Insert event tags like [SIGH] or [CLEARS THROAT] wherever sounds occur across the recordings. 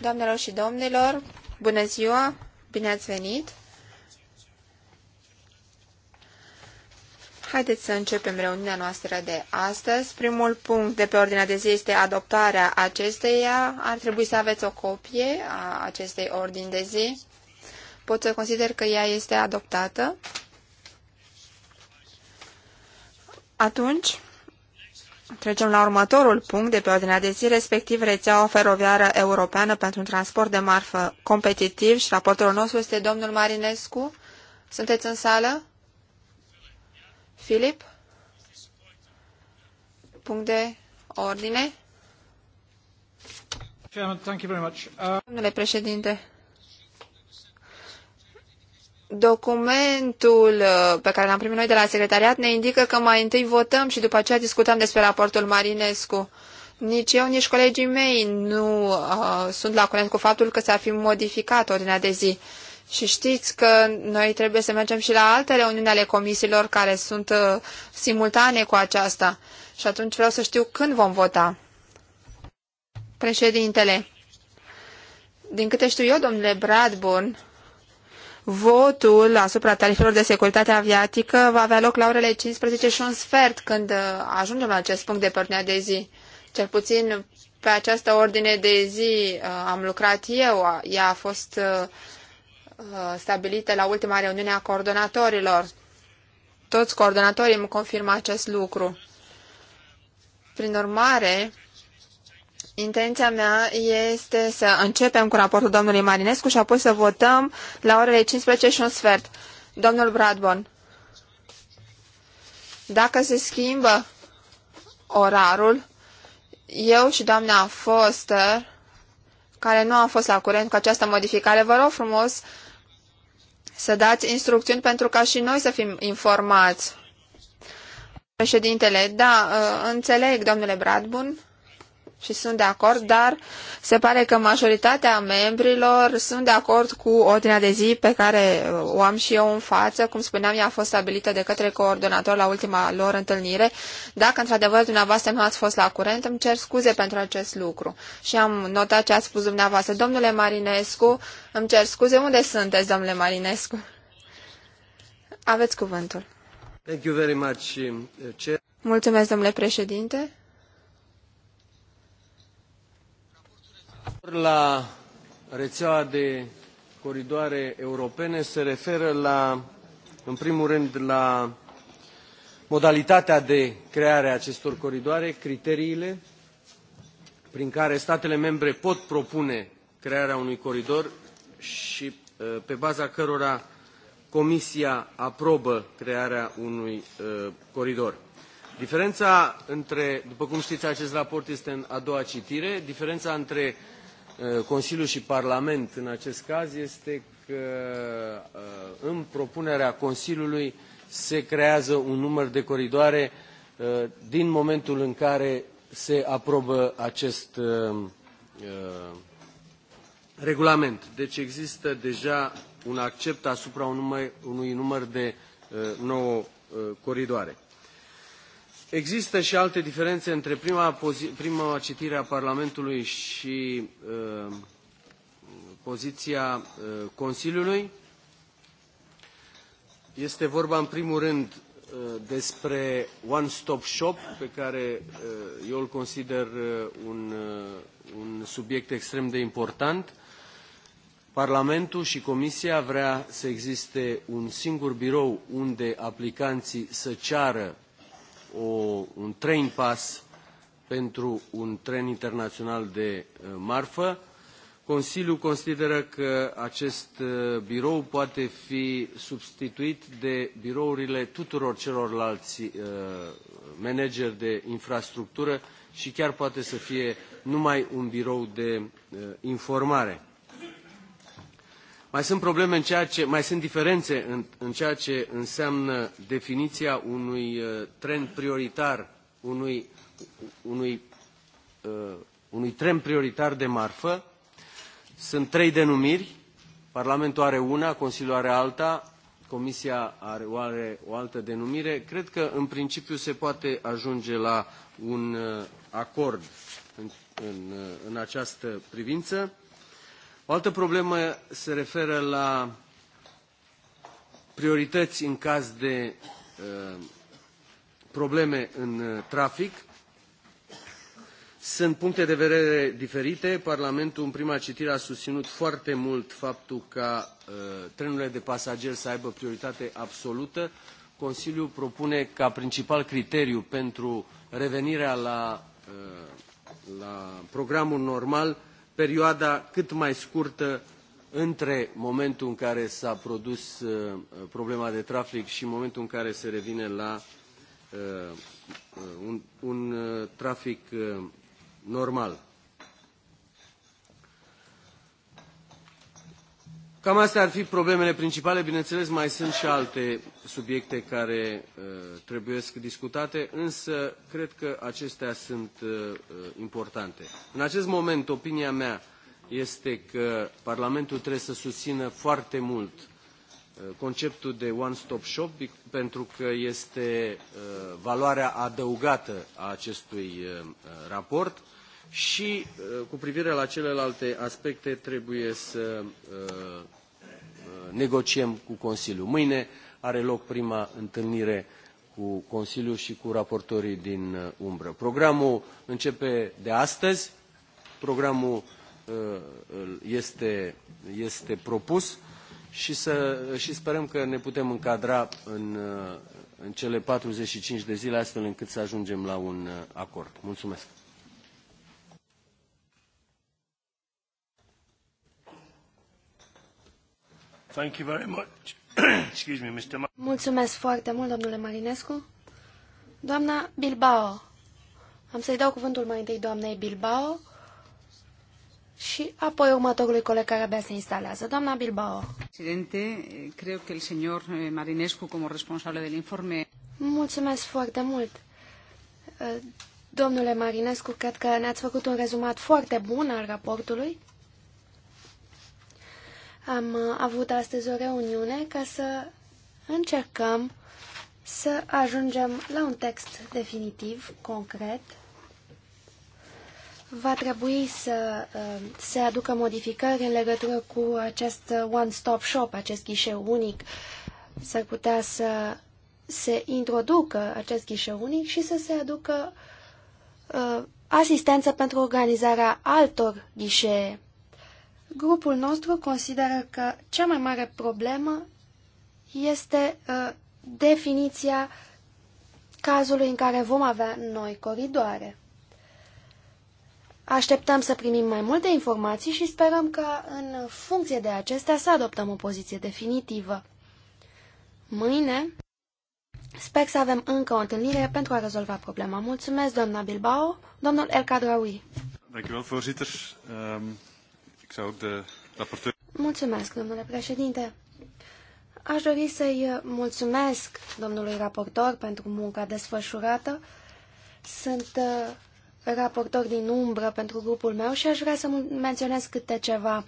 Doamnelor și domnilor, bună ziua, bine ați venit. Haideți să începem reuniunea noastră de astăzi. Primul punct de pe ordinea de zi este adoptarea acesteia. Ar trebui să aveți o copie a acestei ordini de zi. Pot să consider că ea este adoptată. Atunci, Trecem la următorul punct de pe ordinea de zi, respectiv rețeaua feroviară europeană pentru un transport de marfă competitiv și raportorul nostru este domnul Marinescu. Sunteți în sală? Filip? Punct de ordine? Uh, Domnule președinte, documentul uh, pe care l-am primit noi de la secretariat ne indică că mai întâi votăm și după aceea discutăm despre raportul Marinescu. Nici eu, nici colegii mei nu uh, sunt la curent cu faptul că s-a fi modificat ordinea de zi. Și știți că noi trebuie să mergem și la alte reuniuni ale comisiilor care sunt uh, simultane cu aceasta. Și atunci vreau să știu când vom vota. Președintele, din câte știu eu, domnule Bradburn, Votul asupra tarifelor de securitate aviatică va avea loc la orele 15 și un sfert când uh, ajungem la acest punct de părnea de zi. Cel puțin pe această ordine de zi uh, am lucrat eu. Ea a fost uh, stabilită la ultima reuniune a coordonatorilor. Toți coordonatorii îmi confirmă acest lucru. Prin urmare, Intenția mea este să începem cu raportul domnului Marinescu și apoi să votăm la orele 15 și un sfert. Domnul Bradborn, dacă se schimbă orarul, eu și doamna Foster, care nu am fost la curent cu această modificare, vă rog frumos să dați instrucțiuni pentru ca și noi să fim informați. Președintele, da, uh, înțeleg, domnule Bradburn și sunt de acord, dar se pare că majoritatea membrilor sunt de acord cu ordinea de zi pe care uh, o am și eu în față. Cum spuneam, ea a fost stabilită de către coordonator la ultima lor întâlnire. Dacă într-adevăr dumneavoastră nu ați fost la curent, îmi cer scuze pentru acest lucru. Și am notat ce a spus dumneavoastră. Domnule Marinescu, îmi cer scuze. Unde sunteți, domnule Marinescu? Aveți cuvântul. Thank you very much, uh, Mulțumesc, domnule președinte. La rețeaua de coridoare europene se referă la, în primul rând la modalitatea de creare a acestor coridoare, criteriile prin care statele membre pot propune crearea unui coridor și uh, pe baza cărora Comisia aprobă crearea unui uh, coridor. Diferența între, după cum știți, acest raport este în a doua citire. Diferența între uh, Consiliu și Parlament în acest caz este că uh, în propunerea Consiliului se creează un număr de coridoare uh, din momentul în care se aprobă acest regulament. Deci există deja un accept asupra unui număr de nouă coridoare. Există și alte diferențe între prima, prima citire a Parlamentului și uh, poziția uh, Consiliului. Este vorba, în primul rând, uh, despre one-stop shop, pe care uh, eu îl consider uh, un, uh, un subiect extrem de important. Parlamentul și Comisia vrea să existe un singur birou unde aplicanții să ceară o, un train pass pentru un tren internațional de uh, marfă. Consiliul consideră că acest uh, birou poate fi substituit de birourile tuturor celorlalți uh, manageri de infrastructură și chiar poate să fie numai un birou de informare. Mai sunt probleme în ceea ce, mai sunt diferențe în, în ceea ce înseamnă definiția unui uh, trend prioritar, unui, unui, uh, unui tren prioritar de marfă. Sunt trei denumiri. Parlamentul are una, Consiliul are alta, Comisia are, are o altă denumire. Cred că, în principiu, se poate ajunge la un uh, acord în, în, uh, în această privință altă problemă se referă la priorități în caz de uh, probleme în uh, trafic. Sunt puncte de vedere diferite. Parlamentul în prima citire a susținut foarte mult faptul ca uh, trenurile de pasageri să aibă prioritate absolută. Consiliul propune ca principal criteriu pentru revenirea la, uh, la programul normal perioada cât mai scurtă între momentul în care s-a produs uh, problema de trafic și momentul în care se revine la uh, uh un, un uh, trafic uh, normal. Cam astea ar fi problemele principale. Bineînțeles, mai sunt și alte subiecte care uh, trebuie discutate, însă cred că acestea sunt uh, uh, importante. În acest moment, opinia mea este că Parlamentul trebuie să susțină foarte mult uh, conceptul de one-stop shop pentru că este uh, valoarea adăugată a acestui raport și uh, cu privire la celelalte aspecte trebuie să uh, uh, negociem cu Consiliul. Mâine are loc prima întâlnire cu Consiliul și cu raportorii din umbră. Programul începe de astăzi, programul este, este propus și, să, și sperăm că ne putem încadra în, în cele 45 de zile astfel încât să ajungem la un acord. Mulțumesc! Thank you very much. [CLEARS THROAT] Excuse me, Mr. Mulțumesc foarte mult, domnule Marinescu. Doamna Bilbao. Am să-i dau cuvântul mai întâi doamnei Bilbao și apoi următorului coleg care abia se instalează. Doamna Bilbao. Presidente, cred că el señor eh, Marinescu, como responsable del informe... Mulțumesc foarte mult. Eh, domnule Marinescu, cred că ne-ați făcut un rezumat foarte bun al raportului. Am avut astăzi o reuniune ca să încercăm să ajungem la un text definitiv, concret. Va trebui să uh, se aducă modificări în legătură cu acest one-stop shop, acest ghișeu unic. S-ar putea să se introducă acest ghișeu unic și să se aducă uh, asistență pentru organizarea altor ghișee Grupul nostru consideră că cea mai mare problemă este uh, definiția cazului în care vom avea noi coridoare. Așteptăm să primim mai multe informații și sperăm că, în funcție de acestea, să adoptăm o poziție definitivă. Mâine sper să avem încă o întâlnire pentru a rezolva problema. Mulțumesc, doamna Bilbao, domnul El Cadraui. Mulțumesc, voorzitter. Um... Mulțumesc, domnule președinte. Aș dori să-i mulțumesc domnului raportor pentru munca desfășurată. Sunt uh, raportor din umbră pentru grupul meu și aș vrea să menționez câte ceva.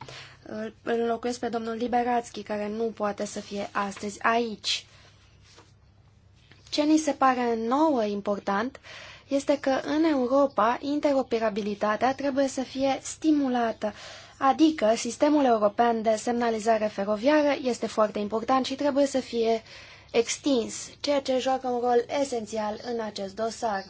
Îl înlocuiesc pe domnul Liberațchi, care nu poate să fie astăzi aici. Ce ni se pare nouă important este că în Europa interoperabilitatea trebuie să fie stimulată Adică, sistemul european de semnalizare feroviară este foarte important și trebuie să fie extins, ceea ce joacă un rol esențial în acest dosar.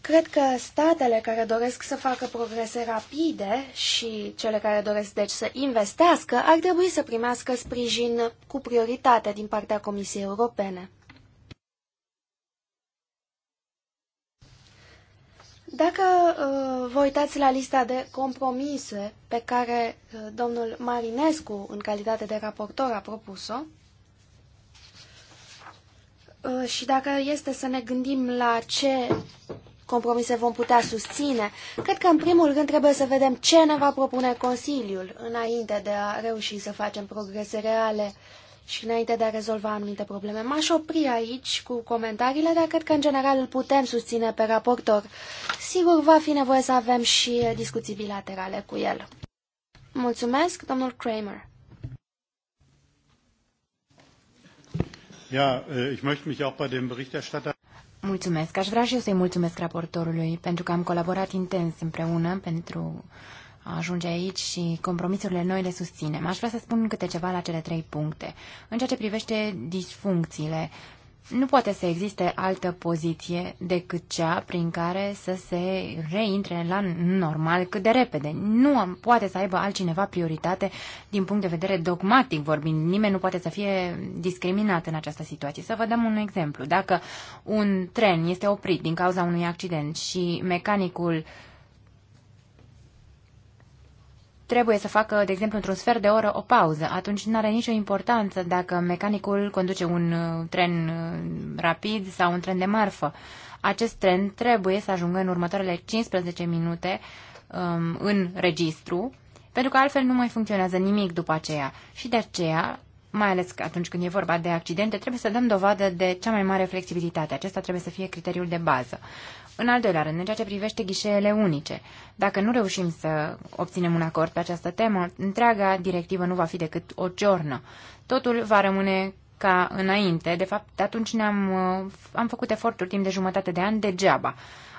Cred că statele care doresc să facă progrese rapide și cele care doresc deci să investească ar trebui să primească sprijin cu prioritate din partea Comisiei Europene. Dacă uh, vă uitați la lista de compromise pe care uh, domnul Marinescu, în calitate de raportor, a propus-o, uh, și dacă este să ne gândim la ce compromise vom putea susține, cred că în primul rând trebuie să vedem ce ne va propune Consiliul înainte de a reuși să facem progrese reale și înainte de a rezolva anumite probleme. M-aș opri aici cu comentariile, dar cred că în general îl putem susține pe raportor. Sigur, va fi nevoie să avem și discuții bilaterale cu el. Mulțumesc, domnul Kramer. Ja, eh, ich möchte mich auch bei dem Berichterstatter Mulțumesc. Aș vrea și eu să-i mulțumesc raportorului pentru că am colaborat intens împreună pentru ajunge aici și compromisurile noi le susținem. Aș vrea să spun câte ceva la cele trei puncte. În ceea ce privește disfuncțiile, nu poate să existe altă poziție decât cea prin care să se reintre la normal cât de repede. Nu poate să aibă altcineva prioritate din punct de vedere dogmatic vorbind. Nimeni nu poate să fie discriminat în această situație. Să vă dăm un exemplu. Dacă un tren este oprit din cauza unui accident și mecanicul uh, trebuie să facă, de exemplu, într-un sfert de oră o pauză. Atunci nu are nicio importanță dacă mecanicul conduce un uh, tren uh, rapid sau un tren de marfă. Acest tren trebuie să ajungă în următoarele 15 minute um, în registru, pentru că altfel nu mai funcționează nimic după aceea. Și de aceea, mai ales atunci când e vorba de accidente, trebuie să dăm dovadă de cea mai mare flexibilitate. Acesta trebuie să fie criteriul de bază. În al doilea rând, în ceea ce privește ghișeele unice, dacă nu reușim să obținem un acord pe această temă, întreaga directivă nu va fi decât o ciornă. Totul va rămâne ca înainte. De fapt, atunci ne-am uh, am făcut eforturi timp de jumătate de an degeaba.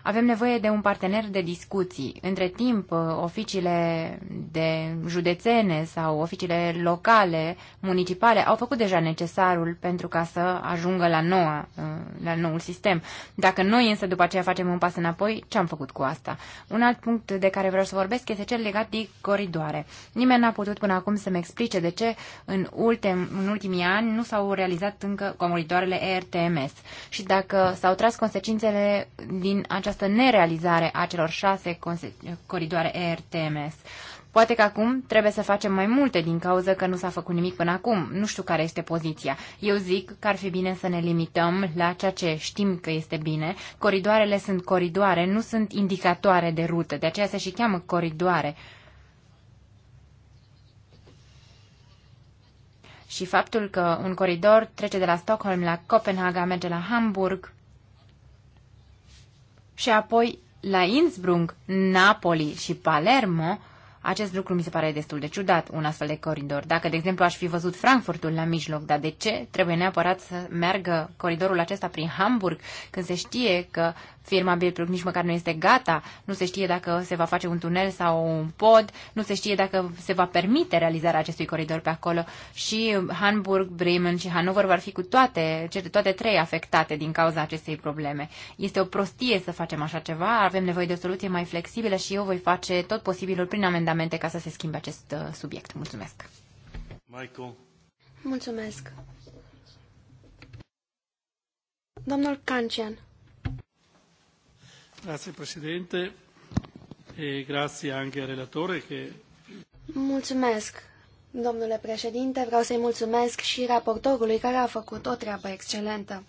Avem nevoie de un partener de discuții. Între timp, uh, oficiile de județene sau oficiile locale, municipale, au făcut deja necesarul pentru ca să ajungă la, noua, uh, la noul sistem. Dacă noi însă după aceea facem un pas înapoi, ce am făcut cu asta? Un alt punct de care vreau să vorbesc este cel legat de coridoare. Nimeni n-a putut până acum să-mi explice de ce în, ultim, în ultimii ani nu s-au realizat încă coridoarele ERTMS și dacă s-au tras consecințele din această această nerealizare a celor șase coridoare ERTMS. Poate că acum trebuie să facem mai multe din cauza că nu s-a făcut nimic până acum. Nu știu care este poziția. Eu zic că ar fi bine să ne limităm la ceea ce știm că este bine. Coridoarele sunt coridoare, nu sunt indicatoare de rută. De aceea se și cheamă coridoare. Și faptul că un coridor trece de la Stockholm la Copenhaga, merge la Hamburg, și apoi la Innsbruck, Napoli și Palermo acest lucru mi se pare destul de ciudat, un astfel de coridor. Dacă, de exemplu, aș fi văzut Frankfurtul la mijloc, dar de ce trebuie neapărat să meargă coridorul acesta prin Hamburg când se știe că firma Bilbrug nici măcar nu este gata, nu se știe dacă se va face un tunel sau un pod, nu se știe dacă se va permite realizarea acestui coridor pe acolo și Hamburg, Bremen și Hannover vor fi cu toate, toate trei afectate din cauza acestei probleme. Este o prostie să facem așa ceva, avem nevoie de o soluție mai flexibilă și eu voi face tot posibilul prin amendament amendamente ca să se schimbe acest uh, subiect. Mulțumesc! Michael. Mulțumesc! Domnul Cancian. Grazie, președinte. e grazie anche al relatore che... Mulțumesc, domnule președinte. Vreau să-i mulțumesc și raportorului care a făcut o treabă excelentă.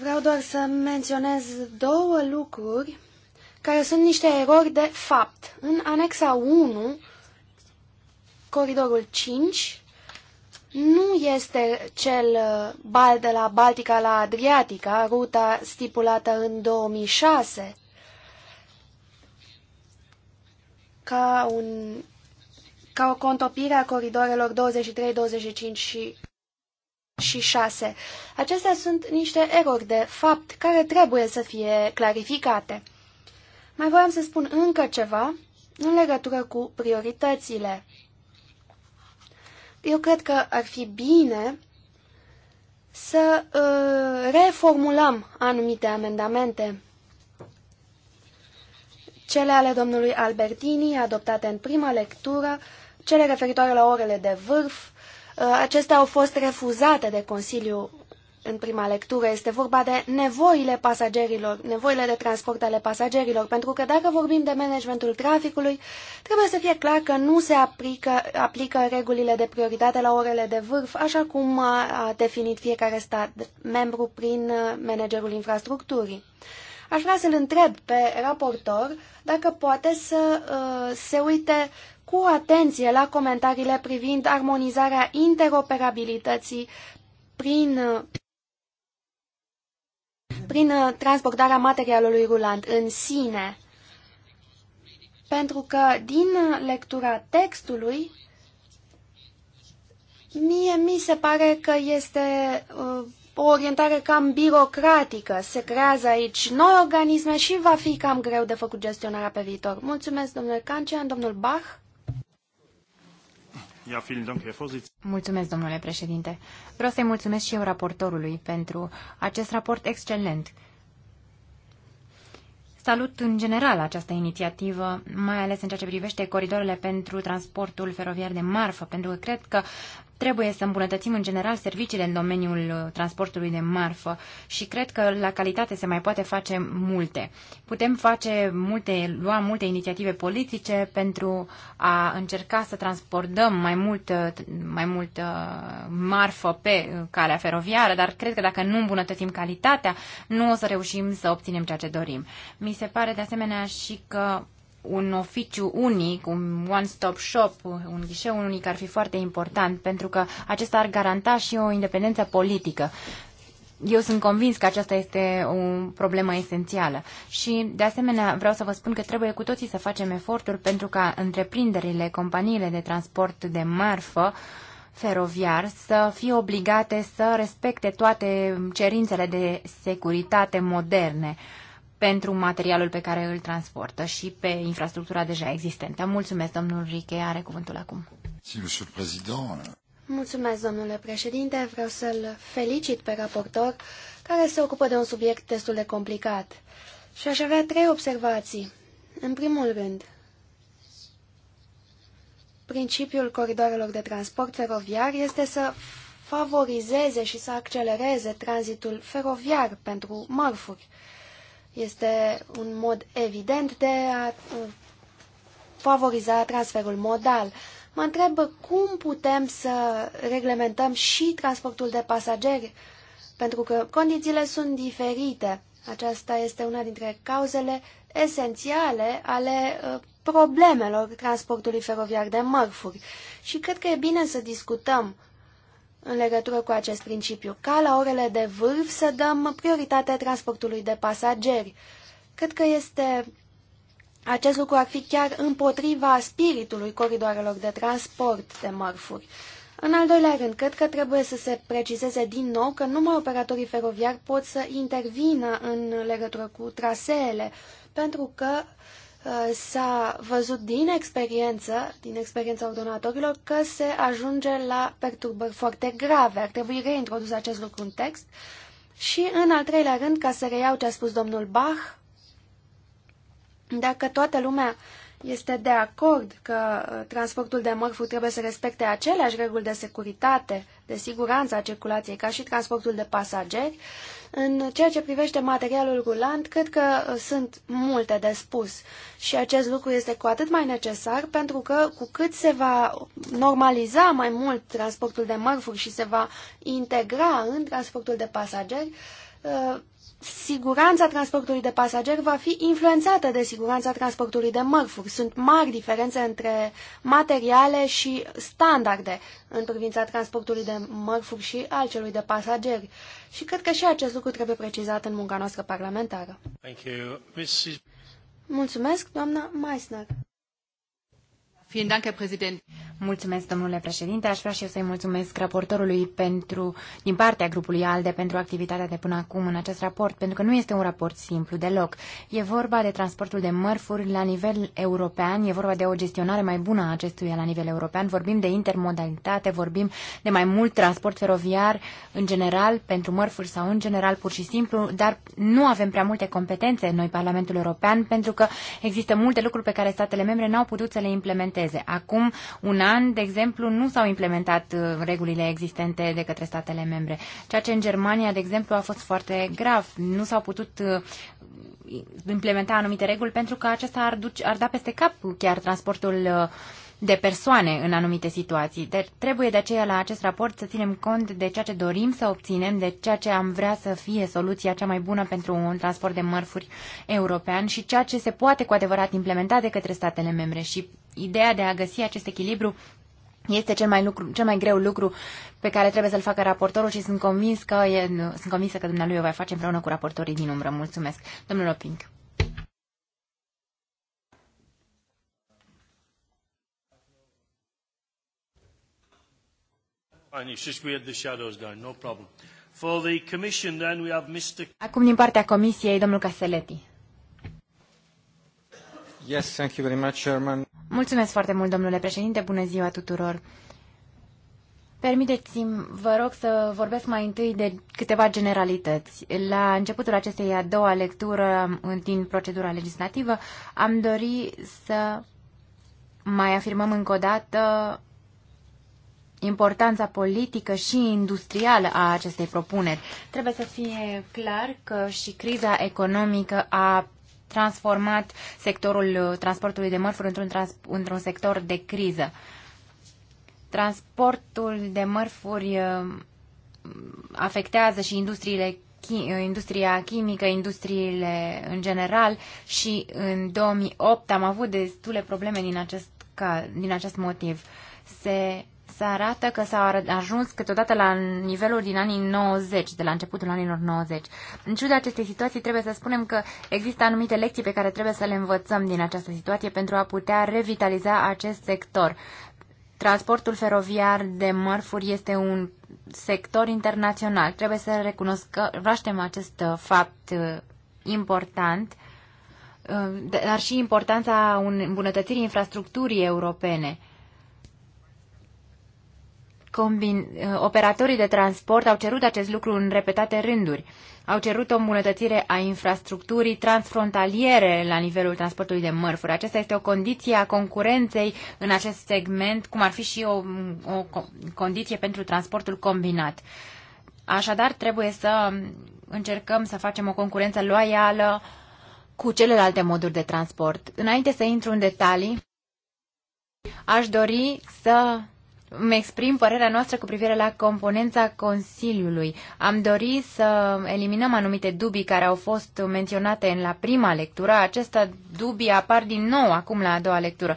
Vreau doar să menționez două lucruri care sunt niște erori de fapt. În anexa 1, coridorul 5, nu este cel uh, bal de la Baltica la Adriatica, ruta stipulată în 2006, ca, un, ca o contopire a coridorelor 23, 25 și, și 6. Acestea sunt niște erori de fapt care trebuie să fie clarificate. Mai voiam să spun încă ceva în legătură cu prioritățile. Eu cred că ar fi bine să uh, reformulăm anumite amendamente. Cele ale domnului Albertini, adoptate în prima lectură, cele referitoare la orele de vârf, uh, acestea au fost refuzate de Consiliu în prima lectură. Este vorba de nevoile pasagerilor, nevoile de transport ale pasagerilor, pentru că dacă vorbim de managementul traficului, trebuie să fie clar că nu se aplică, aplică regulile de prioritate la orele de vârf, așa cum a definit fiecare stat membru prin uh, managerul infrastructurii. Aș vrea să-l întreb pe raportor dacă poate să uh, se uite cu atenție la comentariile privind armonizarea interoperabilității prin uh, prin uh, transportarea materialului rulant în sine. Pentru că din uh, lectura textului, mie mi se pare că este uh, o orientare cam birocratică. Se creează aici noi organisme și va fi cam greu de făcut gestionarea pe viitor. Mulțumesc, domnule Cancian, domnul Bach. Mulțumesc, domnule președinte. Vreau să-i mulțumesc și eu raportorului pentru acest raport excelent. Salut în general această inițiativă, mai ales în ceea ce privește coridoarele pentru transportul feroviar de marfă, pentru că cred că Trebuie să îmbunătățim în general serviciile în domeniul uh, transportului de marfă și cred că la calitate se mai poate face multe. Putem face multe, lua multe inițiative politice pentru a încerca să transportăm mai mult, uh, mai mult uh, marfă pe calea feroviară, dar cred că dacă nu îmbunătățim calitatea, nu o să reușim să obținem ceea ce dorim. Mi se pare de asemenea și că un oficiu unic, un one-stop shop, un ghișeu unic ar fi foarte important, pentru că acesta ar garanta și o independență politică. Eu sunt convins că aceasta este o problemă esențială și, de asemenea, vreau să vă spun că trebuie cu toții să facem eforturi pentru ca întreprinderile, companiile de transport de marfă feroviar să fie obligate să respecte toate cerințele de securitate moderne pentru materialul pe care îl transportă și pe infrastructura deja existentă. Mulțumesc, domnul Riche, are cuvântul acum. Mulțumesc, domnule președinte. Vreau să-l felicit pe raportor care se ocupă de un subiect destul de complicat. Și aș avea trei observații. În primul rând, principiul coridoarelor de transport feroviar este să favorizeze și să accelereze tranzitul feroviar pentru mărfuri. Este un mod evident de a uh, favoriza transferul modal. Mă întreb cum putem să reglementăm și transportul de pasageri, pentru că condițiile sunt diferite. Aceasta este una dintre cauzele esențiale ale uh, problemelor transportului feroviar de mărfuri. Și cred că e bine să discutăm în legătură cu acest principiu, ca la orele de vârf să dăm prioritate transportului de pasageri. Cred că este acest lucru ar fi chiar împotriva spiritului coridoarelor de transport de mărfuri. În al doilea rând, cred că trebuie să se precizeze din nou că numai operatorii feroviari pot să intervină în legătură cu traseele, pentru că uh, Uh, s-a văzut din experiență, din experiența donatorilor, că se ajunge la perturbări foarte grave. Ar trebui reintrodus acest lucru în text. Și în al treilea rând, ca să reiau ce a spus domnul Bach, dacă toată lumea este de acord că uh, transportul de mărfuri trebuie să respecte aceleași reguli de securitate, de siguranță a circulației ca și transportul de pasageri, în ceea ce privește materialul rulant, cred că uh, sunt multe de spus și acest lucru este cu atât mai necesar pentru că cu cât se va normaliza mai mult transportul de mărfuri și se va integra în transportul de pasageri, uh, siguranța transportului de pasager va fi influențată de siguranța transportului de mărfuri. Sunt mari diferențe între materiale și standarde în privința transportului de mărfuri și al celui de pasageri. Și cred că și acest lucru trebuie precizat în munca noastră parlamentară. Thank you. Mrs. Mulțumesc, doamna Meissner. Vielen Dank, Herr Präsident. Mulțumesc, domnule președinte. Aș vrea și eu să-i mulțumesc raportorului pentru, din partea grupului ALDE pentru activitatea de până acum în acest raport, pentru că nu este un raport simplu deloc. E vorba de transportul de mărfuri la nivel european, e vorba de o gestionare mai bună a acestuia la nivel european. Vorbim de intermodalitate, vorbim de mai mult transport feroviar în general, pentru mărfuri sau în general pur și simplu, dar nu avem prea multe competențe noi, Parlamentul European, pentru că există multe lucruri pe care statele membre n-au putut să le implementeze. Acum un an an, de exemplu, nu s-au implementat uh, regulile existente de către statele membre, ceea ce în Germania, de exemplu, a fost foarte grav. Nu s-au putut uh, implementa anumite reguli pentru că acesta ar, duce, ar da peste cap chiar transportul uh, de persoane în anumite situații. De- deci, trebuie de aceea la acest raport să ținem cont de ceea ce dorim să obținem, de ceea ce am vrea să fie soluția cea mai bună pentru un transport de mărfuri european și ceea ce se poate cu adevărat implementa de către statele membre. Și ideea de a găsi acest echilibru este cel mai, lucru, cel mai greu lucru pe care trebuie să-l facă raportorul și sunt convins că e, sunt convinsă că dumnealui o va face împreună cu raportorii din umbră. Mulțumesc. Domnul Opink. And it's just weird the shadows down, no problem. For the commission then we have Mr. Acum din partea comisiei, domnul Caseletti. Yes, thank you very much, Chairman. Mulțumesc foarte mult, domnule președinte. Bună ziua tuturor. Permiteți-mi, vă rog, să vorbesc mai întâi de câteva generalități. La începutul acestei a doua lectură din procedura legislativă, am dori să mai afirmăm încă o dată importanța politică și industrială a acestei propuneri. Trebuie să fie clar că și criza economică a transformat sectorul uh, transportului de mărfuri într-un, trans- într-un sector de criză. Transportul de mărfuri uh, afectează și industriile uh, industria chimică, industriile în general și în 2008 am avut destule probleme din acest, ca, din acest motiv. Se se arată că s-a ajuns câteodată la nivelul din anii 90, de la începutul anilor 90. În ciuda acestei situații, trebuie să spunem că există anumite lecții pe care trebuie să le învățăm din această situație pentru a putea revitaliza acest sector. Transportul feroviar de mărfuri este un sector internațional. Trebuie să recunoaștem acest uh, fapt uh, important, uh, dar și importanța îmbunătățirii infrastructurii europene combin, uh, operatorii de transport au cerut acest lucru în repetate rânduri. Au cerut o îmbunătățire a infrastructurii transfrontaliere la nivelul transportului de mărfuri. Aceasta este o condiție a concurenței în acest segment, cum ar fi și o, o condiție pentru transportul combinat. Așadar, trebuie să încercăm să facem o concurență loială cu celelalte moduri de transport. Înainte să intru în detalii, aș dori să îmi exprim părerea noastră cu privire la componența Consiliului. Am dorit să eliminăm anumite dubii care au fost menționate în la prima lectură. Aceste dubii apar din nou acum la a doua lectură.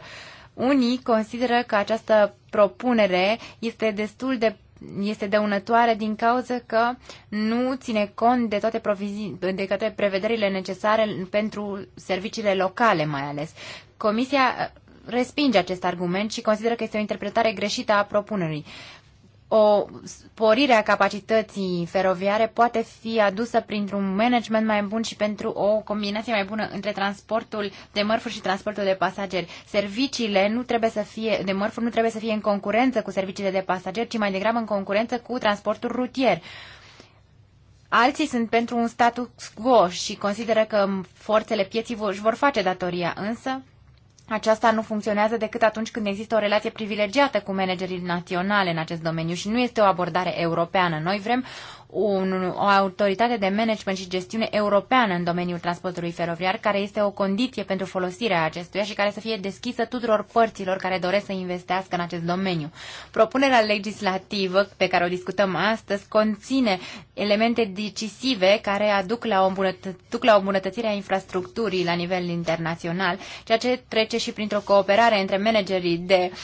Unii consideră că această propunere este destul de este dăunătoare din cauza că nu ține cont de toate, de toate prevederile necesare pentru serviciile locale mai ales. Comisia respinge acest argument și consideră că este o interpretare greșită a propunerii. O sporire a capacității feroviare poate fi adusă printr-un management mai bun și pentru o combinație mai bună între transportul de mărfuri și transportul de pasageri. Serviciile nu trebuie să fie, de mărfuri nu trebuie să fie în concurență cu serviciile de pasageri, ci mai degrabă în concurență cu transportul rutier. Alții sunt pentru un status quo și consideră că forțele pieții își vor face datoria, însă aceasta nu funcționează decât atunci când există o relație privilegiată cu managerii naționale în acest domeniu și nu este o abordare europeană. Noi vrem un, o autoritate de management și gestiune europeană în domeniul transportului feroviar, care este o condiție pentru folosirea acestuia și care să fie deschisă tuturor părților care doresc să investească în acest domeniu. Propunerea legislativă pe care o discutăm astăzi conține elemente decisive care aduc la o, duc la o îmbunătățire a infrastructurii la nivel internațional, ceea ce trece și printr-o cooperare între managerii de uh,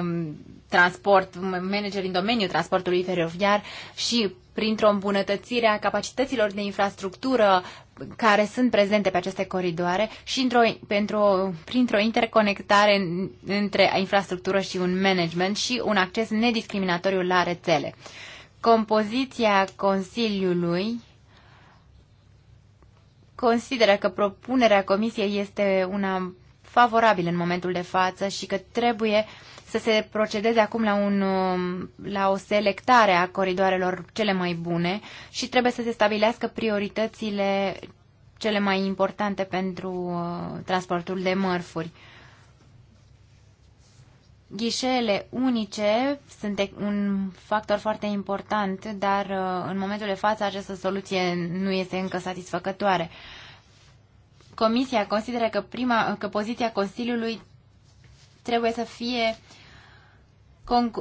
um, transport, manager în domeniul transportului feroviar și printr-o îmbunătățire a capacităților de infrastructură care sunt prezente pe aceste coridoare și într-o, pentru, printr-o interconectare între infrastructură și un management și un acces nediscriminatoriu la rețele. Compoziția Consiliului consideră că propunerea Comisiei este una favorabilă în momentul de față și că trebuie uh, să se procedeze acum la, un, um, la o selectare a coridoarelor cele mai bune și trebuie să se stabilească prioritățile cele mai importante pentru uh, transportul de mărfuri. Ghișeele unice sunt un factor foarte important, dar uh, în momentul de față această soluție nu este încă satisfăcătoare. Comisia consideră că, prima, că poziția Consiliului trebuie să fie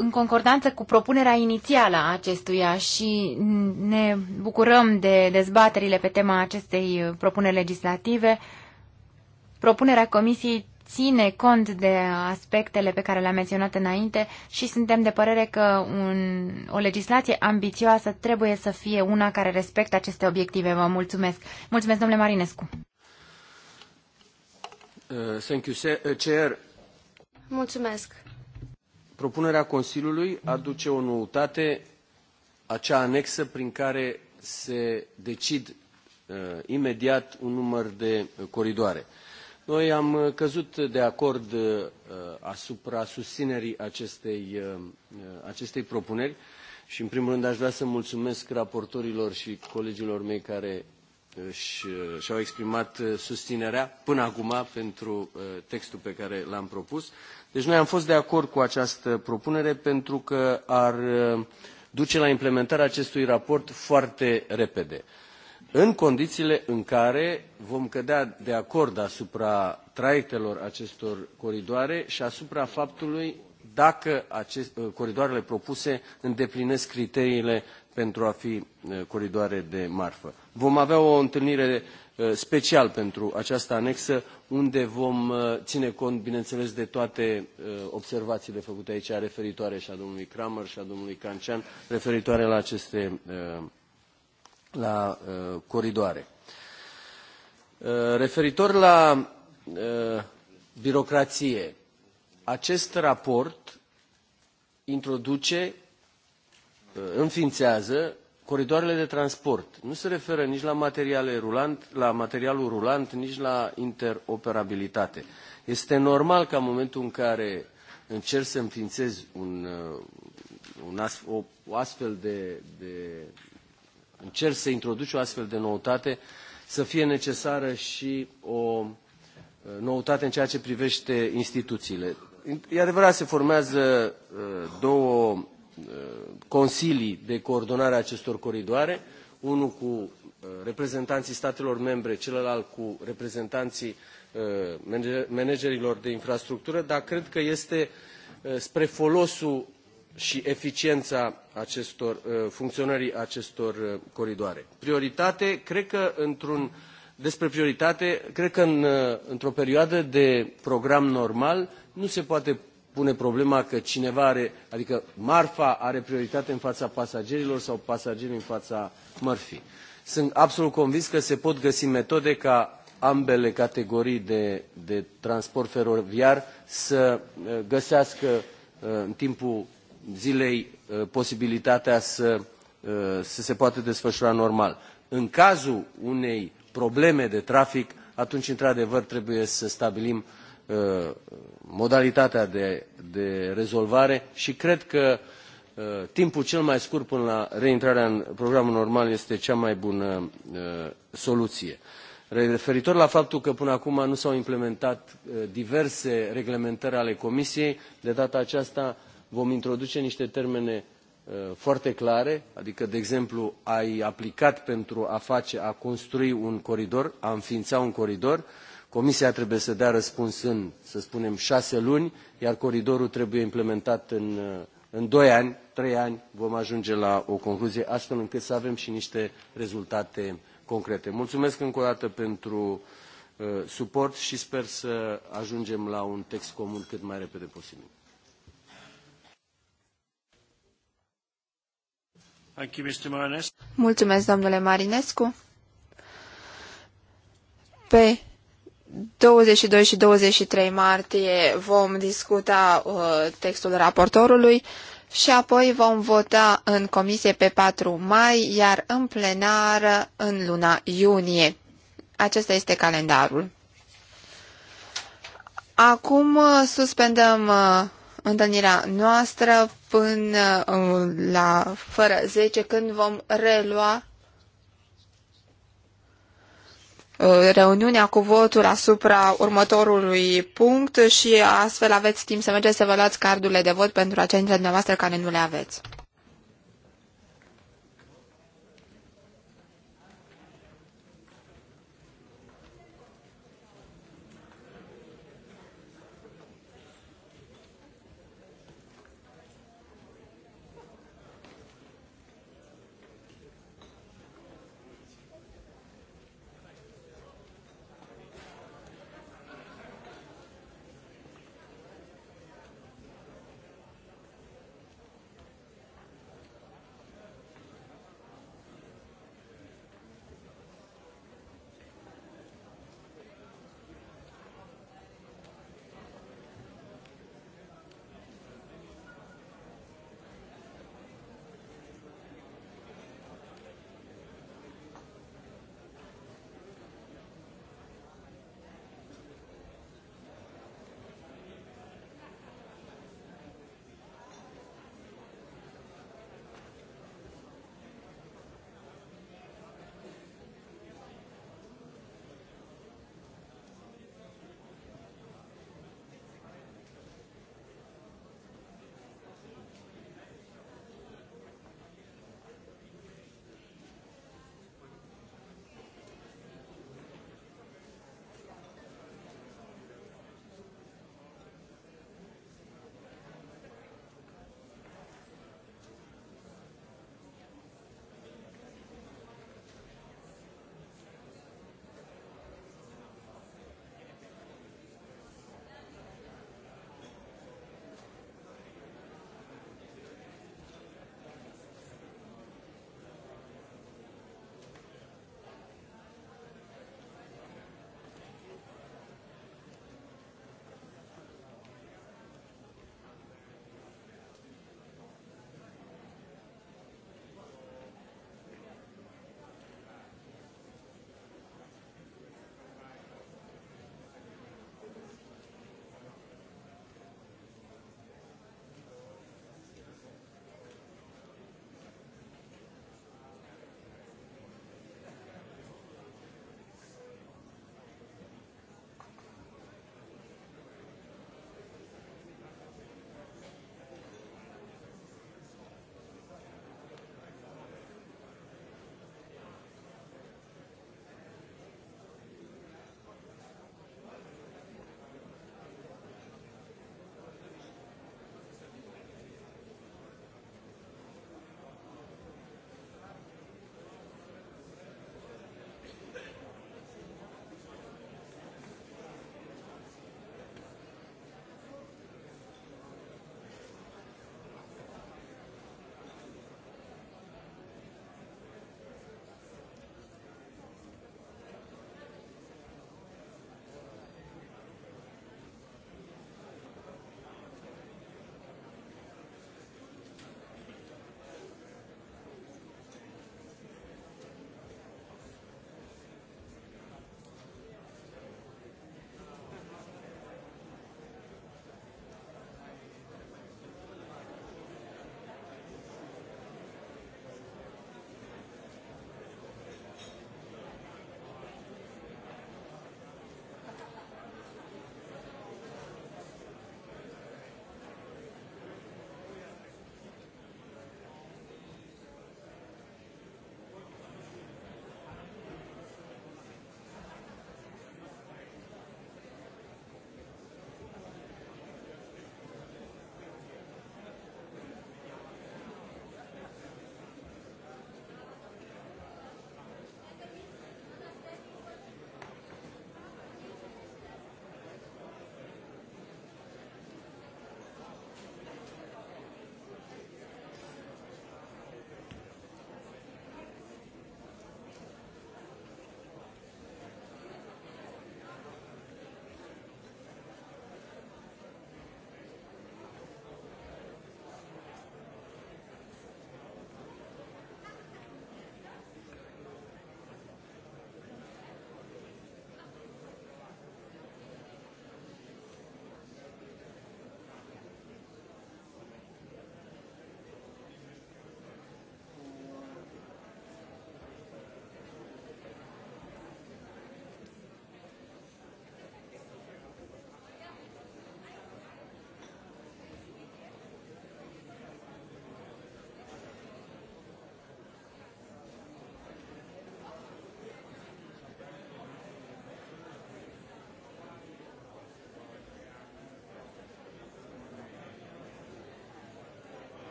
în concordanță cu propunerea inițială a acestuia și ne bucurăm de dezbaterile pe tema acestei uh, propuneri legislative. Propunerea Comisiei ține cont de aspectele pe care le-am menționat înainte și suntem de părere că un, o legislație ambițioasă trebuie să fie una care respectă aceste obiective. Vă mulțumesc. Mulțumesc, domnule Marinescu. Uh, thank you, sir. Uh, chair. Mulțumesc. Propunerea Consiliului aduce o noutate, acea anexă prin care se decid uh, imediat un număr de coridoare. Noi am uh, căzut de acord uh, asupra susținerii acestei, uh, uh, acestei propuneri și, în primul rând, aș vrea să mulțumesc raportorilor și colegilor mei care Uh, și-au exprimat uh, susținerea până acum pentru uh, textul pe care l-am propus. Deci noi am fost de acord cu această propunere pentru că ar duce la implementarea acestui raport foarte repede în condițiile în care vom cădea de acord asupra traiectelor acestor coridoare și asupra faptului dacă acest, coridoarele propuse îndeplinesc criteriile pentru a fi uh, coridoare de marfă. Vom avea o întâlnire uh, special pentru această anexă, unde vom uh, ține cont, bineînțeles, de toate observațiile făcute aici, referitoare și a domnului Kramer și a domnului Cancian, referitoare la aceste la coridoare. Referitor la birocrație, acest raport introduce Uh, înființează coridoarele de transport. Nu se referă nici la, materiale rulant, la materialul rulant, nici la interoperabilitate. Este normal ca în momentul în care încerci să înființezi un, uh, un o, o astfel de, de... încerci să introduci o astfel de noutate, să fie necesară și o uh, noutate în ceea ce privește instituțiile. E adevărat, se formează două Uh, consilii de coordonare a acestor coridoare, unul cu uh, reprezentanții statelor membre, celălalt cu reprezentanții uh, managerilor de infrastructură, dar cred că este spre folosul și eficiența acestor, funcționării acestor coridoare. Prioritate, cred că într-un despre prioritate, cred că în, într-o perioadă de program normal nu se poate pune problema că cineva are, adică marfa are prioritate în fața pasagerilor sau pasagerii în fața mărfii. Sunt absolut convins că se pot găsi metode ca ambele categorii de, de transport feroviar să uh, găsească uh, în timpul zilei uh, posibilitatea să, să se poată desfășura normal. În cazul unei probleme de trafic, atunci, într-adevăr, trebuie să stabilim Uh, modalitatea de, de rezolvare și cred că uh, timpul cel mai scurt până la reintrarea în programul normal este cea mai bună uh, soluție. Referitor la faptul că până acum nu s-au implementat diverse reglementări ale Comisiei, de data aceasta vom introduce niște termene foarte clare, adică, de exemplu, ai aplicat pentru a face, a construi un coridor, a înființa un coridor, Comisia trebuie să dea răspuns în, să spunem, șase luni, iar coridorul trebuie implementat în, uh, în doi ani, trei ani, vom ajunge la o concluzie, astfel încât să avem și niște rezultate concrete. Mulțumesc încă o dată pentru uh, suport și sper să ajungem la un text comun cât mai repede posibil. Mulțumesc, domnule Marinescu. Pe 22 și 23 martie vom discuta uh, textul raportorului și apoi vom vota în comisie pe 4 mai, iar în plenar în luna iunie. Acesta este calendarul. Acum uh, suspendăm uh, întâlnirea noastră până uh, la fără 10 când vom relua Uh, reuniunea cu votul asupra următorului punct și astfel aveți timp să mergeți să vă luați cardurile de vot pentru acei dintre dumneavoastră care nu le aveți.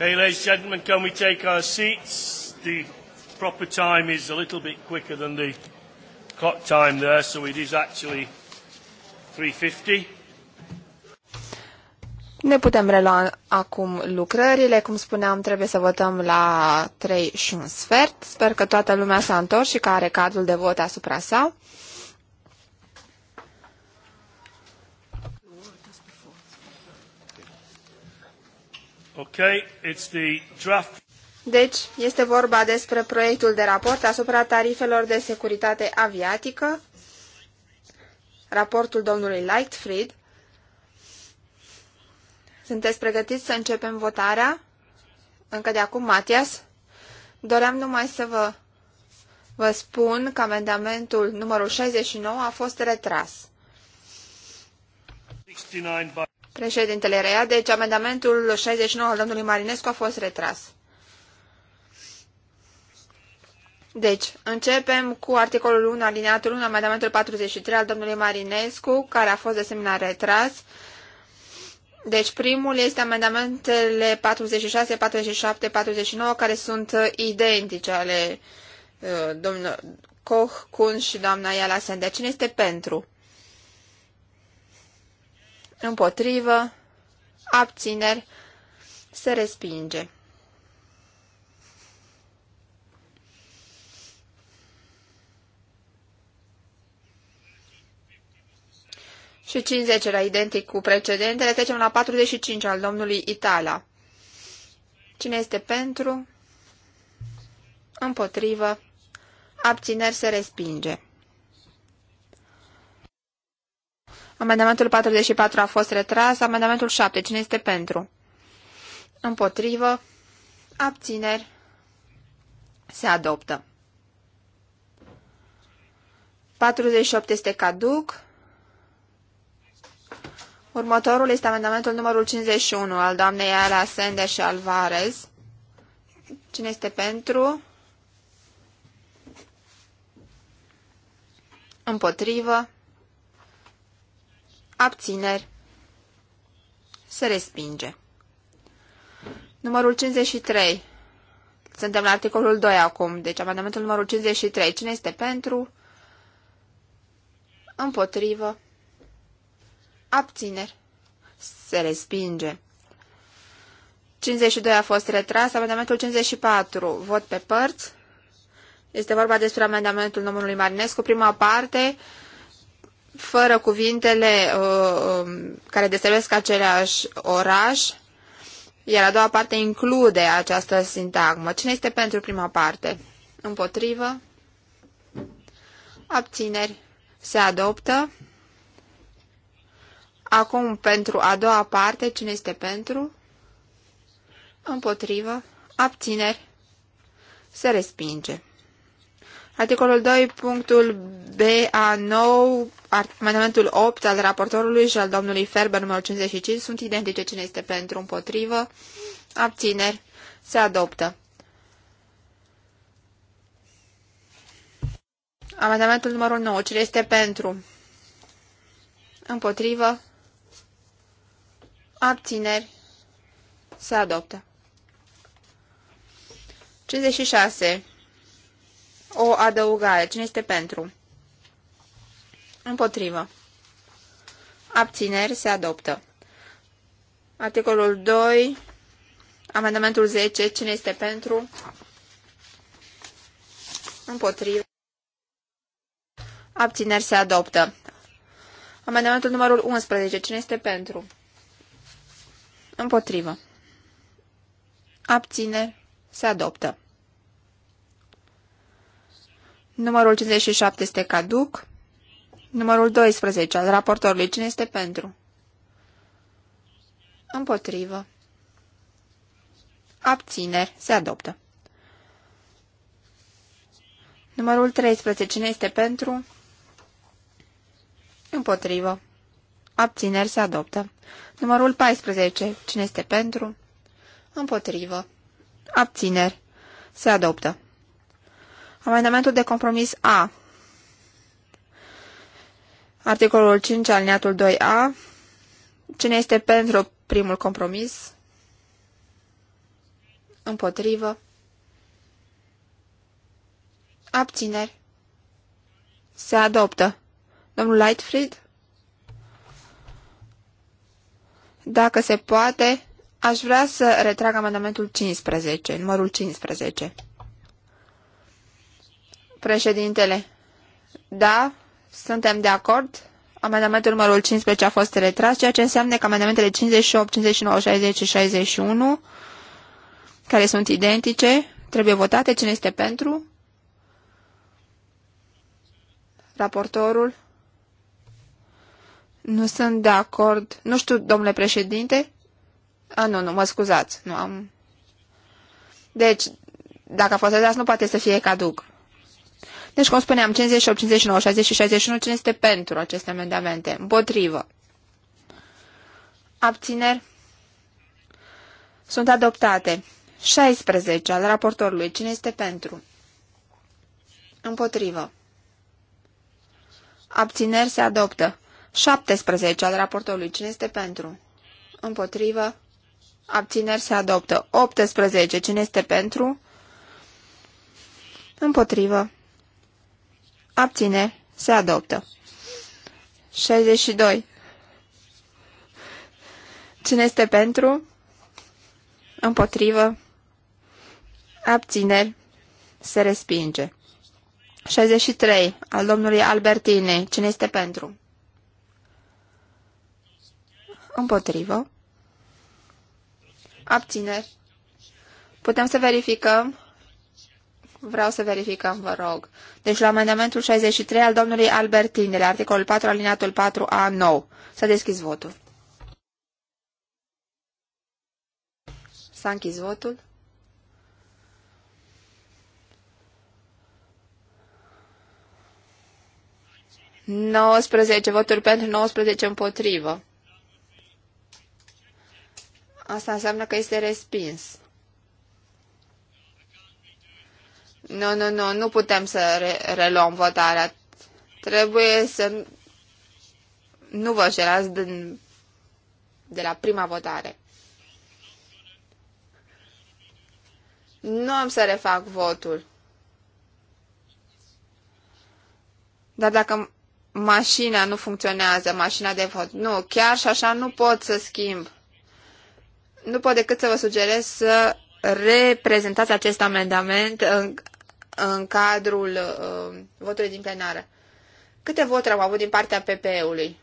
Okay, ladies and gentlemen, can we take our seats? The proper time is a little bit quicker than the clock time there, so it is actually 3.50. Ne putem relua acum lucrările. Cum spuneam, trebuie să votăm la 3 și un sfert. Sper că toată lumea s-a întors și că are cadrul de vot asupra sa. Okay, it's the draft. Deci, este vorba despre proiectul de raport asupra tarifelor de securitate aviatică, raportul domnului Lightfried. Sunteți pregătiți să începem votarea? Încă de acum, Matias? Doream numai să vă, vă spun că amendamentul numărul 69 a fost retras. 69 Președintele Rea, deci amendamentul 69 al domnului Marinescu a fost retras. Deci, începem cu articolul 1, alineatul 1, amendamentul 43 al domnului Marinescu, care a fost de asemenea retras. Deci, primul este amendamentele 46, 47, 49, care sunt identice ale uh, domnului Koch, Kun și doamna Iala Sender. Cine este pentru? împotrivă, abțineri, se respinge. Și 50 era identic cu precedentele, trecem la 45 al domnului Itala. Cine este pentru? Împotrivă. Abțineri se respinge. Amendamentul 44 a fost retras. Amendamentul 7. Cine este pentru? Împotrivă. Abțineri. Se adoptă. 48 este caduc. Următorul este amendamentul numărul 51 al doamnei Ala Sende și Alvarez. Cine este pentru? Împotrivă abțineri, se respinge. Numărul 53. Suntem la articolul 2 acum, deci amendamentul numărul 53. Cine este pentru? Împotrivă. Abțineri. Se respinge. 52 a fost retras. Amendamentul 54. Vot pe părți. Este vorba despre amendamentul numărului Marinescu. Prima parte fără cuvintele uh, um, care deservesc același oraș, iar a doua parte include această sintagmă. Cine este pentru prima parte? Împotrivă? Abțineri? Se adoptă? Acum, pentru a doua parte, cine este pentru? Împotrivă? Abțineri? Se respinge. Articolul 2, punctul BA9, Amendamentul 8 al raportorului și al domnului Ferber, numărul 55, sunt identice cine este pentru, împotrivă, abțineri, se adoptă. Amendamentul numărul 9, cine este pentru, împotrivă, abțineri, se adoptă. 56. O adăugare. Cine este pentru? Împotrivă. Abțineri se adoptă. Articolul 2, amendamentul 10, cine este pentru? Împotrivă. Abțineri se adoptă. Amendamentul numărul 11, cine este pentru? Împotrivă. Abțineri se adoptă. Numărul 57 este caduc. Numărul 12 al raportorului. Cine este pentru? Împotrivă. Abțineri. Se adoptă. Numărul 13. Cine este pentru? Împotrivă. Abțineri. Se adoptă. Numărul 14. Cine este pentru? Împotrivă. Abțineri. Se adoptă. Amendamentul de compromis A. Articolul 5, alineatul 2A. Cine este pentru primul compromis? Împotrivă. Abțineri. Se adoptă. Domnul Lightfried? Dacă se poate, aș vrea să retrag amendamentul 15, numărul 15. Președintele, da, suntem de acord? Amendamentul numărul 15 a fost retras, ceea ce înseamnă că amendamentele 58, 59, 60 și 61, care sunt identice, trebuie votate. Cine este pentru? Raportorul? Nu sunt de acord. Nu știu, domnule președinte. A, nu, nu, mă scuzați. Nu am... Deci, dacă a fost retras, nu poate să fie caduc. Deci, cum spuneam, 58, 59, 60 și 61, cine este pentru aceste amendamente? Împotrivă. Abțineri? Sunt adoptate. 16 al raportorului. Cine este pentru? Împotrivă. Abțineri se adoptă. 17 al raportorului. Cine este pentru? Împotrivă. Abțineri se adoptă. 18. Cine este pentru? Împotrivă. Abține. Se adoptă. 62. Cine este pentru? Împotrivă. Abțineri. Se respinge. 63. Al domnului Albertine. Cine este pentru? Împotrivă. Abțineri. Putem să verificăm Vreau să verificăm, vă rog. Deci la amendamentul 63 al domnului Albertin, de la articolul 4, alineatul 4A9. S-a deschis votul. S-a închis votul. Nouăsprezece voturi pentru, 19 împotrivă. Asta înseamnă că este respins. Nu, nu, nu, nu putem să re- reluăm votarea. Trebuie să nu vă șerați din, de la prima votare. Nu am să refac votul. Dar dacă mașina nu funcționează, mașina de vot, nu, chiar și așa nu pot să schimb. Nu pot decât să vă sugerez să reprezentați acest amendament în în cadrul uh, votului din plenară. Câte voturi au avut din partea PPE-ului?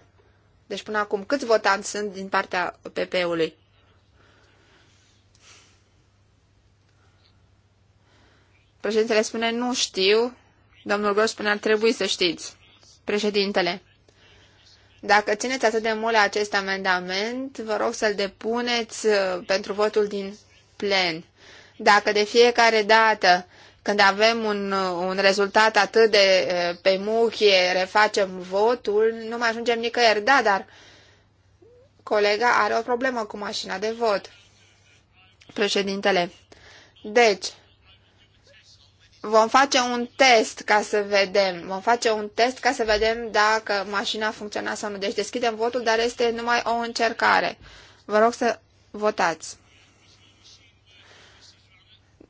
Deci până acum, câți votanți sunt din partea PPE-ului? Președintele spune, nu știu. Domnul Gros spune, ar trebui să știți. Președintele, dacă țineți atât de mult la acest amendament, vă rog să-l depuneți uh, pentru votul din plen. Dacă de fiecare dată când avem un, un rezultat atât de eh, pe muchie, refacem votul, nu mai ajungem nicăieri. Da, dar colega are o problemă cu mașina de vot. Președintele. Deci, vom face un test ca să vedem. Vom face un test ca să vedem dacă mașina funcționa sau nu. Deci deschidem votul, dar este numai o încercare. Vă rog să votați.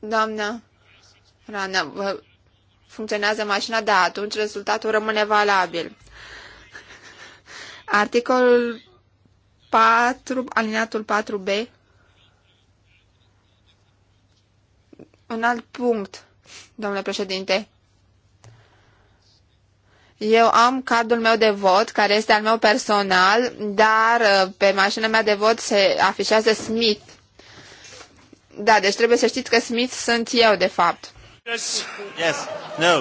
Doamna funcționează mașina, da, atunci rezultatul rămâne valabil. Articolul 4, alineatul 4b, un alt punct, domnule președinte. Eu am cardul meu de vot, care este al meu personal, dar uh, pe mașina mea de vot se afișează Smith. Da, deci trebuie să știți că Smith sunt eu, de fapt. Yes. Yes. No.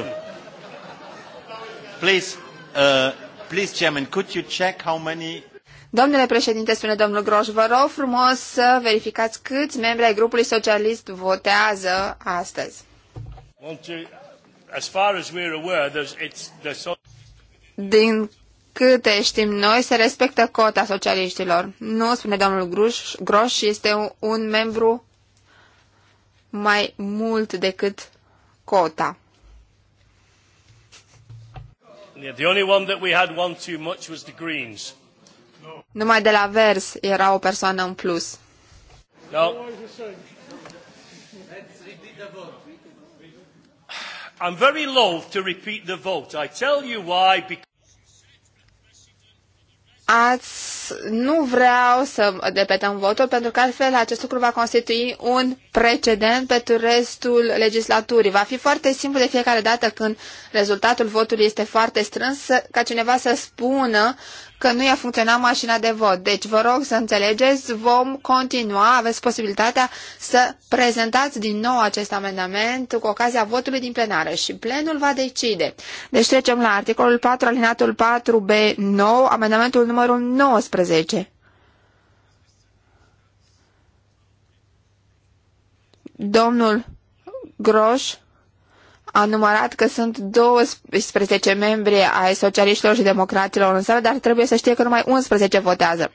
Please, uh, please, Chairman, could you check how many... Domnule președinte, spune domnul Groș, vă rog frumos să verificați câți membri ai grupului socialist votează astăzi. Din câte știm noi, se respectă cota socialiștilor. Nu, spune domnul Gruș, Groș, este un membru mai mult decât cota. The only one that we had one too much was the Greens. Numai de la vers era o persoană în plus. No. I'm very loath to repeat the vote. I tell you why. Because ați, nu vreau să depetăm votul, pentru că altfel acest lucru va constitui un precedent pentru restul legislaturii. Va fi foarte simplu de fiecare dată când rezultatul votului este foarte strâns ca cineva să spună că nu i-a funcționat mașina de vot. Deci vă rog să înțelegeți, vom continua, aveți posibilitatea să prezentați din nou acest amendament cu ocazia votului din plenară și plenul va decide. Deci trecem la articolul 4, alinatul 4B9, amendamentul numărul 19. Domnul Groș a numărat că sunt 12 membri ai socialiștilor și democraților în sală, dar trebuie să știe că numai 11 votează.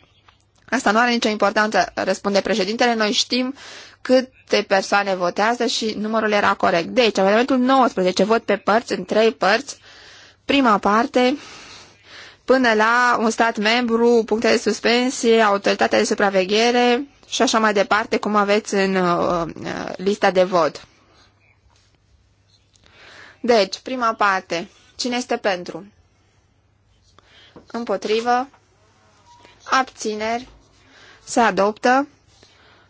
Asta nu are nicio importanță, răspunde președintele. Noi știm câte persoane votează și numărul era corect. Deci, amendamentul 19, vot pe părți, în trei părți. Prima parte, până la un stat membru, puncte de suspensie, autoritatea de supraveghere și așa mai departe, cum aveți în uh, uh lista de vot. Deci, prima parte. Cine este pentru? Împotrivă. Abțineri. Se adoptă.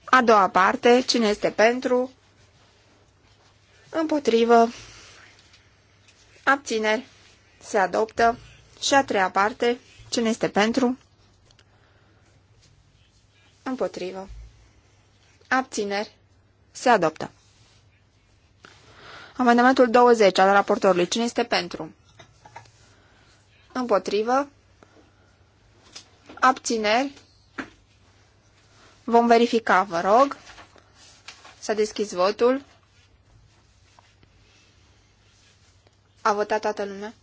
A doua parte. Cine este pentru? Împotrivă. Abțineri. Se adoptă. Și a treia parte. Cine este pentru? Împotrivă. Abțineri. Se adoptă. Amendamentul 20 al raportorului. Cine este pentru? Împotrivă. Abțineri. Vom verifica, vă rog. S-a deschis votul. A votat toată lumea.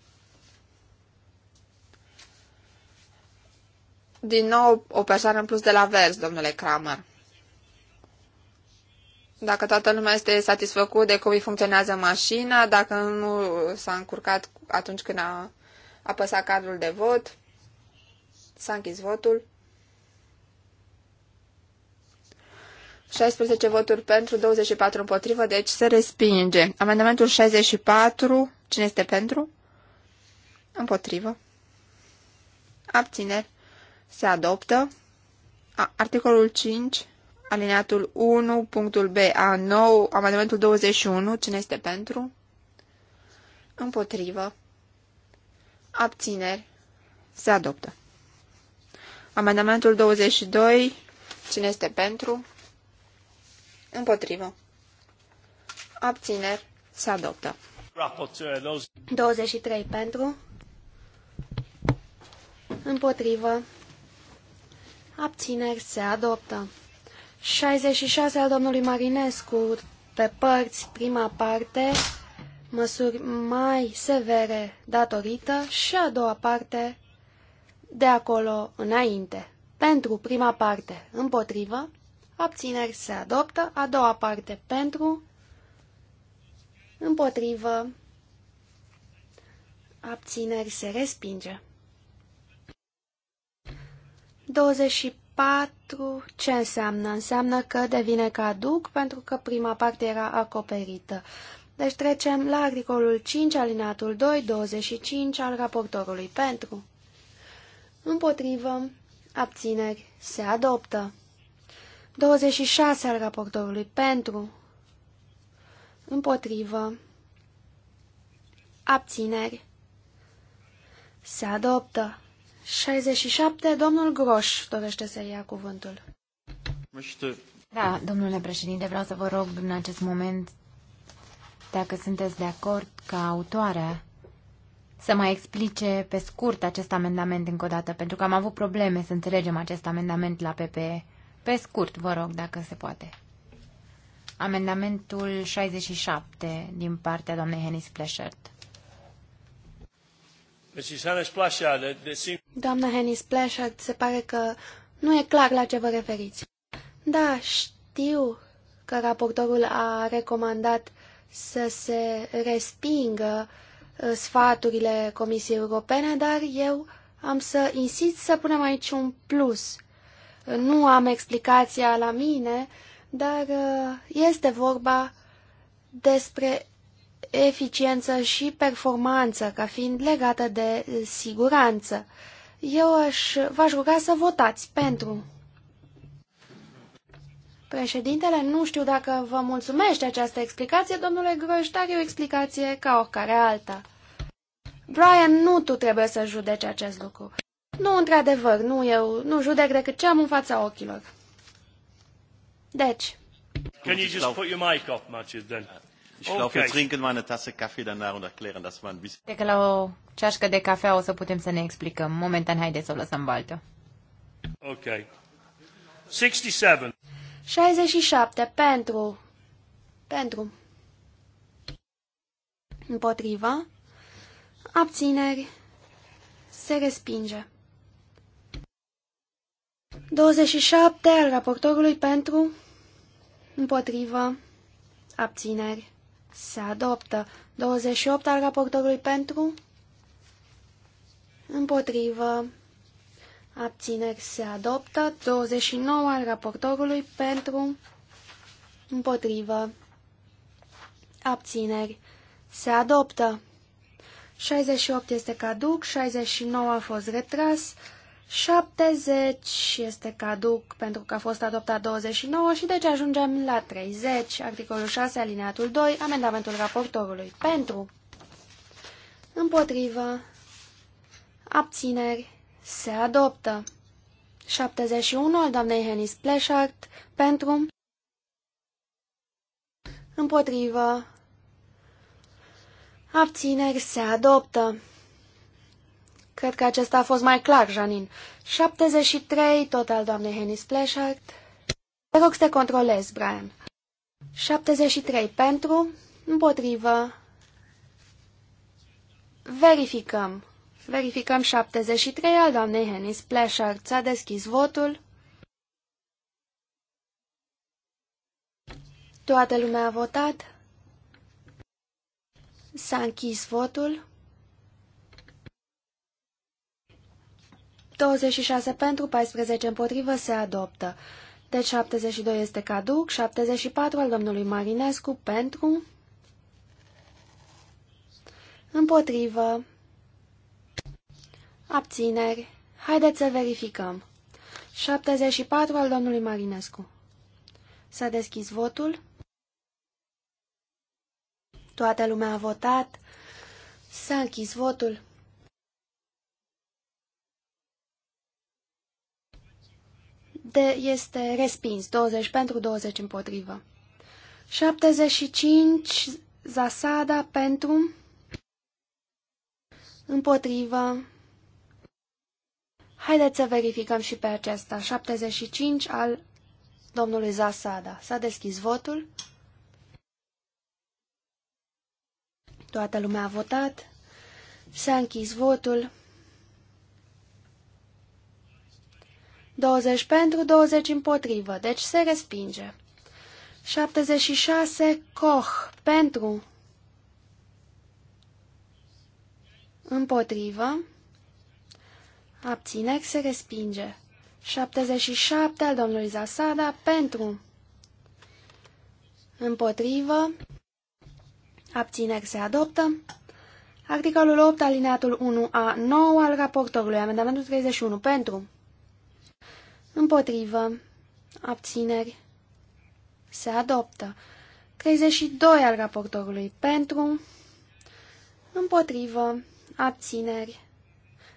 Din nou o persoană în plus de la vers, domnule Kramer dacă toată lumea este satisfăcut de cum îi funcționează mașina, dacă nu s-a încurcat atunci când a apăsat cadrul de vot, s-a închis votul. 16 voturi pentru, 24 împotrivă, deci se respinge. Amendamentul 64, cine este pentru? Împotrivă. Abțineri. Se adoptă. A, articolul 5 alineatul 1, punctul B, a 9, amendamentul 21, cine este pentru? Împotrivă. Abțineri. Se adoptă. Amendamentul 22, cine este pentru? Împotrivă. Abțineri. Se adoptă. 23 pentru. Împotrivă. Abțineri. Se adoptă. 66 al domnului Marinescu, pe părți, prima parte, măsuri mai severe datorită și a doua parte de acolo înainte. Pentru prima parte, împotrivă, abțineri se adoptă, a doua parte pentru, împotrivă, abțineri se respinge. 24 4 ce înseamnă? Înseamnă că devine caduc pentru că prima parte era acoperită. Deci trecem la articolul 5, alineatul 2, 25 al raportorului pentru. Împotrivă, abțineri, se adoptă. 26 al raportorului pentru. Împotrivă, abțineri, se adoptă. 67. Domnul Groș dorește să ia cuvântul. Da, domnule președinte, vreau să vă rog în acest moment, dacă sunteți de acord, ca autoarea să mai explice pe scurt acest amendament încă o dată, pentru că am avut probleme să înțelegem acest amendament la PPE. Pe scurt, vă rog, dacă se poate. Amendamentul 67 din partea doamnei Henis Pleșert. Deci, Doamna Henny Splashard, se pare că nu e clar la ce vă referiți. Da, știu că raportorul a recomandat să se respingă uh, sfaturile Comisiei Europene, dar eu am să insist să punem aici un plus. Nu am explicația la mine, dar uh, este vorba despre eficiență și performanță ca fiind legată de siguranță. Eu aș, v-aș ruga să votați pentru. Președintele, nu știu dacă vă mulțumește această explicație, domnule Groș, dar e o explicație ca oricare alta. Brian, nu tu trebuie să judeci acest lucru. Nu, într-adevăr, nu eu, nu judec decât ce am în fața ochilor. Deci... Can you just put your mic off, Matthew, then? Ich okay. glaube, trinken mal Tasse Kaffee danach und erklären das mal ein bisschen. Cred că la o ceașcă de cafea o să putem să ne explicăm. Momentan, haideți să o lăsăm baltă. Ok. 67. 67 pentru. Pentru. Împotriva. Abțineri. Se respinge. 27 al raportorului pentru. Împotriva. Abțineri. Se adoptă. 28 al raportorului pentru? Împotrivă. Abțineri se adoptă. 29 al raportorului pentru? Împotrivă. Abțineri se adoptă. 68 este caduc, 69 a fost retras, 70 este caduc pentru că a fost adoptat 29 și deci ajungem la 30, articolul 6, alineatul 2, amendamentul raportorului. Pentru, împotrivă, abțineri, se adoptă. 71 al doamnei Henis Pleșart, pentru, împotrivă, abțineri, se adoptă. Cred că acesta a fost mai clar, Janin. 73, tot al doamnei Hennis Pleșart. Te rog să te controlezi, Brian. 73 pentru, împotrivă. Verificăm. Verificăm 73 al doamnei Hennis Pleșart. S-a deschis votul. Toată lumea a votat. S-a închis votul. 26 pentru, 14 împotrivă se adoptă. Deci 72 este caduc, 74 al domnului Marinescu pentru, împotrivă, abțineri. Haideți să verificăm. 74 al domnului Marinescu. S-a deschis votul. Toată lumea a votat. S-a închis votul. de, este respins, 20 pentru, 20 împotrivă. 75, Zasada pentru, împotrivă. Haideți să verificăm și pe acesta, 75 al domnului Zasada. S-a deschis votul. Toată lumea a votat. S-a închis votul. 20 pentru, 20 împotrivă, deci se respinge. 76 Koch pentru împotrivă, abțineri se respinge. 77 al domnului Zasada pentru împotrivă, abțineri se adoptă. Articolul 8 alineatul 1A9 al raportorului, amendamentul 31 pentru Împotrivă. Abțineri. Se adoptă. 32 al raportorului pentru. Împotrivă. Abțineri.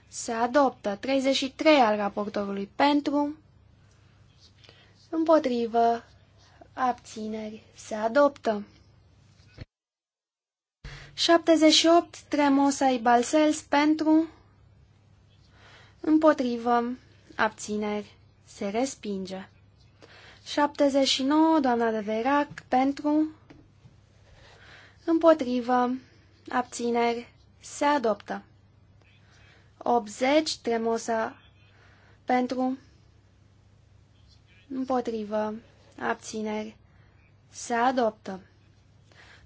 Se adoptă. 33 al raportorului pentru. Împotrivă. Abțineri. Se adoptă. 78 Tremosai Balsels pentru. Împotrivă. Abțineri se respinge. 79, doamna de Verac, pentru, împotrivă, abțineri, se adoptă. 80, tremosa, pentru, împotrivă, abțineri, se adoptă.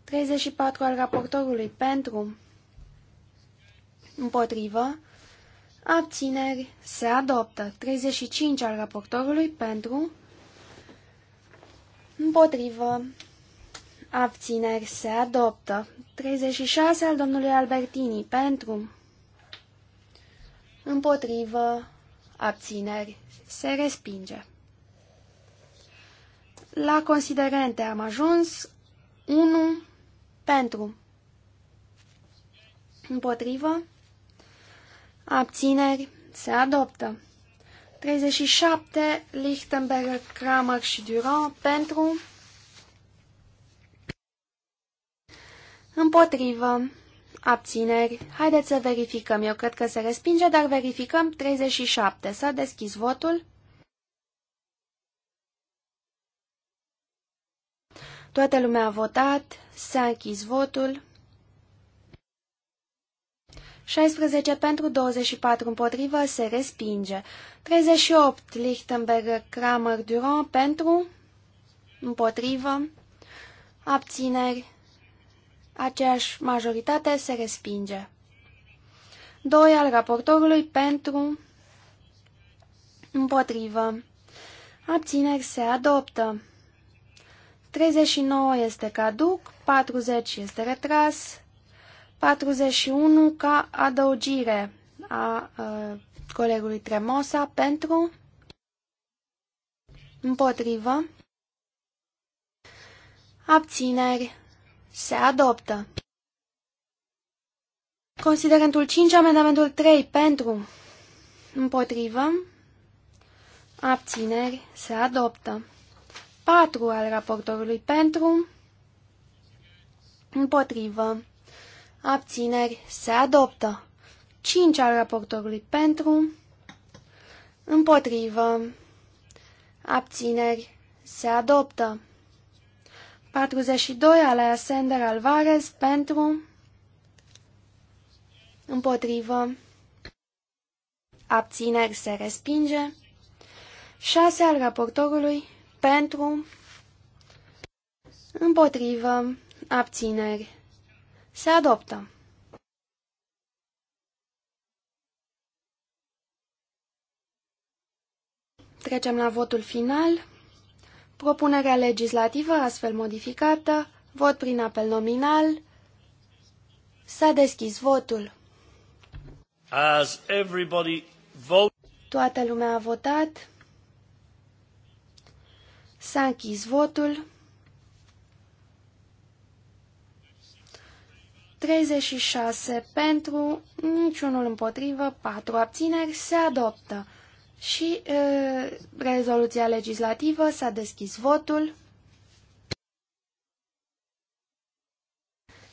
34 al raportorului, pentru, împotrivă, Abțineri se adoptă. 35 al raportorului pentru. Împotrivă. Abțineri se adoptă. 36 al domnului Albertini pentru. Împotrivă. Abțineri se respinge. La considerente am ajuns 1 pentru. Împotrivă. Abțineri. Se adoptă. 37. Lichtenberg, Kramer și Durand pentru. Împotrivă. Abțineri. Haideți să verificăm. Eu cred că se respinge, dar verificăm 37. S-a deschis votul. Toată lumea a votat. S-a închis votul. 16 pentru 24 împotrivă se respinge. 38 Lichtenberg Kramer Durand pentru împotrivă abțineri aceeași majoritate se respinge. 2 al raportorului pentru împotrivă abțineri se adoptă. 39 este caduc, 40 este retras, 41 ca adăugire a uh, colegului Tremosa pentru împotrivă abțineri se adoptă. Considerentul 5, amendamentul 3 pentru împotrivă abțineri se adoptă. 4 al raportorului pentru împotrivă abțineri, se adoptă. 5 al raportorului pentru, împotrivă, abțineri, se adoptă. 42 al Ascender Alvarez pentru, împotrivă, abțineri, se respinge. 6 al raportorului pentru, împotrivă, abțineri, se adoptă. Trecem la votul final. Propunerea legislativă astfel modificată, vot prin apel nominal. S-a deschis votul. As everybody vote... Toată lumea a votat. S-a închis votul. 36 pentru, niciunul împotrivă, 4 abțineri, se adoptă. Și e, rezoluția legislativă s-a deschis votul.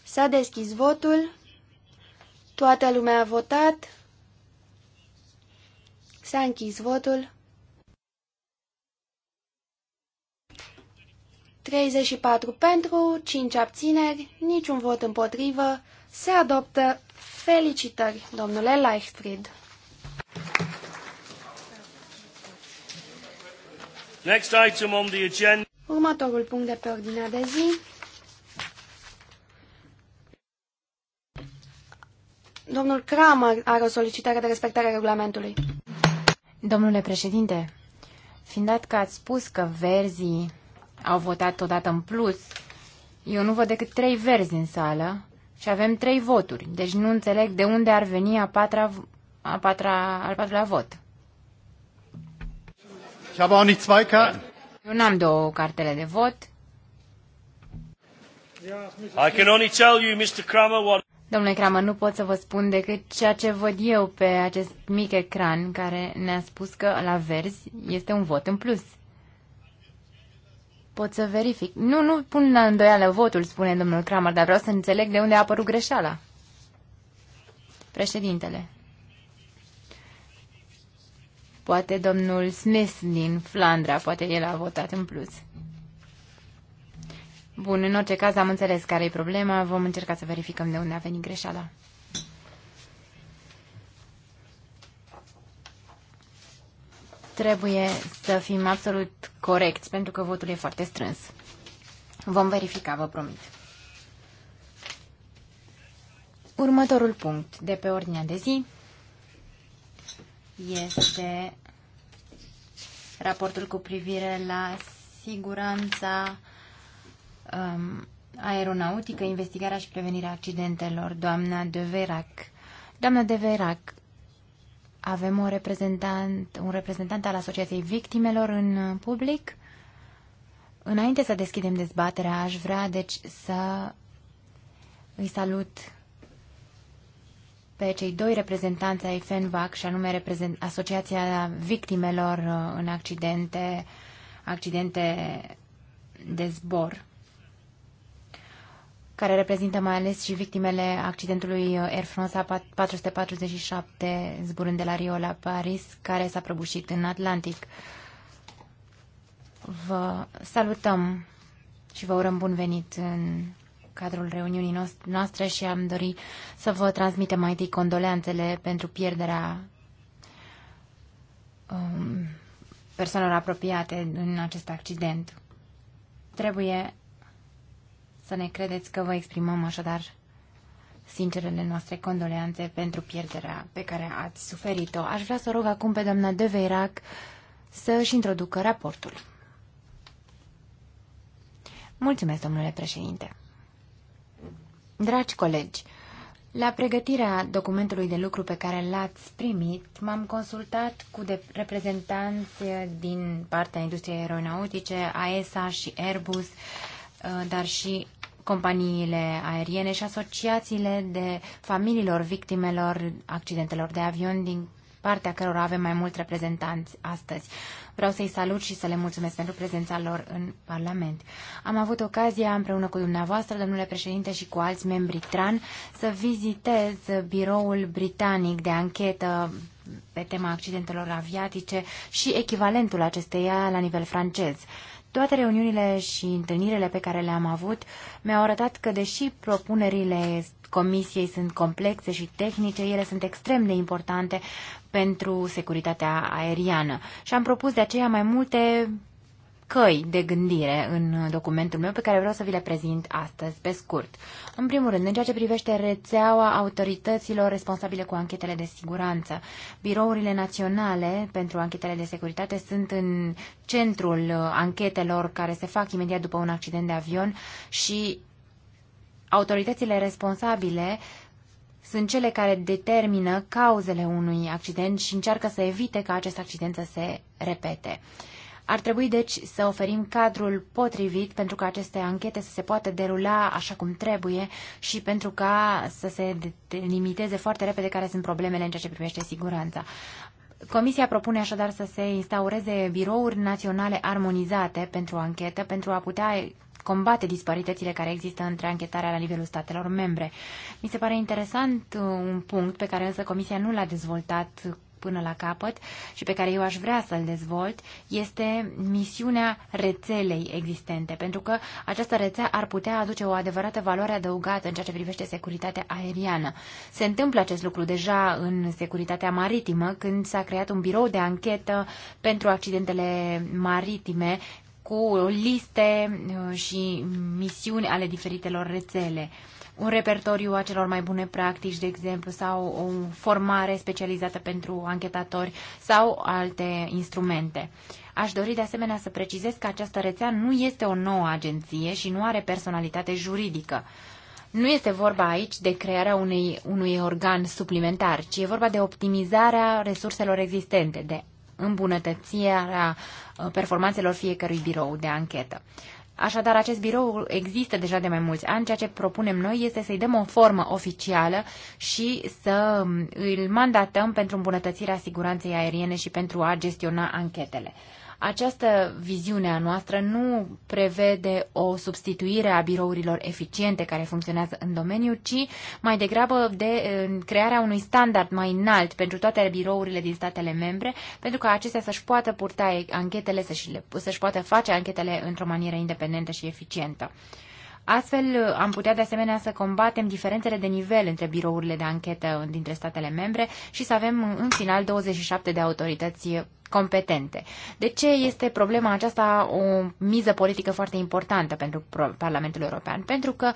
S-a deschis votul. Toată lumea a votat. S-a închis votul. 34 pentru, 5 abțineri, niciun vot împotrivă. Se adoptă. Felicitări, domnule Leichtfried. Next item on the agenda. Următorul punct de pe ordinea de zi. Domnul Kramer are o solicitare de respectare a regulamentului. Domnule președinte, fiind dat că ați spus că verzii au votat odată în plus. Eu nu văd decât trei verzi în sală și avem trei voturi, deci nu înțeleg de unde ar veni a patra, a patra, al patrulea vot. Ich habe auch nicht zwei Karten. Eu n-am două cartele de vot. I can only tell you, Mr. Kramer, what... Domnule Kramer, nu pot să vă spun decât ceea ce văd eu pe acest mic ecran care ne-a spus că la verzi este un vot în plus. Pot să verific. Nu, nu pun la îndoială votul, spune domnul Kramer, dar vreau să înțeleg de unde a apărut greșeala. Președintele. Poate domnul Smith din Flandra, poate el a votat în plus. Bun, în orice caz am înțeles care e problema, vom încerca să verificăm de unde a venit greșeala. Trebuie să fim absolut corecți, pentru că votul e foarte strâns. Vom verifica, vă promit. Următorul punct de pe ordinea de zi este raportul cu privire la siguranța um, aeronautică, investigarea și prevenirea accidentelor, doamna De Verac. Doamna De Verac, avem un reprezentant, un reprezentant al Asociației Victimelor în public. Înainte să deschidem dezbaterea, aș vrea deci să îi salut pe cei doi reprezentanți ai FENVAC, și anume Asociația Victimelor uh, în accidente, accidente de zbor care reprezintă mai ales și victimele accidentului uh, Air France 447 zburând de la Rio la Paris, care s-a prăbușit în Atlantic. Vă salutăm și vă urăm bun venit în cadrul reuniunii noastre și am dori să vă transmitem mai întâi condoleanțele pentru pierderea um, persoanelor apropiate în acest accident. Trebuie să ne credeți că vă exprimăm așadar sincerele noastre condoleanțe pentru pierderea pe care ați suferit-o. Aș vrea să rog acum pe doamna Deveirac, să își introducă raportul. Mulțumesc, domnule președinte. Dragi colegi, la pregătirea documentului de lucru pe care l-ați primit, m-am consultat cu reprezentanți din partea industriei aeronautice, AESA și Airbus, uh, dar și companiile aeriene și asociațiile de familiilor victimelor accidentelor de avion din partea cărora avem mai mulți reprezentanți astăzi. Vreau să-i salut și să le mulțumesc pentru prezența lor în Parlament. Am avut ocazia, împreună cu dumneavoastră, domnule președinte, și cu alți membri TRAN, să vizitez biroul britanic de anchetă pe tema accidentelor aviatice și echivalentul acesteia la nivel francez. Toate reuniunile și întâlnirile pe care le-am avut mi-au arătat că, deși propunerile Comisiei sunt complexe și tehnice, ele sunt extrem de importante pentru securitatea aeriană. Și am propus de aceea mai multe căi de gândire în documentul meu pe care vreau să vi le prezint astăzi, pe scurt. În primul rând, în ceea ce privește rețeaua autorităților responsabile cu anchetele de siguranță, birourile naționale pentru anchetele de securitate sunt în centrul anchetelor care se fac imediat după un accident de avion și autoritățile responsabile sunt cele care determină cauzele unui accident și încearcă să evite ca acest accident să se repete. Ar trebui, deci, să oferim cadrul potrivit pentru ca aceste anchete să se poată derula așa cum trebuie și pentru ca să se limiteze foarte repede care sunt problemele în ceea ce privește siguranța. Comisia propune așadar să se instaureze birouri naționale armonizate pentru anchetă, pentru a putea combate disparitățile care există între anchetarea la nivelul statelor membre. Mi se pare interesant uh, un punct pe care însă Comisia nu l-a dezvoltat până la capăt și pe care eu aș vrea să-l dezvolt este misiunea rețelei existente, pentru că această rețea ar putea aduce o adevărată valoare adăugată în ceea ce privește securitatea aeriană. Se întâmplă acest lucru deja în securitatea maritimă, când s-a creat un birou de anchetă pentru accidentele maritime cu liste uh, și misiuni ale diferitelor rețele un repertoriu a celor mai bune practici, de exemplu, sau o formare specializată pentru anchetatori sau alte instrumente. Aș dori de asemenea să precizez că această rețea nu este o nouă agenție și nu are personalitate juridică. Nu este vorba aici de crearea unei, unui organ suplimentar, ci e vorba de optimizarea resurselor existente, de îmbunătățirea uh, performanțelor fiecărui birou de anchetă. Așadar, acest birou există deja de mai mulți ani. Ceea ce propunem noi este să-i dăm o formă oficială și să mm, îl mandatăm pentru îmbunătățirea siguranței aeriene și pentru a gestiona anchetele. Această viziune a noastră nu prevede o substituire a birourilor eficiente care funcționează în domeniu, ci mai degrabă de eh, crearea unui standard mai înalt pentru toate birourile din statele membre, pentru ca acestea să-și poată purta anchetele, să-și, să poată face anchetele într-o manieră independentă și eficientă. Astfel, eh, am putea de asemenea să combatem diferențele de nivel între birourile de anchetă dintre statele membre și să avem eh, în final 27 de autorități competente. De ce este problema aceasta o miză politică foarte importantă pentru Parlamentul European? Pentru că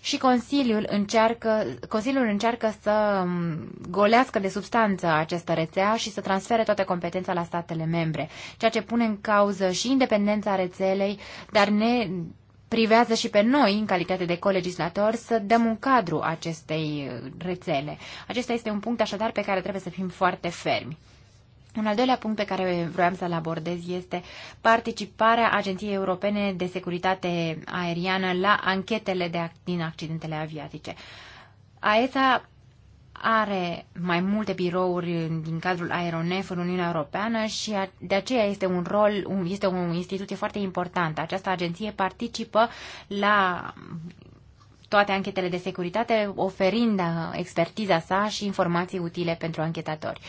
și Consiliul încearcă, Consiliul încearcă să mm, golească de substanță această rețea și să transfere toată competența la statele membre, ceea ce pune în cauză și independența rețelei, dar ne privează și pe noi, în calitate de colegislatori, să dăm un cadru acestei rețele. Acesta este un punct așadar pe care trebuie să fim foarte fermi. Un al doilea punct pe care vreau să-l abordez este participarea Agenției Europene de Securitate Aeriană la anchetele de, din accidentele aviatice. AESA are mai multe birouri din cadrul Aeronef în Uniunea Europeană și de aceea este un rol, este o instituție foarte importantă. Această agenție participă la toate anchetele de securitate, oferind uh, expertiza sa și informații utile pentru anchetatori.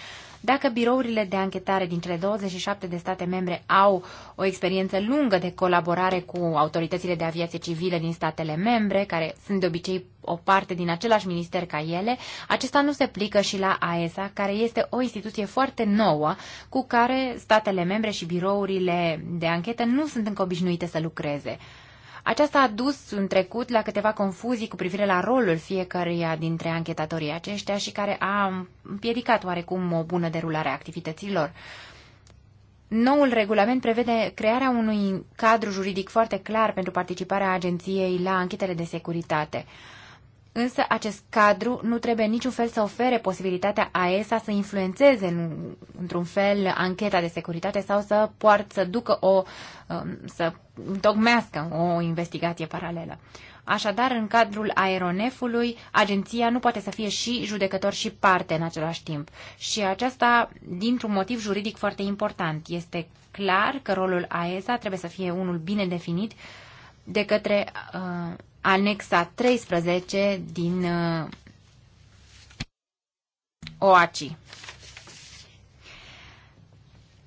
Dacă birourile de anchetare din cele 27 de state membre au o experiență lungă de colaborare cu autoritățile de aviație civilă din statele membre, care sunt de obicei o parte din același minister ca ele, acesta nu se plică și la AESA, care este o instituție foarte nouă cu care statele membre și birourile de anchetă nu sunt încă obișnuite să lucreze. Aceasta a dus în trecut la câteva confuzii cu privire la rolul fiecăruia dintre anchetatorii aceștia și care a împiedicat oarecum o bună derulare a activităților. Noul regulament prevede crearea unui cadru juridic foarte clar pentru participarea agenției la anchetele de securitate. Însă acest cadru nu trebuie niciun fel să ofere posibilitatea AESA să influențeze în, într-un fel ancheta de securitate sau să poartă, să ducă o, um, să tocmească o investigație paralelă. Așadar, în cadrul aeronefului, agenția nu poate să fie și judecător și parte în același timp. Și aceasta dintr-un motiv juridic foarte important. Este clar că rolul AESA trebuie să fie unul bine definit de către uh, anexa 13 din uh, OACI.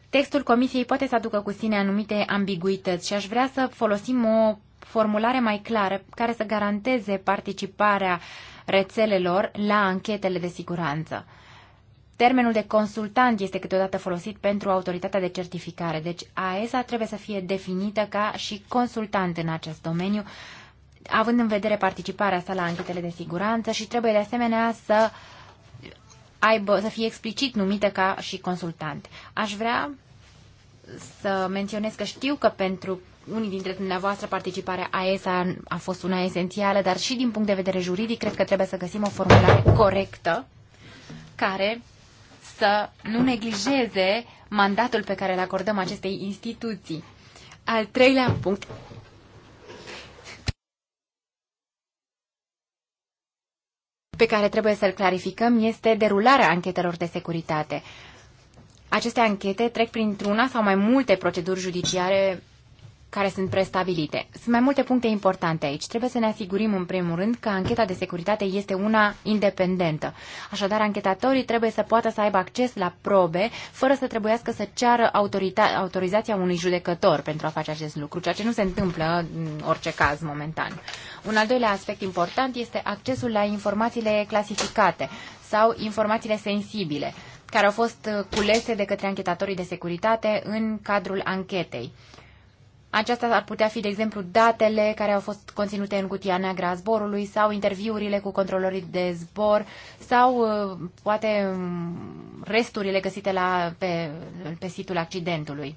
Textul comisiei poate să aducă cu sine anumite ambiguități și aș vrea să folosim o formulare mai clară care să garanteze participarea rețelelor la anchetele de siguranță. Termenul de consultant este câteodată folosit pentru autoritatea de certificare, deci AESA trebuie să fie definită ca și consultant în acest domeniu, având în vedere participarea sa la anchetele de siguranță și trebuie de asemenea să aibă, să fie explicit numită ca și consultant. Aș vrea să menționez că știu că pentru unii dintre dumneavoastră participarea AESA a fost una esențială, dar și din punct de vedere juridic cred că trebuie să găsim o formulare corectă care să nu neglijeze mandatul pe care îl acordăm acestei instituții. Al treilea punct pe care trebuie să-l clarificăm este derularea anchetelor de securitate. Aceste anchete trec printr-una sau mai multe proceduri judiciare care sunt prestabilite. Sunt mai multe puncte importante aici. Trebuie să ne asigurim, în primul rând, că ancheta de securitate este una independentă. Așadar, anchetatorii trebuie să poată să aibă acces la probe, fără să trebuiască să ceară autorizația unui judecător pentru a face acest lucru, ceea ce nu se întâmplă în orice caz momentan. Un al doilea aspect important este accesul la informațiile clasificate sau informațiile sensibile care au fost culese de către anchetatorii de securitate în cadrul anchetei. Aceasta ar putea fi, de exemplu, datele care au fost conținute în cutia neagră a zborului sau interviurile cu controlorii de zbor sau uh, poate um, resturile găsite la, pe, pe situl accidentului.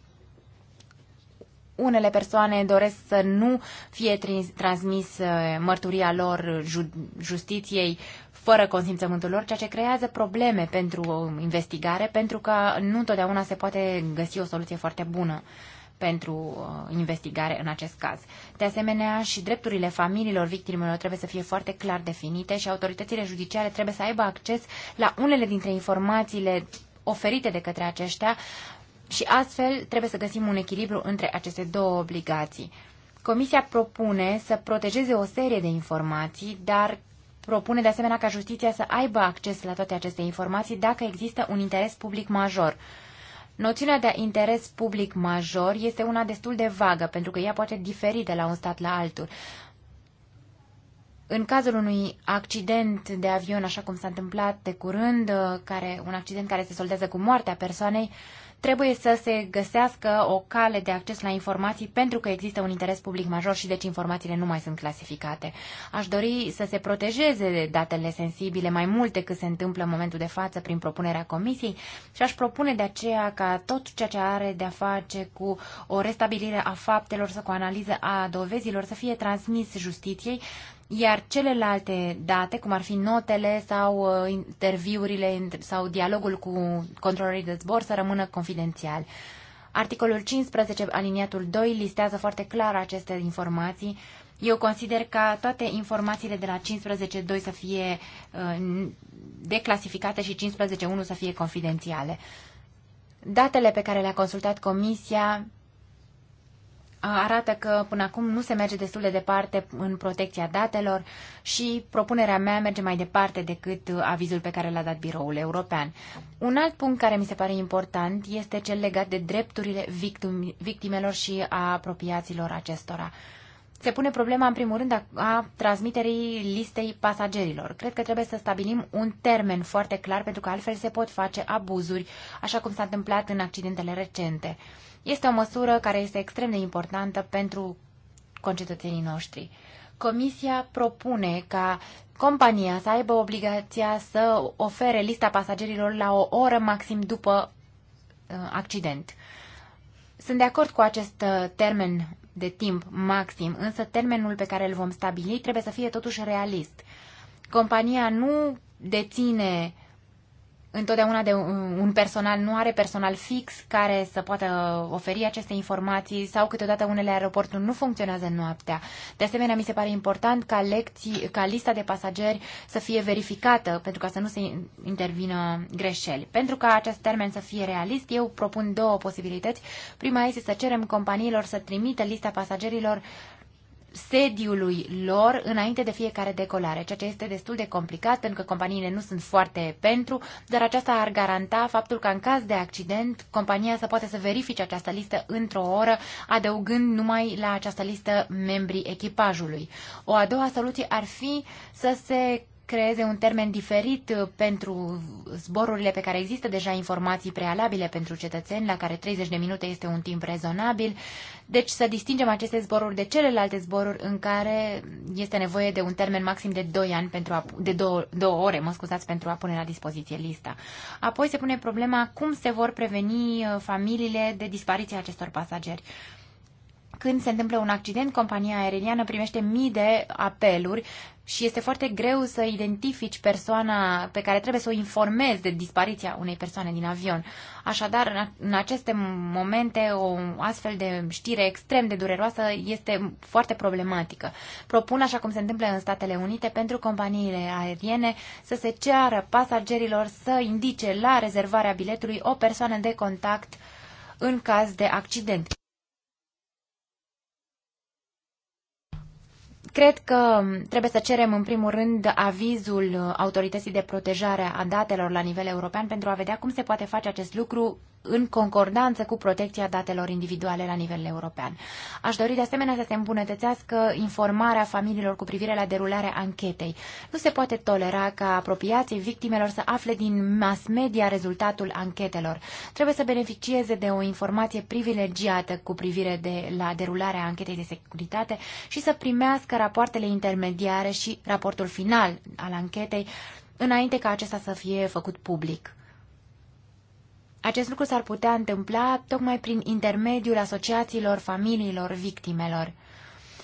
Unele persoane doresc să nu fie transmis uh, mărturia lor justiției fără consimțământul lor, ceea ce creează probleme pentru um, investigare, pentru că nu întotdeauna se poate găsi o soluție foarte bună pentru uh, investigare în acest caz. De asemenea, și drepturile familiilor victimelor trebuie să fie foarte clar definite și autoritățile judiciare trebuie să aibă acces la unele dintre informațiile oferite de către aceștia și astfel trebuie să găsim un echilibru între aceste două obligații. Comisia propune să protejeze o serie de informații, dar propune de asemenea ca justiția să aibă acces la toate aceste informații dacă există un interes public major. Noțiunea de interes public major este una destul de vagă, pentru că ea poate diferi de la un stat la altul. În cazul unui accident de avion, așa cum s-a întâmplat de curând, uh, care, un accident care se soldează cu moartea persoanei, uh, trebuie să se găsească o cale de acces la informații pentru că există un interes public major și deci informațiile nu mai sunt clasificate. Aș dori să se protejeze datele sensibile mai multe, cât se întâmplă în momentul de față prin propunerea comisiei și aș propune de aceea ca tot ceea ce are de a face cu o restabilire a faptelor sau cu o analiză a dovezilor să fie transmis justiției iar celelalte date, cum ar fi notele sau uh, interviurile sau dialogul cu controlorii de zbor, să rămână confidențial. Articolul 15, aliniatul 2, listează foarte clar aceste informații. Eu consider ca toate informațiile de la 15.2 să fie uh, declasificate și 15.1 să fie confidențiale. Datele pe care le-a consultat Comisia arată că până acum nu se merge destul de departe în protecția datelor și propunerea mea merge mai departe decât avizul pe care l-a dat biroul european. Un alt punct care mi se pare important este cel legat de drepturile victimelor și a apropiaților acestora. Uh, se pune problema, în primul rând, a, a transmiterii listei pasagerilor. Cred că trebuie să stabilim un termen foarte clar, pentru că altfel se pot face abuzuri, așa cum s-a întâmplat în accidentele recente. Este o măsură care este extrem de importantă pentru concetățenii noștri. Comisia propune ca compania să aibă obligația să ofere lista pasagerilor la o oră maxim după uh, accident. Sunt de acord cu acest uh, termen de timp maxim, însă termenul pe care îl vom stabili trebuie să fie totuși realist. Compania nu deține întotdeauna de un personal nu are personal fix care să poată oferi aceste informații sau câteodată unele aeroporturi nu funcționează în noaptea. De asemenea, mi se pare important ca, lecții, ca lista de pasageri să fie verificată pentru ca să nu se intervină greșeli. Pentru ca acest termen să fie realist, eu propun două posibilități. Prima este să cerem companiilor să trimită lista pasagerilor uh, sediului lor înainte de fiecare decolare, ceea ce este destul de complicat pentru că companiile nu sunt foarte pentru, dar aceasta ar garanta faptul că în caz de accident compania să poate să verifice această listă într-o oră, adăugând numai la această listă membrii echipajului. O a doua soluție ar fi să se creeze un termen diferit uh, pentru zborurile pe care există deja informații prealabile pentru cetățeni, la care 30 de minute este un timp rezonabil. Deci să distingem aceste zboruri de celelalte zboruri în care este nevoie de un termen maxim de 2 ani pentru a, de 2, 2 ore, mă scuzați, pentru a pune la dispoziție lista. Apoi se pune problema cum se vor preveni uh, familiile de dispariția acestor pasageri când se întâmplă un accident, compania aeriană primește mii de apeluri și este foarte greu să identifici persoana pe care trebuie să o informezi de dispariția unei persoane din avion. Așadar, în aceste momente, o astfel de știre extrem de dureroasă este foarte problematică. Propun, așa cum se întâmplă în Statele Unite, pentru companiile aeriene să se ceară pasagerilor să indice la rezervarea biletului o persoană de contact în caz de accident. Cred că trebuie să cerem în primul rând avizul Autorității de Protejare a Datelor la nivel european pentru a vedea cum se poate face acest lucru în concordanță cu protecția datelor individuale la nivel european. Aș dori de asemenea să se îmbunătățească informarea familiilor cu privire la derularea anchetei. Nu se poate tolera ca apropiații victimelor să afle din mass media rezultatul anchetelor. Trebuie să beneficieze de o informație privilegiată cu privire de la derularea anchetei de securitate și să primească rapoartele intermediare și raportul final al anchetei înainte ca acesta să fie făcut public. Acest lucru s-ar putea întâmpla tocmai prin intermediul asociațiilor familiilor victimelor.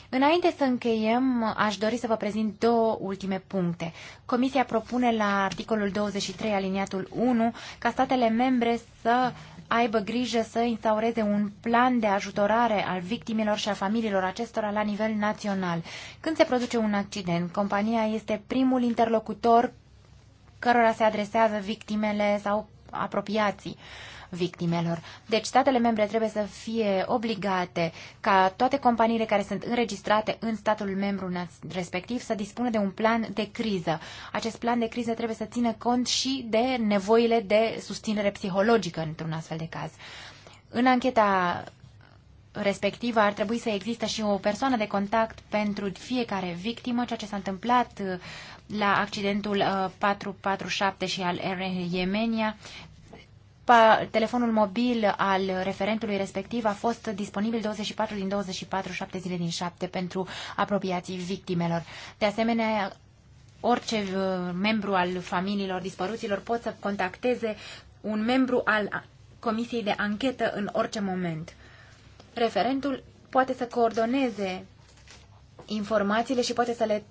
Înainte să încheiem, aș dori să vă prezint două ultime puncte. Comisia propune la articolul 23 aliniatul 1 ca statele membre să aibă grijă să instaureze un plan de ajutorare al victimilor și a familiilor acestora la nivel național. Când se produce un accident, compania este primul interlocutor cărora se adresează victimele sau apropiații victimelor. Deci statele membre trebuie să fie obligate ca toate companiile care sunt înregistrate în statul membru respectiv să dispună de un plan de criză. Acest plan de criză trebuie să țină cont și de nevoile de susținere psihologică într-un astfel de caz. În ancheta respectivă ar trebui să existe și o persoană de contact pentru fiecare victimă, ceea ce s-a întâmplat la accidentul 447 uh, și al Air Yemenia, telefonul mobil al referentului respectiv a fost disponibil 24 din 24, 7 zile din 7 pentru apropiații victimelor. De asemenea, orice uh, membru al familiilor dispăruților pot să contacteze un membru al Comisiei de Anchetă în orice moment. Referentul poate să coordoneze informațiile și poate să le,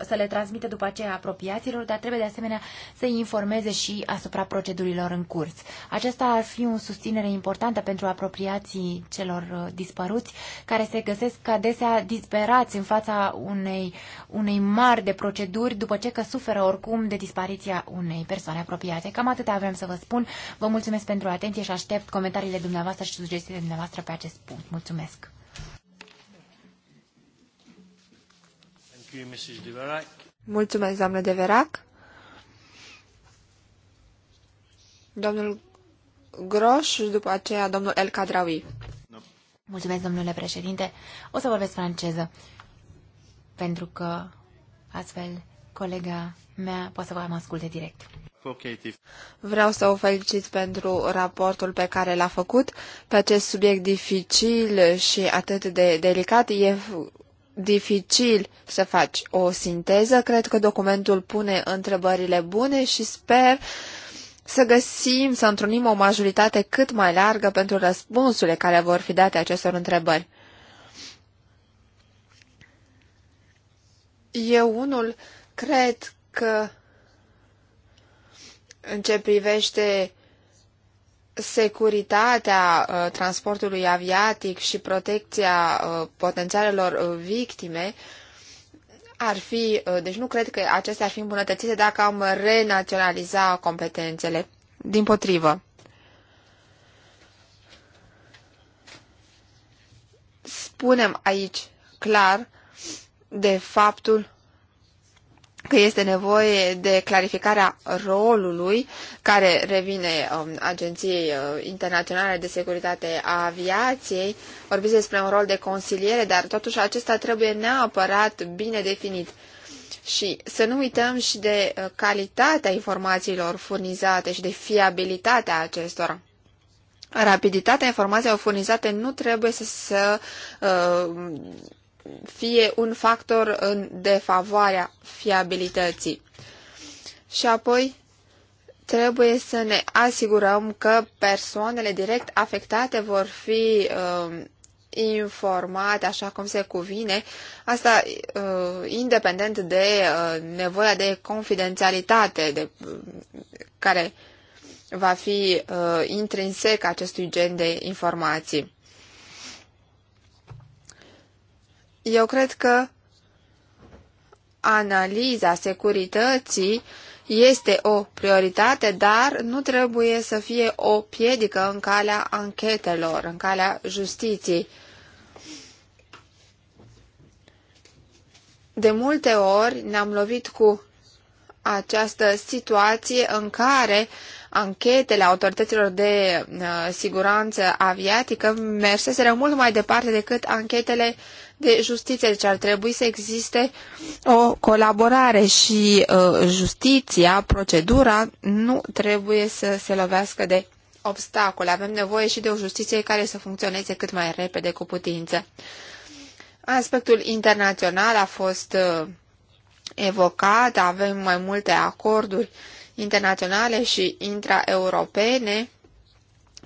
să le transmită după aceea apropiaților, dar trebuie de asemenea să îi informeze și asupra procedurilor în curs. Aceasta ar fi o susținere importantă pentru apropiații celor uh, dispăruți, care se găsesc adesea disperați în fața unei, unei mari de proceduri, după ce că suferă oricum de dispariția unei persoane apropiate. Cam atât vrem să vă spun. Vă mulțumesc pentru atenție și aștept comentariile dumneavoastră și sugestiile dumneavoastră pe acest punct. Mulțumesc! Mulțumesc, doamnă de Verac. Domnul Groș și după aceea domnul El Cadraui. Mulțumesc, domnule președinte. O să vorbesc franceză, pentru că astfel colega mea poate să vă asculte direct. Vreau să o felicit pentru raportul pe care l-a făcut pe acest subiect dificil și atât de delicat. E dificil să faci o sinteză. Cred că documentul pune întrebările bune și sper să găsim, să întrunim o majoritate cât mai largă pentru răspunsurile care vor fi date acestor întrebări. Eu unul cred că în ce privește securitatea uh, transportului aviatic și protecția uh, potențialelor uh, victime ar fi, deci nu cred că acestea ar fi îmbunătățite dacă am renaționaliza competențele. Din potrivă. Spunem aici clar de faptul că este nevoie de clarificarea rolului care revine um, Agenției uh, Internaționale de Securitate a Aviației. Vorbiți despre un rol de consiliere, dar totuși acesta trebuie neapărat bine definit. Și să nu uităm și de uh, calitatea informațiilor furnizate și de fiabilitatea acestora. Rapiditatea informațiilor furnizate nu trebuie să, să uh, fie un factor în defavoarea fiabilității. Și apoi trebuie să ne asigurăm că persoanele direct afectate vor fi uh, informate așa cum se cuvine, asta uh, independent de uh, nevoia de confidențialitate de, uh, care va fi uh, intrinsec acestui gen de informații. Eu cred că analiza securității este o prioritate, dar nu trebuie să fie o piedică în calea anchetelor, în calea justiției. De multe ori ne-am lovit cu această situație în care anchetele autorităților de uh, siguranță aviatică merseseră mult mai departe decât anchetele de justiție, deci ar trebui să existe o colaborare și uh, justiția, procedura, nu trebuie să se lovească de obstacole. Avem nevoie și de o justiție care să funcționeze cât mai repede cu putință. Aspectul internațional a fost uh, evocat, avem mai multe acorduri internaționale și intraeuropene,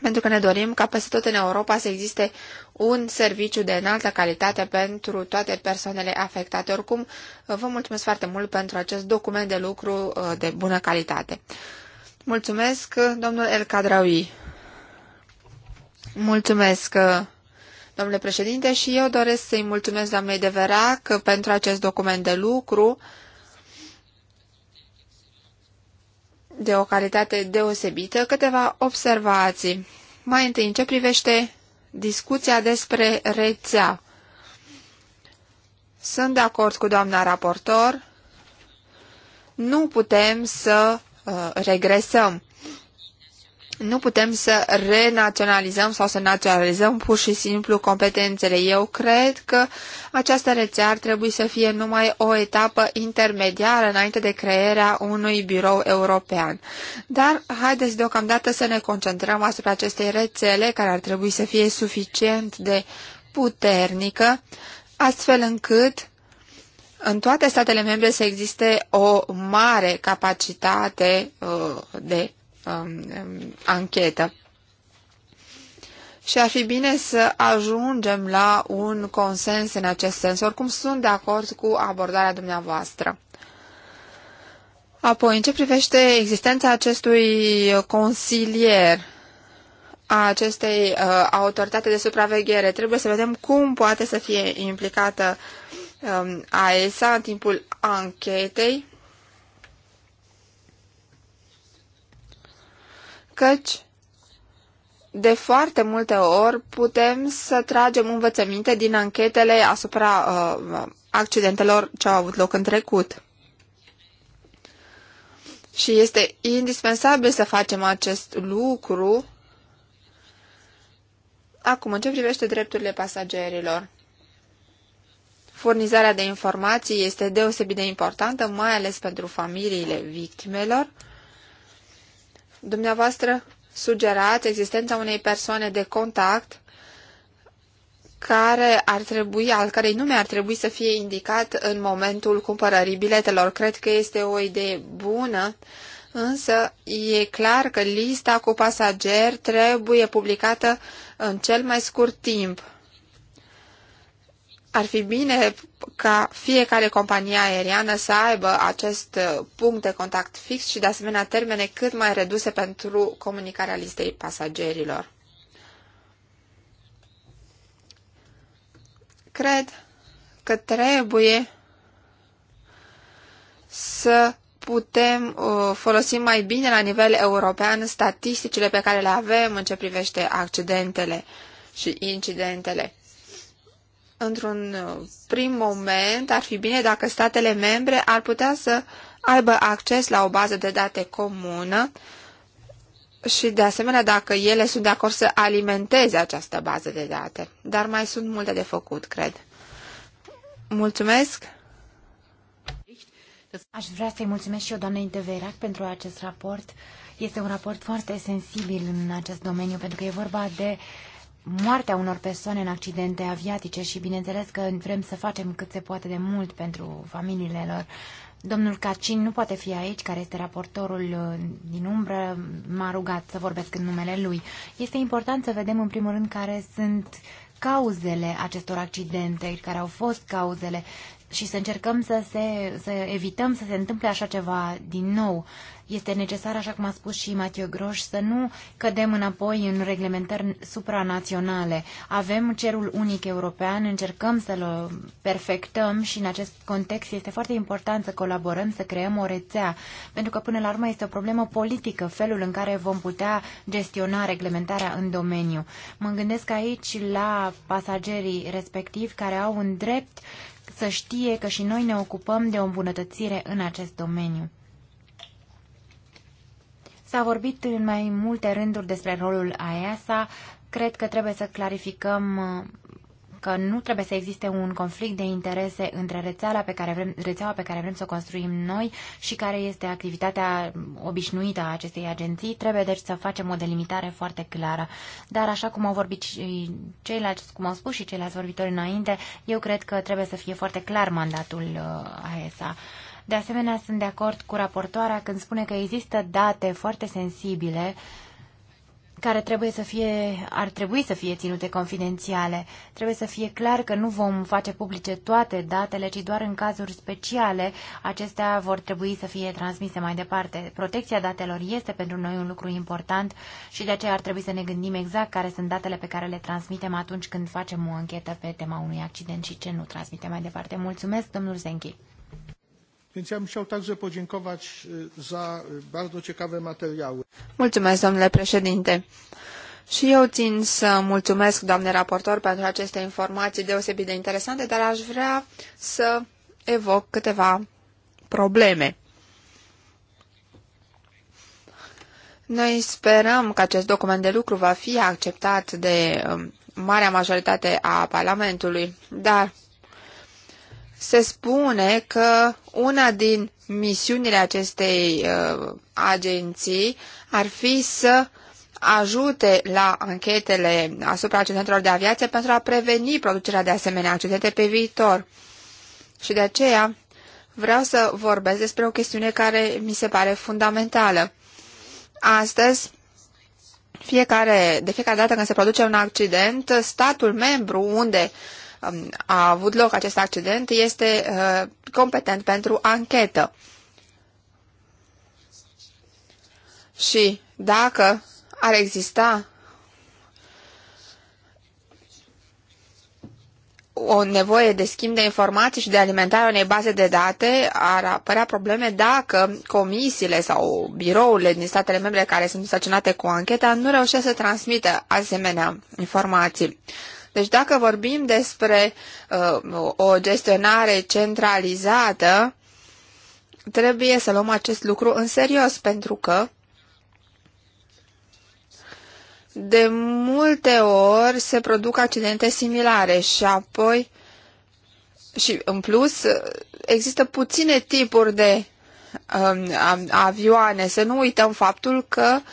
pentru că ne dorim ca peste tot în Europa să existe un serviciu de înaltă calitate pentru toate persoanele afectate. Oricum, vă mulțumesc foarte mult pentru acest document de lucru uh, de bună calitate. Mulțumesc, domnul El Cadraui. Mulțumesc, uh, domnule președinte, și eu doresc să-i mulțumesc doamnei de Verac pentru acest document de lucru de o calitate deosebită, câteva observații. Mai întâi, în ce privește discuția despre rețea. Sunt de acord cu doamna raportor, nu putem să uh, regresăm. Nu putem să renaționalizăm sau să naționalizăm pur și simplu competențele. Eu cred că această rețea ar trebui să fie numai o etapă intermediară înainte de crearea unui birou european. Dar haideți deocamdată să ne concentrăm asupra acestei rețele care ar trebui să fie suficient de puternică, astfel încât în toate statele membre să existe o mare capacitate uh, de Um, um, anchetă. Și ar fi bine să ajungem la un consens în acest sens. Oricum sunt de acord cu abordarea dumneavoastră. Apoi, în ce privește existența acestui consilier, a acestei uh, autoritate de supraveghere, trebuie să vedem cum poate să fie implicată um, AESA în timpul anchetei căci de foarte multe ori putem să tragem învățăminte din anchetele asupra uh, accidentelor ce au avut loc în trecut. Și este indispensabil să facem acest lucru acum în ce privește drepturile pasagerilor. Furnizarea de informații este deosebit de importantă, mai ales pentru familiile victimelor, Dumneavoastră sugerați existența unei persoane de contact care ar trebui, al cărei nume ar trebui să fie indicat în momentul cumpărării biletelor. Cred că este o idee bună, însă e clar că lista cu pasageri trebuie publicată în cel mai scurt timp ar fi bine ca fiecare companie aeriană să aibă acest uh, punct de contact fix și de asemenea termene cât mai reduse pentru comunicarea listei pasagerilor. Cred că trebuie să putem uh, folosi mai bine la nivel european statisticile pe care le avem în ce privește accidentele și incidentele într-un uh, prim moment, ar fi bine dacă statele membre ar putea să aibă acces la o bază de date comună și, de asemenea, dacă ele sunt de acord să alimenteze această bază de date. Dar mai sunt multe de făcut, cred. Mulțumesc! Aș vrea să-i mulțumesc și eu doamnei de Verac pentru acest raport. Este un raport foarte sensibil în acest domeniu, pentru că e vorba de uh, moartea unor persoane în accidente aviatice și bineînțeles că vrem să facem cât se poate de mult pentru familiile lor. Domnul Cacin nu poate fi aici, care este raportorul uh, din umbră, m-a rugat să vorbesc în numele lui. Este important să vedem în primul rând care sunt cauzele acestor accidente, care au fost cauzele și să încercăm să, se, să evităm să se întâmple așa ceva din nou. Este necesar, așa cum a spus și Mathieu Groș, să nu cădem înapoi în reglementări supranaționale. Avem cerul unic european, încercăm să-l perfectăm și în acest context este foarte important să colaborăm, să creăm o rețea, pentru că până la urmă este o problemă politică, felul în care vom putea gestiona reglementarea în domeniu. Mă gândesc aici la pasagerii respectivi care au un drept să știe că și noi ne ocupăm de o îmbunătățire în acest domeniu. S-a vorbit în mai multe rânduri despre rolul AESA. Cred că trebuie să clarificăm uh, că nu trebuie să existe un conflict de interese între rețeaua pe care vrem, rețeaua pe care vrem să o construim noi și care este activitatea obișnuită a acestei agenții. Trebuie deci să facem o delimitare foarte clară. Dar așa cum au vorbit și ceilalți, cum au spus și ceilalți vorbitori înainte, eu cred că trebuie să fie foarte clar mandatul AESA. Uh, de asemenea, sunt de acord cu raportoarea când spune că există date foarte sensibile care trebuie să fie, ar trebui să fie ținute confidențiale. Trebuie să fie clar că nu vom face publice toate datele, ci doar în cazuri speciale acestea vor trebui să fie transmise mai departe. Protecția datelor este pentru noi un lucru important și de aceea ar trebui să ne gândim exact care sunt datele pe care le transmitem atunci când facem o anchetă pe tema unui accident și ce nu transmitem mai departe. Mulțumesc, domnul Zenchi. Więc ja bym chciał także podziękować za bardzo ciekawe materiały. Mulțumesc, domnule președinte. Și eu țin să mulțumesc, doamne raportor, pentru aceste informații deosebit de interesante, dar aș vrea să evoc câteva probleme. Noi sperăm că acest document de lucru va fi acceptat de um, marea majoritate a Parlamentului, dar se spune că una din misiunile acestei uh, agenții ar fi să ajute la anchetele asupra accidentelor de aviație pentru a preveni producerea de asemenea accidente pe viitor. Și de aceea vreau să vorbesc despre o chestiune care mi se pare fundamentală. Astăzi, fiecare, de fiecare dată când se produce un accident, statul membru unde uh, Um, a avut loc acest accident este uh, competent pentru anchetă. Și dacă ar exista o nevoie de schimb de informații și de alimentare unei baze de date, ar apărea probleme dacă comisiile sau birourile din statele membre care sunt sancționate cu ancheta nu reușesc să transmită asemenea informații. Deci dacă vorbim despre uh, o gestionare centralizată, trebuie să luăm acest lucru în serios, pentru că de multe ori se produc accidente similare și apoi și în plus există puține tipuri de um, avioane. Să nu uităm faptul că uh,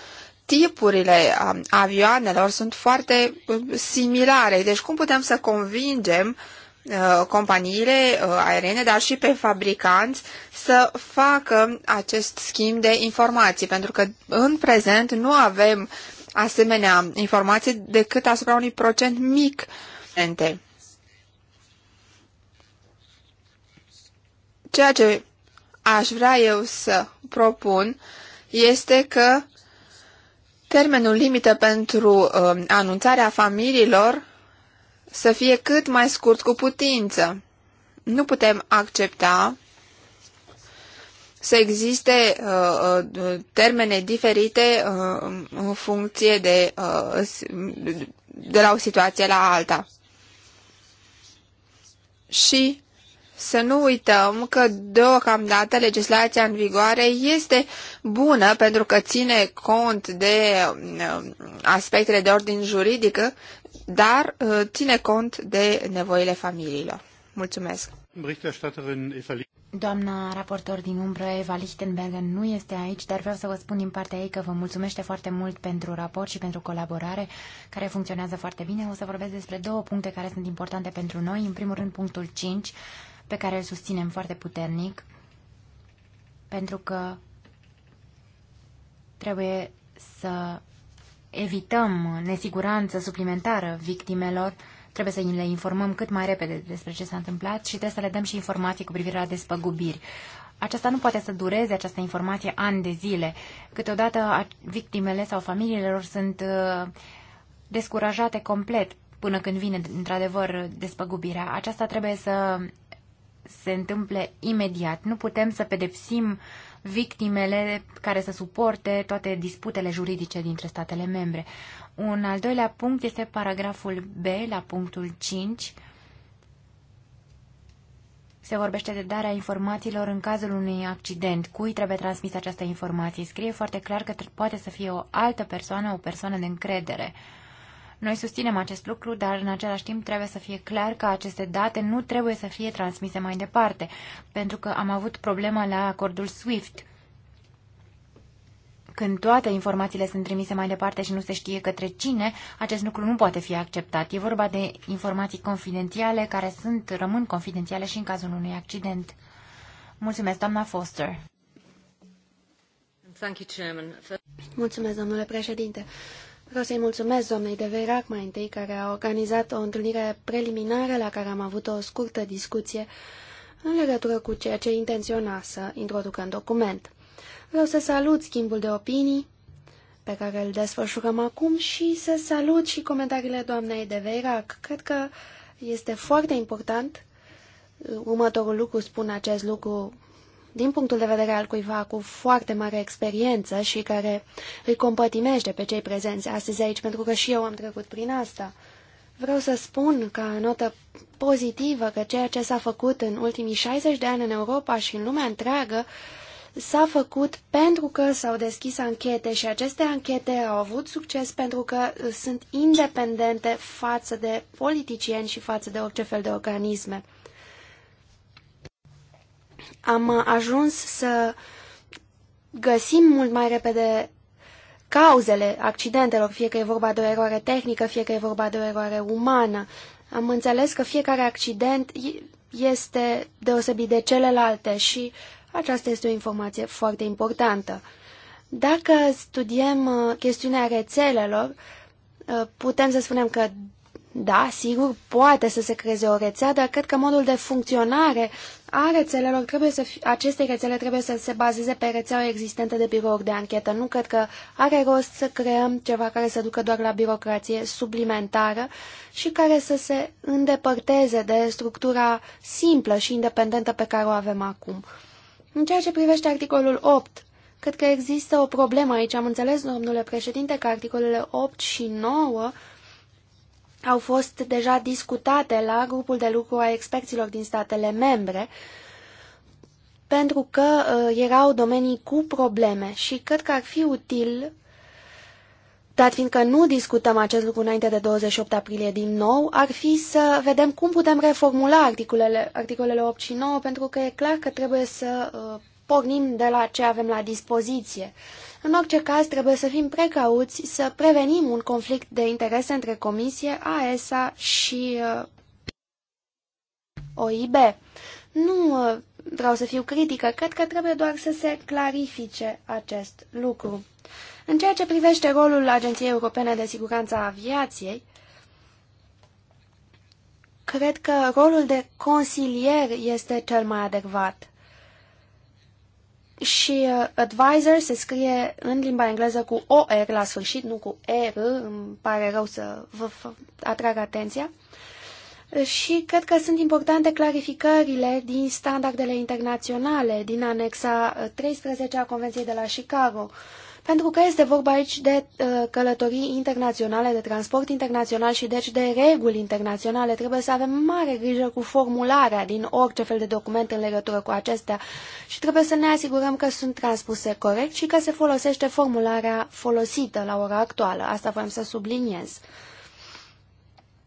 tipurile um, avioanelor sunt foarte uh, similare. Deci cum putem să convingem uh, companiile uh, aeriene, dar și pe fabricanți să facă acest schimb de informații, pentru că în prezent nu avem asemenea informații decât asupra unui procent mic. Ceea ce aș vrea eu să propun este că termenul limită pentru uh, anunțarea familiilor să fie cât mai scurt cu putință. Nu putem accepta să existe uh, uh termene diferite uh, în funcție de, uh, de la o situație la alta. Și să nu uităm că deocamdată legislația în vigoare este bună pentru că ține cont de uh, aspectele de ordin juridică, dar uh, ține cont de nevoile familiilor. Mulțumesc! Doamna raportor din umbră, Eva Lichtenbergen, nu este aici, dar vreau să vă spun din partea ei că vă mulțumește foarte mult pentru raport și pentru colaborare, care funcționează foarte bine. O să vorbesc despre două puncte care sunt importante pentru noi. În primul rând, punctul 5, pe care îl susținem foarte puternic, pentru că trebuie să evităm nesiguranță suplimentară victimelor, trebuie să le informăm cât mai repede despre ce s-a întâmplat și trebuie să le dăm și informații cu privire la despăgubiri. Aceasta nu poate să dureze această informație ani de zile. Câteodată victimele sau familiile lor sunt uh, descurajate complet până când vine într-adevăr despăgubirea. Aceasta trebuie să se întâmple imediat. Nu putem să pedepsim victimele care să suporte toate disputele juridice dintre statele membre. Un al doilea punct este paragraful B la punctul 5. Se vorbește de darea informațiilor în cazul unui accident. Cui trebuie transmisă această informație? Scrie foarte clar că poate să fie o altă persoană, o persoană de încredere. Uh, noi susținem acest lucru, dar în același timp trebuie să fie clar că aceste date nu trebuie să fie transmise mai departe, pentru că am avut problema la acordul SWIFT. Când toate informațiile sunt trimise mai departe și nu se știe către cine, acest lucru nu poate fi acceptat. E vorba de informații confidențiale care sunt, rămân confidențiale și în cazul unui accident. Mulțumesc, doamna Foster. Mulțumesc, domnule președinte. Vreau să-i mulțumesc doamnei de Verac mai întâi, care a organizat o întâlnire preliminară la care am avut o scurtă discuție în legătură cu ceea ce intenționa să introducă în document. Vreau să salut schimbul de opinii pe care îl desfășurăm acum și să salut și comentariile doamnei de Verac. Cred că este foarte important următorul lucru, spun acest lucru din punctul de vedere al cuiva cu foarte mare experiență și care îi compătimește pe cei prezenți astăzi aici, pentru că și eu am trecut prin asta. Vreau să spun ca notă pozitivă că ceea ce s-a făcut în ultimii 60 de ani în Europa și în lumea întreagă s-a făcut pentru că s-au deschis anchete și aceste anchete au avut succes pentru că uh, sunt independente față de politicieni și față de orice fel de organisme am ajuns să găsim mult mai repede cauzele accidentelor, fie că e vorba de o eroare tehnică, fie că e vorba de o eroare umană. Am înțeles că fiecare accident este deosebit de celelalte și aceasta este o informație foarte importantă. Dacă studiem uh, chestiunea rețelelor, uh, putem să spunem că da, sigur, poate să se creeze o rețea, dar cred că modul de funcționare a rețelelor trebuie să fie, aceste rețele trebuie să se bazeze pe rețeaua existentă de birouri de anchetă. Nu cred că are rost să creăm ceva care să ducă doar la birocrație suplimentară și care să se îndepărteze de structura simplă și independentă pe care o avem acum. În ceea ce privește articolul 8, cred că există o problemă aici. Am înțeles, domnule președinte, că articolele 8 și 9 au fost deja discutate la grupul de lucru a experților din statele membre, pentru că uh, erau domenii cu probleme și cred că ar fi util, dat fiindcă nu discutăm acest lucru înainte de 28 aprilie din nou, ar fi să vedem cum putem reformula articolele, articolele 8 și 9, pentru că e clar că trebuie să uh, pornim de la ce avem la dispoziție. Uh, în orice caz, trebuie să fim precauți să prevenim un conflict de interese între Comisie, AESA și uh, OIB. Nu uh, vreau să fiu critică, cred că trebuie doar să se clarifice acest lucru. În ceea ce privește rolul Agenției Europene de Siguranță a Aviației, cred că rolul de consilier este cel mai adecvat și uh, advisor se scrie în limba engleză cu OR la sfârșit, nu cu R, îmi pare rău să vă atrag atenția. Și cred că sunt importante clarificările din standardele internaționale, din anexa 13 a Convenției de la Chicago, uh, pentru că este vorba aici de uh, călătorii internaționale, de transport internațional și deci de reguli internaționale. Trebuie să avem mare grijă cu formularea din orice fel de document în legătură cu acestea și trebuie să ne asigurăm că sunt transpuse corect și că se folosește formularea folosită la ora actuală. Asta voiam să subliniez.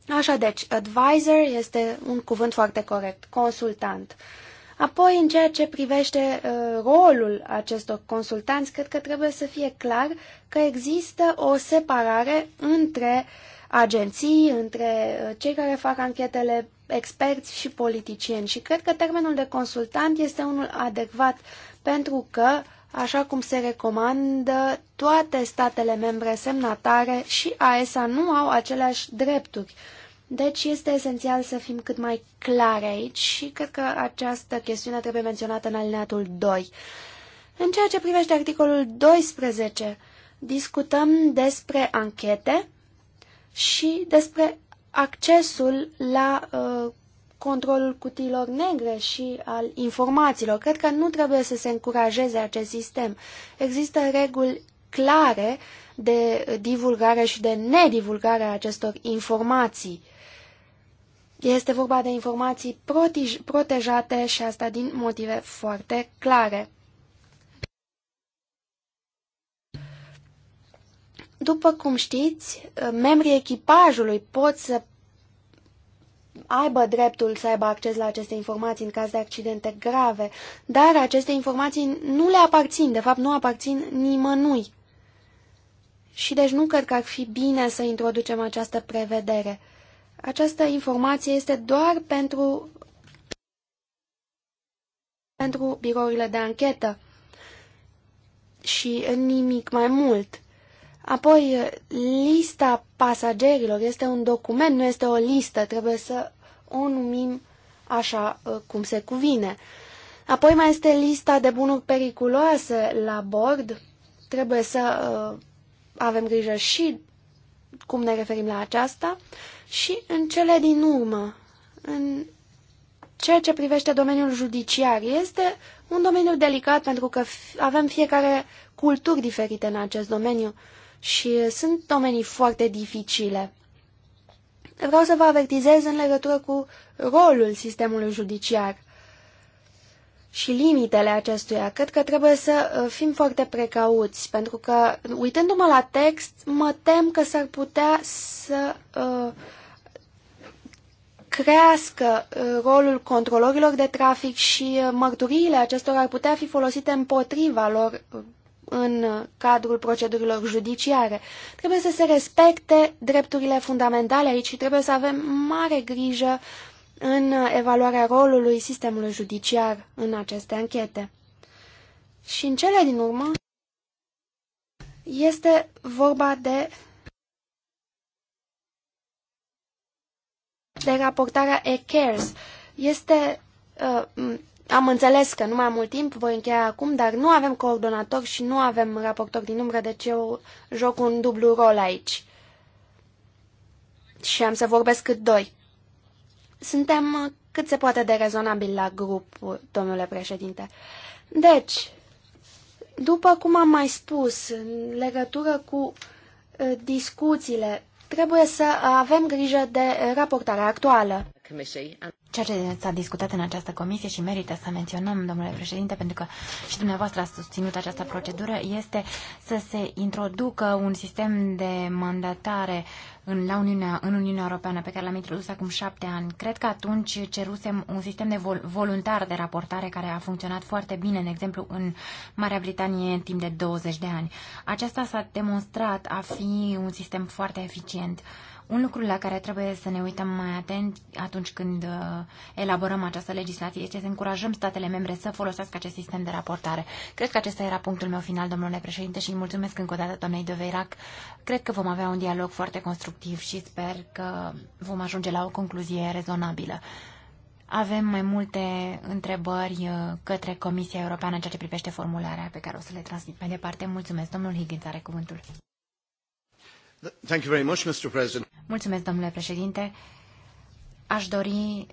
Așa deci, advisor este un cuvânt foarte corect, consultant. Uh, Apoi, în ceea ce privește uh, rolul acestor consultanți, cred că trebuie să fie clar că există o separare între agenții, între uh, cei care fac anchetele, experți și politicieni. Și cred că termenul de consultant este unul adecvat pentru că, așa cum se recomandă, toate statele membre semnatare și AESA nu au aceleași drepturi. Uh, deci este esențial să fim cât mai clare aici și cred că această chestiune trebuie menționată în alineatul 2. În ceea ce privește articolul 12, discutăm despre anchete și despre accesul la uh, controlul cutiilor negre și al informațiilor. Cred că nu trebuie să se încurajeze acest sistem. Există reguli clare de divulgare și de nedivulgare a acestor informații. Este vorba de informații protejate și asta din motive foarte clare. După cum știți, membrii echipajului pot să aibă dreptul să aibă acces la aceste informații în caz de accidente grave, dar aceste informații nu le aparțin, de fapt nu aparțin nimănui. Și deci nu cred că ar fi bine să introducem această prevedere. Această informație este doar pentru, pentru birourile de anchetă și nimic mai mult. Apoi, lista pasagerilor este un document, nu este o listă, trebuie să o numim așa uh, cum se cuvine. Apoi mai este lista de bunuri periculoase la bord, trebuie să uh, avem grijă și cum ne referim la aceasta. Și în cele din urmă, în ceea ce privește domeniul judiciar, este un domeniu delicat pentru că avem fiecare culturi diferite în acest domeniu și sunt domenii foarte dificile. Vreau să vă avertizez în legătură cu rolul sistemului judiciar și limitele acestuia. Cred că trebuie să uh, fim foarte precauți, pentru că, uitându-mă la text, mă tem că s-ar putea să uh, crească uh, rolul controlorilor de trafic și uh, mărturiile acestora ar putea fi folosite împotriva lor uh, în cadrul procedurilor judiciare. Trebuie să se respecte drepturile fundamentale aici și trebuie să avem mare grijă în evaluarea rolului sistemului judiciar în aceste anchete. Și în cele din urmă este vorba de de raportarea e-cares. Este, uh, am înțeles că nu mai am mult timp, voi încheia acum, dar nu avem coordonator și nu avem raportor din umbră, deci eu joc un dublu rol aici. Și am să vorbesc cât doi. Suntem uh, cât se poate de rezonabil la grup, domnule președinte. Deci, după cum am mai spus, în legătură cu uh, discuțiile trebuie să avem grijă de raportarea actuală. Ceea ce s-a discutat în această comisie și merită să menționăm, domnule președinte, pentru că și dumneavoastră a susținut această procedură, este să se introducă un sistem de mandatare uh, în, la Uniunea, în Uniunea Europeană, pe care l-am introdus acum șapte ani. Cred că atunci cerusem un sistem de vol, voluntar de raportare care a funcționat foarte bine, de exemplu, în Marea Britanie în timp de 20 de ani. Aceasta s-a demonstrat a fi un sistem foarte eficient. Uh, un lucru la care trebuie să ne uităm mai atent atunci când uh, elaborăm această legislație este să încurajăm statele membre să folosească acest sistem de raportare. Cred că acesta era punctul meu final, domnule președinte, și îi mulțumesc încă o dată doamnei Doveirac. Cred că vom avea un dialog foarte constructiv și sper că vom ajunge la o concluzie rezonabilă. Avem mai multe întrebări uh, către Comisia Europeană în ceea ce privește formularea pe care o să le transmit mai departe. Mulțumesc. Domnul Higgins are cuvântul. Thank you very much, Mr. President. Mulțumesc, domnule președinte. Aș dori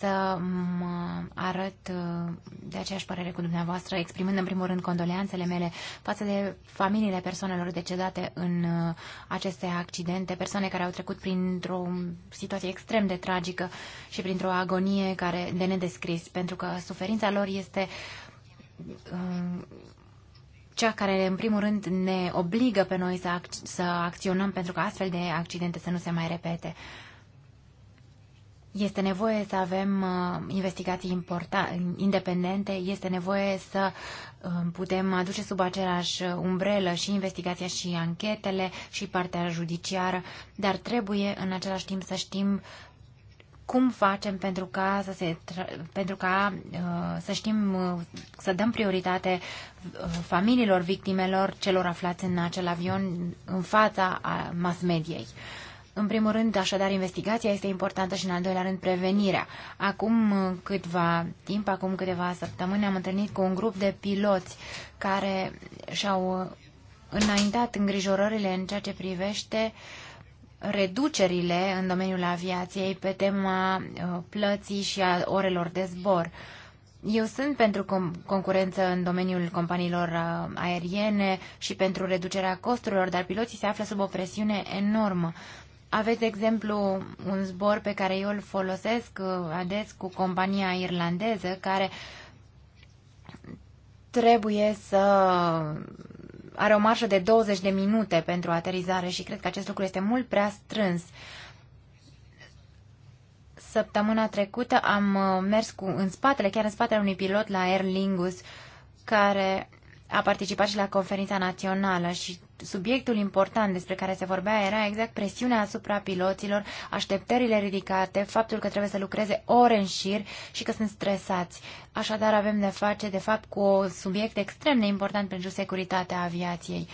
să mă arăt uh, de aceeași părere cu dumneavoastră, exprimând în primul rând condoleanțele mele față de familiile persoanelor decedate în uh, aceste accidente, persoane care au trecut printr-o situație extrem de tragică și printr-o agonie care de nedescris, pentru că suferința lor este uh, cea care, în primul rând, ne obligă pe noi să, ac- să acționăm pentru că astfel de accidente să nu se mai repete. Este nevoie să avem uh, investigații independente, este nevoie să uh, putem aduce sub aceeași umbrelă și investigația și anchetele și partea judiciară, dar trebuie în același timp să știm cum facem pentru ca să, se, pentru ca, uh, să știm, uh, să dăm prioritate uh, familiilor victimelor, celor aflați în acel avion, în fața a mass mediei. În primul rând, așadar, investigația este importantă și, în al doilea rând, prevenirea. Acum câtva timp, acum câteva săptămâni, am întâlnit cu un grup de piloți care și-au înaintat îngrijorările în ceea ce privește uh, reducerile în domeniul aviației pe tema uh, plății și a orelor de zbor. Eu sunt pentru concurență în domeniul companiilor uh, aeriene și pentru reducerea costurilor, dar piloții se află sub o presiune enormă. Aveți, de exemplu, un zbor pe care eu îl folosesc uh, ades cu compania irlandeză care trebuie să are o marșă de 20 de minute pentru aterizare și cred că acest lucru este mult prea strâns. Săptămâna trecută am uh, mers cu, în spatele, chiar în spatele unui pilot la Aer Lingus, care a participat și la conferința națională și subiectul important despre care se vorbea era exact presiunea asupra piloților, așteptările ridicate, faptul că trebuie să lucreze ore în șir și că sunt stresați. Așadar avem de face, de fapt, cu un subiect extrem de important pentru securitatea aviației.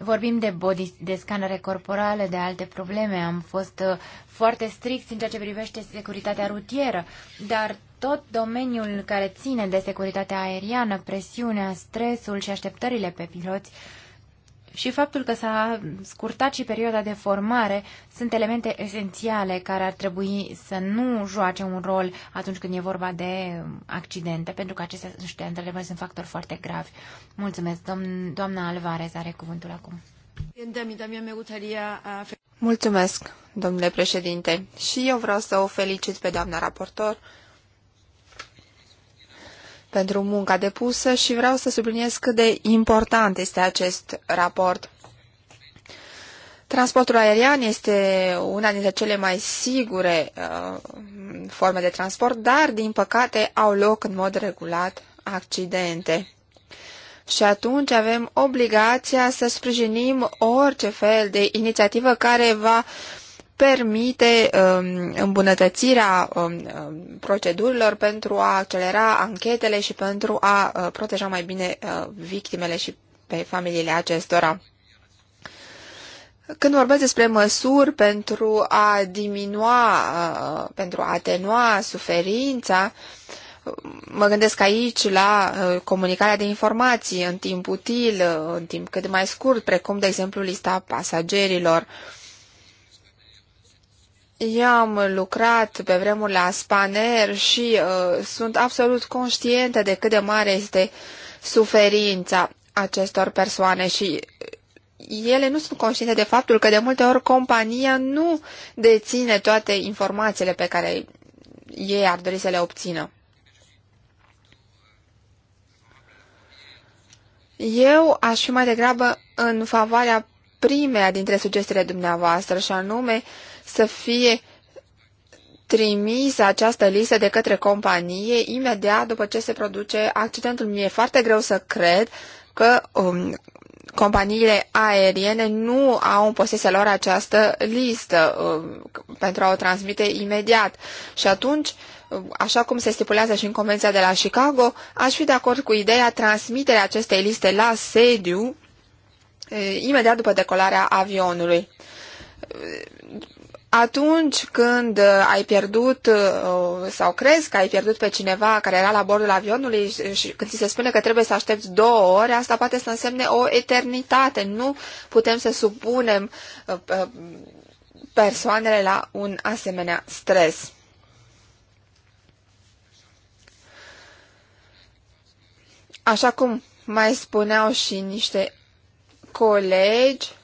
Vorbim de body, de scanere corporale, de alte probleme. Am fost uh, foarte strict în ceea ce privește securitatea rutieră, dar tot domeniul care ține de securitatea aeriană, presiunea, stresul și așteptările pe piloți și faptul că s-a scurtat și perioada de formare sunt elemente esențiale care ar trebui să nu joace un rol atunci când e vorba de accidente, pentru că acestea, știu, într-adevăr, sunt factori foarte gravi. Mulțumesc. Domn, doamna Alvarez are cuvântul acum. Mulțumesc, domnule președinte. Și eu vreau să o felicit pe doamna raportor pentru munca depusă și vreau să subliniez cât de important este acest raport. Transportul aerian este una dintre cele mai sigure uh, forme de transport, dar, din păcate, au loc în mod regulat accidente. Și atunci avem obligația să sprijinim orice fel de inițiativă care va uh, permite um, îmbunătățirea um, um, procedurilor pentru a accelera anchetele și pentru a uh, proteja mai bine uh, victimele și pe familiile acestora. Când vorbesc despre măsuri pentru a diminua, uh, pentru a atenua suferința, mă gândesc aici la comunicarea de informații în timp util, în timp cât mai scurt, precum, de exemplu, lista pasagerilor. Uh, eu am lucrat pe vremuri la Spaner și uh, sunt absolut conștientă de cât de mare este suferința acestor persoane și uh, ele nu sunt conștiente de faptul că de multe ori compania nu deține toate informațiile pe care ei ar dori să le obțină. Eu aș fi mai degrabă în favoarea primea dintre sugestiile dumneavoastră și anume uh, să fie trimisă această listă de către companie imediat după ce se produce accidentul. Mi-e foarte greu să cred că um, companiile aeriene nu au în posesia lor această listă um, pentru a o transmite imediat. Și atunci, așa cum se stipulează și în Convenția de la Chicago, aș fi de acord cu ideea transmiterea acestei liste la sediu eh, imediat după decolarea avionului atunci când uh, ai pierdut uh, sau crezi că ai pierdut pe cineva care era la bordul avionului și când ți se spune că trebuie să aștepți două ore, asta poate să însemne o eternitate. Nu putem să supunem uh, persoanele la un asemenea stres. Așa cum mai spuneau și niște colegi,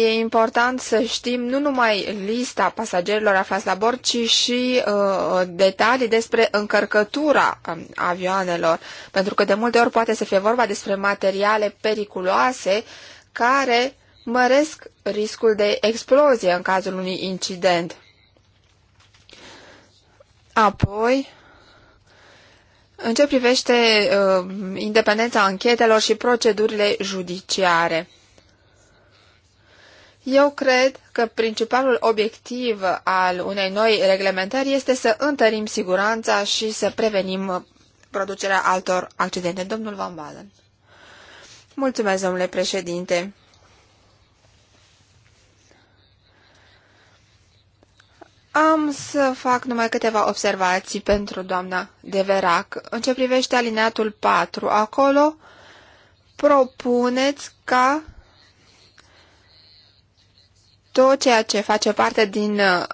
E important să știm nu numai lista pasagerilor aflați la bord, ci și uh, detalii despre încărcătura um, avioanelor, pentru că de multe ori poate să fie vorba despre materiale periculoase care măresc riscul de explozie în cazul unui incident. Apoi, în ce privește uh, independența anchetelor și procedurile judiciare. Eu cred că principalul obiectiv al unei noi reglementări este să întărim siguranța și să prevenim producerea altor accidente. Domnul Van Balen. Mulțumesc, domnule președinte. Am să fac numai câteva observații pentru doamna Deverac. În ce privește alineatul 4, acolo propuneți ca tot ceea ce face parte din uh,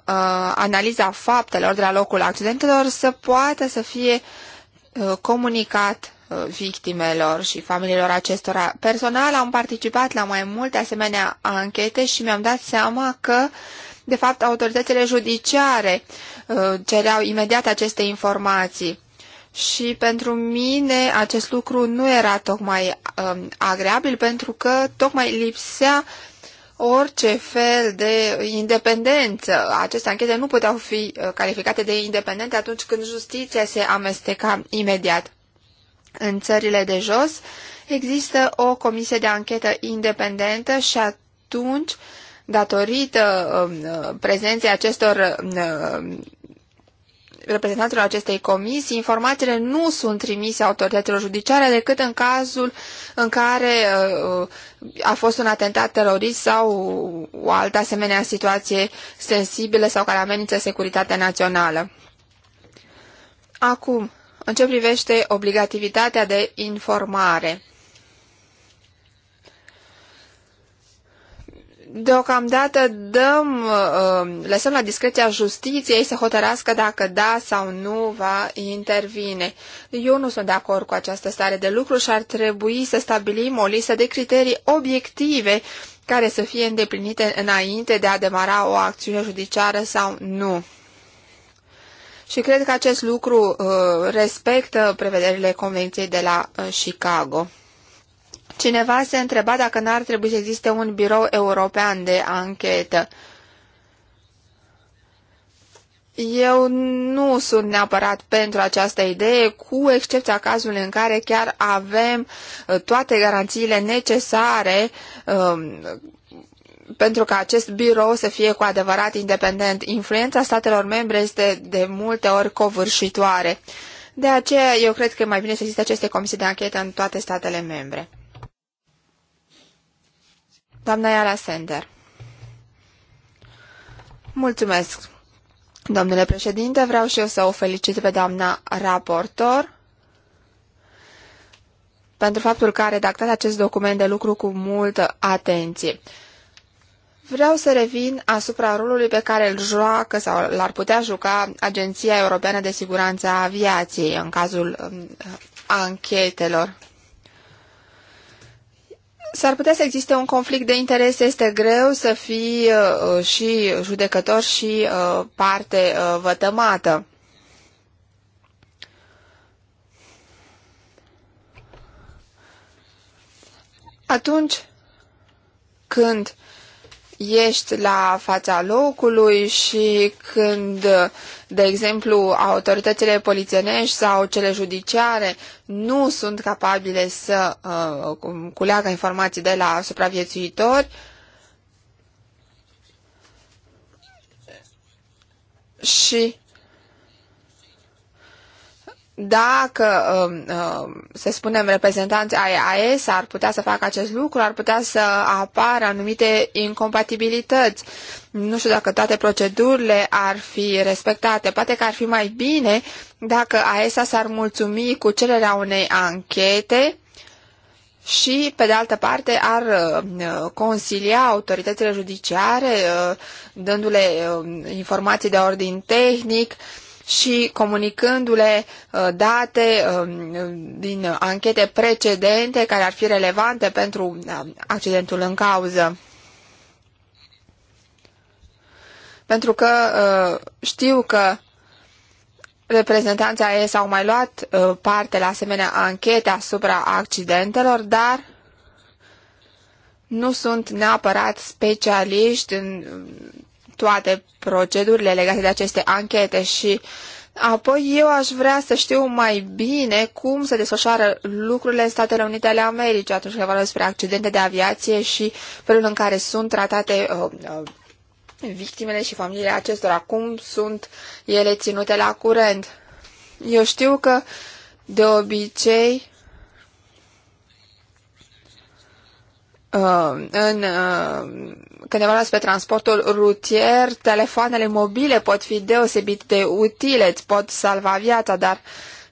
analiza faptelor de la locul accidentelor să poată să fie uh, comunicat uh, victimelor și familiilor acestora. Personal am participat la mai multe asemenea anchete și mi-am dat seama că de fapt autoritățile judiciare uh, cereau imediat aceste informații. Și pentru mine acest lucru nu era tocmai uh, agreabil pentru că tocmai lipsea uh, orice fel de independență. Aceste anchete nu puteau fi uh, calificate de independente atunci când justiția se amesteca imediat. În țările de jos există o comisie de anchetă independentă și atunci, datorită um, uh, prezenței acestor uh, reprezentanților acestei comisii, informațiile nu sunt trimise autorităților judiciare decât în cazul în care uh, a fost un atentat terorist sau o altă asemenea situație sensibilă sau care amenință securitatea națională. Acum, în ce privește obligativitatea de informare. deocamdată dăm, uh, lăsăm la discreția justiției să hotărască dacă da sau nu va intervine. Eu nu sunt de acord cu această stare de lucru și ar trebui să stabilim o listă de criterii obiective care să fie îndeplinite înainte de a demara o acțiune judiciară sau nu. Și cred că acest lucru uh, respectă prevederile Convenției de la uh, Chicago. Cineva se întreba dacă n-ar trebui să existe un birou european de anchetă. Eu nu sunt neapărat pentru această idee, cu excepția cazului în care chiar avem uh, toate garanțiile necesare um, pentru ca acest birou să fie cu adevărat independent. Influența statelor membre este de multe ori covârșitoare. De aceea, eu cred că e mai bine să existe aceste comisii de anchetă în toate statele membre. Doamna Iala Sender. Mulțumesc. Domnule președinte, vreau și eu să o felicit pe doamna raportor pentru faptul că a redactat acest document de lucru cu multă atenție. Vreau să revin asupra rolului pe care îl joacă sau l-ar putea juca Agenția Europeană de Siguranță a Aviației în cazul um, anchetelor S-ar putea să existe un conflict de interes, este greu să fii uh, și judecător și uh, parte uh, vătămată. Atunci când ești la fața locului și când de exemplu, autoritățile polițienești sau cele judiciare nu sunt capabile să uh, culeagă informații de la supraviețuitori. Și dacă, um, um, să spunem, reprezentanții ai AES ar putea să facă acest lucru, ar putea să apară anumite incompatibilități. Nu știu dacă toate procedurile ar fi respectate. Poate că ar fi mai bine dacă AESA s-ar mulțumi cu cererea unei anchete și, pe de altă parte, ar uh, consilia autoritățile judiciare, uh, dându-le um, informații de ordin tehnic, și comunicându-le uh, date um, din anchete precedente care ar fi relevante pentru uh, accidentul în cauză. Pentru că uh, știu că reprezentanții s au mai luat parte la asemenea anchete asupra accidentelor, dar nu sunt neapărat specialiști în toate procedurile legate de aceste anchete și apoi eu aș vrea să știu mai bine cum se desfășoară lucrurile în Statele Unite ale Americii atunci când vorbim despre accidente de aviație și felul în care sunt tratate uh, uh, victimele și familiile acestora, cum sunt ele ținute la curent. Eu știu că de obicei uh, în uh, când vorbim despre transportul rutier, telefoanele mobile pot fi deosebit de utile, îți pot salva viața, dar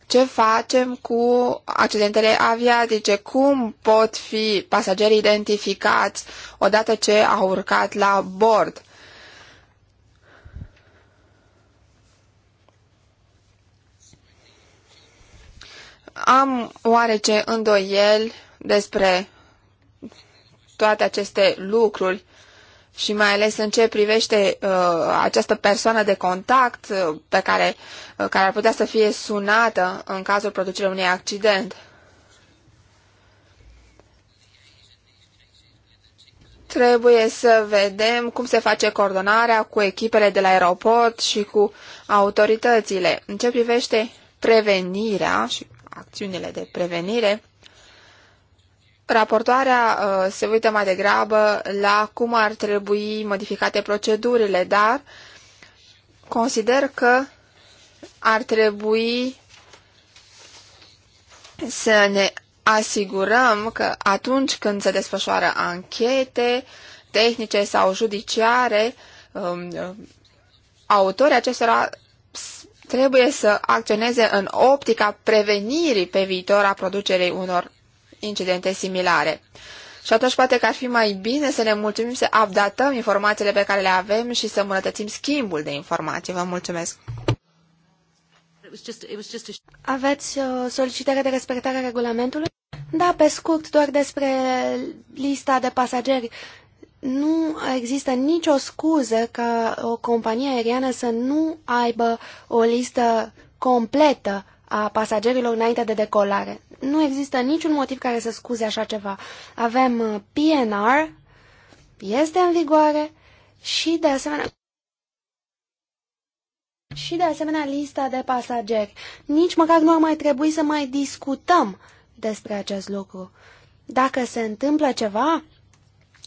ce facem cu accidentele aviatice? Cum pot fi pasagerii identificați odată ce au urcat la bord? Am oarece îndoieli despre toate aceste lucruri și mai ales în ce privește uh, această persoană de contact uh, pe care, uh, care ar putea să fie sunată în cazul producerii unui accident. Trebuie să vedem cum se face coordonarea cu echipele de la aeroport și cu autoritățile. În ce privește prevenirea și acțiunile de prevenire, Raportoarea uh, se uită mai degrabă la cum ar trebui modificate procedurile, dar consider că ar trebui să ne asigurăm că atunci când se desfășoară anchete tehnice sau judiciare, um, autorii acestora trebuie să acționeze în optica prevenirii pe viitor a producerii unor incidente similare. Și atunci poate că ar fi mai bine să ne mulțumim să updatăm informațiile pe care le avem și să îmbunătățim schimbul de informații. Vă mulțumesc! Aveți o uh, solicitare de respectare a regulamentului? Da, pe scurt, doar despre lista de pasageri. Nu există nicio scuză ca o companie aeriană să nu aibă o listă completă a pasagerilor înainte de decolare. Nu există niciun motiv care să scuze așa ceva. Avem uh, PNR, este în vigoare și de asemenea și de asemenea lista de pasageri. Nici măcar nu ar mai trebui să mai discutăm despre acest lucru. Dacă se întâmplă ceva,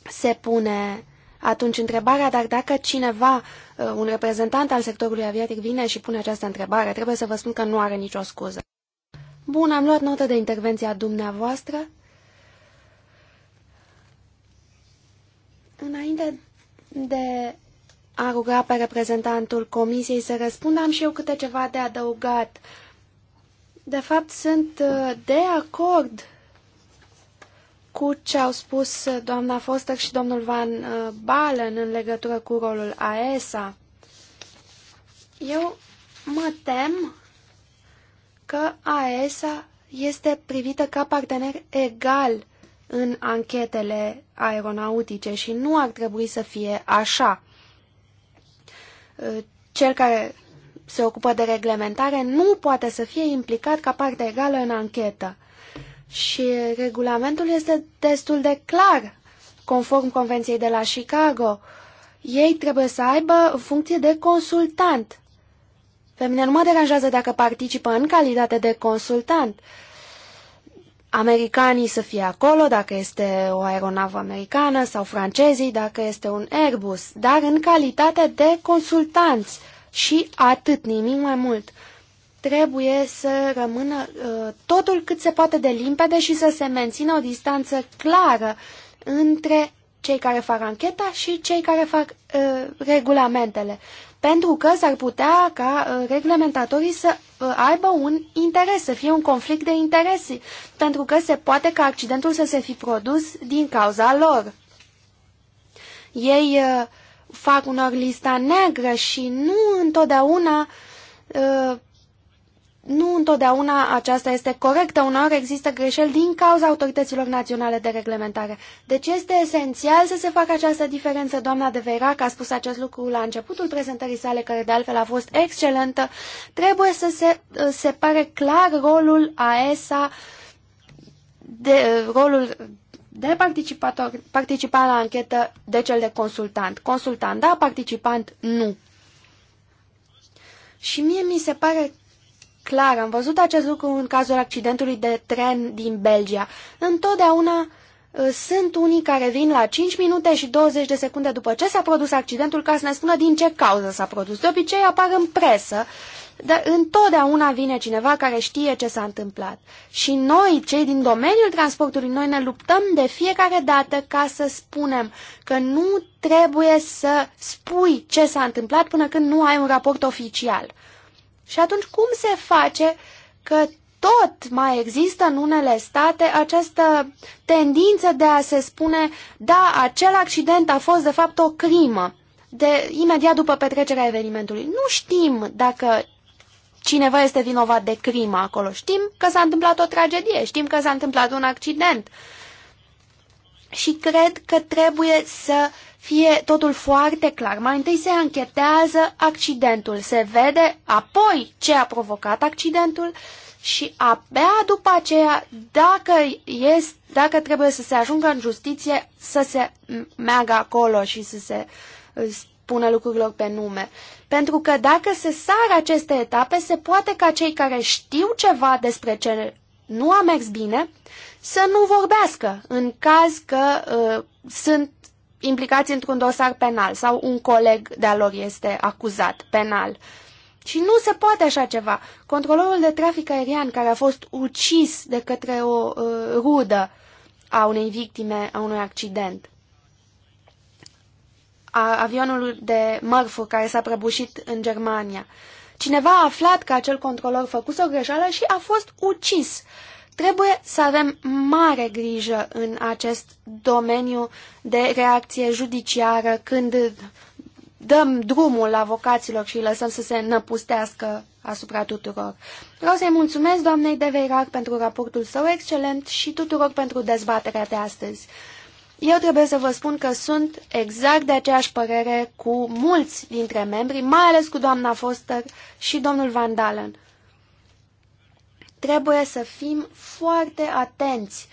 se pune atunci întrebarea, dar dacă cineva, uh, un reprezentant al sectorului aviatic vine și pune această întrebare, trebuie să vă spun că nu are nicio scuză. Bun, am luat notă de intervenția dumneavoastră. Înainte de a ruga pe reprezentantul comisiei să răspundă, am și eu câte ceva de adăugat. De fapt, sunt uh, de acord cu ce au spus uh, doamna Foster și domnul Van uh, Balen în legătură cu rolul AESA. Eu mă tem că AESA este privită ca partener egal în anchetele aeronautice și nu ar trebui să fie așa. Uh, cel care se ocupă de reglementare nu poate să fie implicat ca parte egală în anchetă. Și regulamentul este destul de clar, conform Convenției de la Chicago. Ei trebuie să aibă funcție de consultant. Pe mine nu mă deranjează dacă participă în calitate de consultant. Americanii să fie acolo, dacă este o aeronavă americană, sau francezii, dacă este un Airbus, dar în calitate de consultanți și atât, nimic mai mult trebuie să rămână uh, totul cât se poate de limpede și să se mențină o distanță clară între cei care fac ancheta și cei care fac uh, regulamentele. Pentru că s-ar putea ca uh, reglementatorii să uh, aibă un interes, să fie un conflict de interese, pentru că se poate ca accidentul să se fi produs din cauza lor. Ei uh, fac unor lista neagră și nu întotdeauna uh, nu întotdeauna aceasta este corectă. Uneori există greșeli din cauza autorităților naționale de reglementare. Deci este esențial să se facă această diferență. Doamna de Veirac a spus acest lucru la începutul prezentării sale, care de altfel a fost excelentă. Trebuie să se uh, separe clar rolul AESA de uh, rolul de participator, participant la anchetă de cel de consultant. Consultant, da, participant, nu. Și mie mi se pare clar. Am văzut acest lucru în cazul accidentului de tren din Belgia. Întotdeauna uh, sunt unii care vin la 5 minute și 20 de secunde după ce s-a produs accidentul ca să ne spună din ce cauză s-a produs. De obicei apar în presă, dar întotdeauna vine cineva care știe ce s-a întâmplat. Și noi, cei din domeniul transportului, noi ne luptăm de fiecare dată ca să spunem că nu trebuie să spui ce s-a întâmplat până când nu ai un raport oficial. Și atunci cum se face că tot mai există în unele state această tendință de a se spune da, acel accident a fost de fapt o crimă de imediat după petrecerea evenimentului. Nu știm dacă cineva este vinovat de crimă acolo. Știm că s-a întâmplat o tragedie, știm că s-a întâmplat un accident. Și cred că trebuie să uh, fie totul foarte clar. Mai întâi se anchetează accidentul, se vede apoi ce a provocat accidentul și abia după aceea, dacă, este, dacă trebuie să se ajungă în justiție, să se meargă acolo și să se spună lucrurilor pe nume. Pentru că dacă se sar aceste etape, se poate ca cei care știu ceva despre ce nu a mers bine să nu vorbească în caz că uh, sunt implicați într-un dosar penal sau un coleg de-a lor este acuzat penal. Și nu se poate așa ceva. Controlorul de trafic aerian care a fost ucis de către o uh, rudă a unei victime a unui accident. A avionul de mărfuri care s-a prăbușit în Germania. Cineva a aflat că acel controlor făcuse o greșeală și a fost ucis. Uh, Trebuie să avem mare grijă în acest domeniu de reacție judiciară când dăm drumul avocaților și îi lăsăm să se năpustească asupra tuturor. Vreau să-i mulțumesc doamnei de Veirac pentru raportul său excelent și tuturor pentru dezbaterea de astăzi. Eu trebuie să vă spun că sunt exact de aceeași părere cu mulți dintre membri, mai ales cu doamna Foster și domnul Van Dalen. Trebuie să fim foarte atenți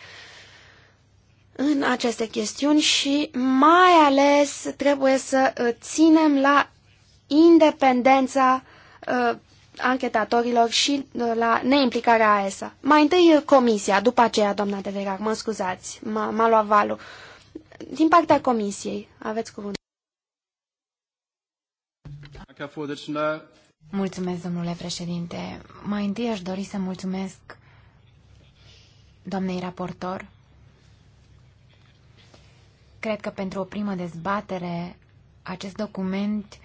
în aceste chestiuni și mai ales trebuie să uh, ținem la independența uh, anchetatorilor și uh, la neimplicarea esa. Mai întâi uh, comisia, după aceea, doamna de Verac, mă scuzați, m-a luat valul. Din partea comisiei, aveți cuvânt. Mulțumesc, domnule președinte. Mai întâi aș dori să mulțumesc doamnei raportor. Cred că pentru o primă dezbatere acest document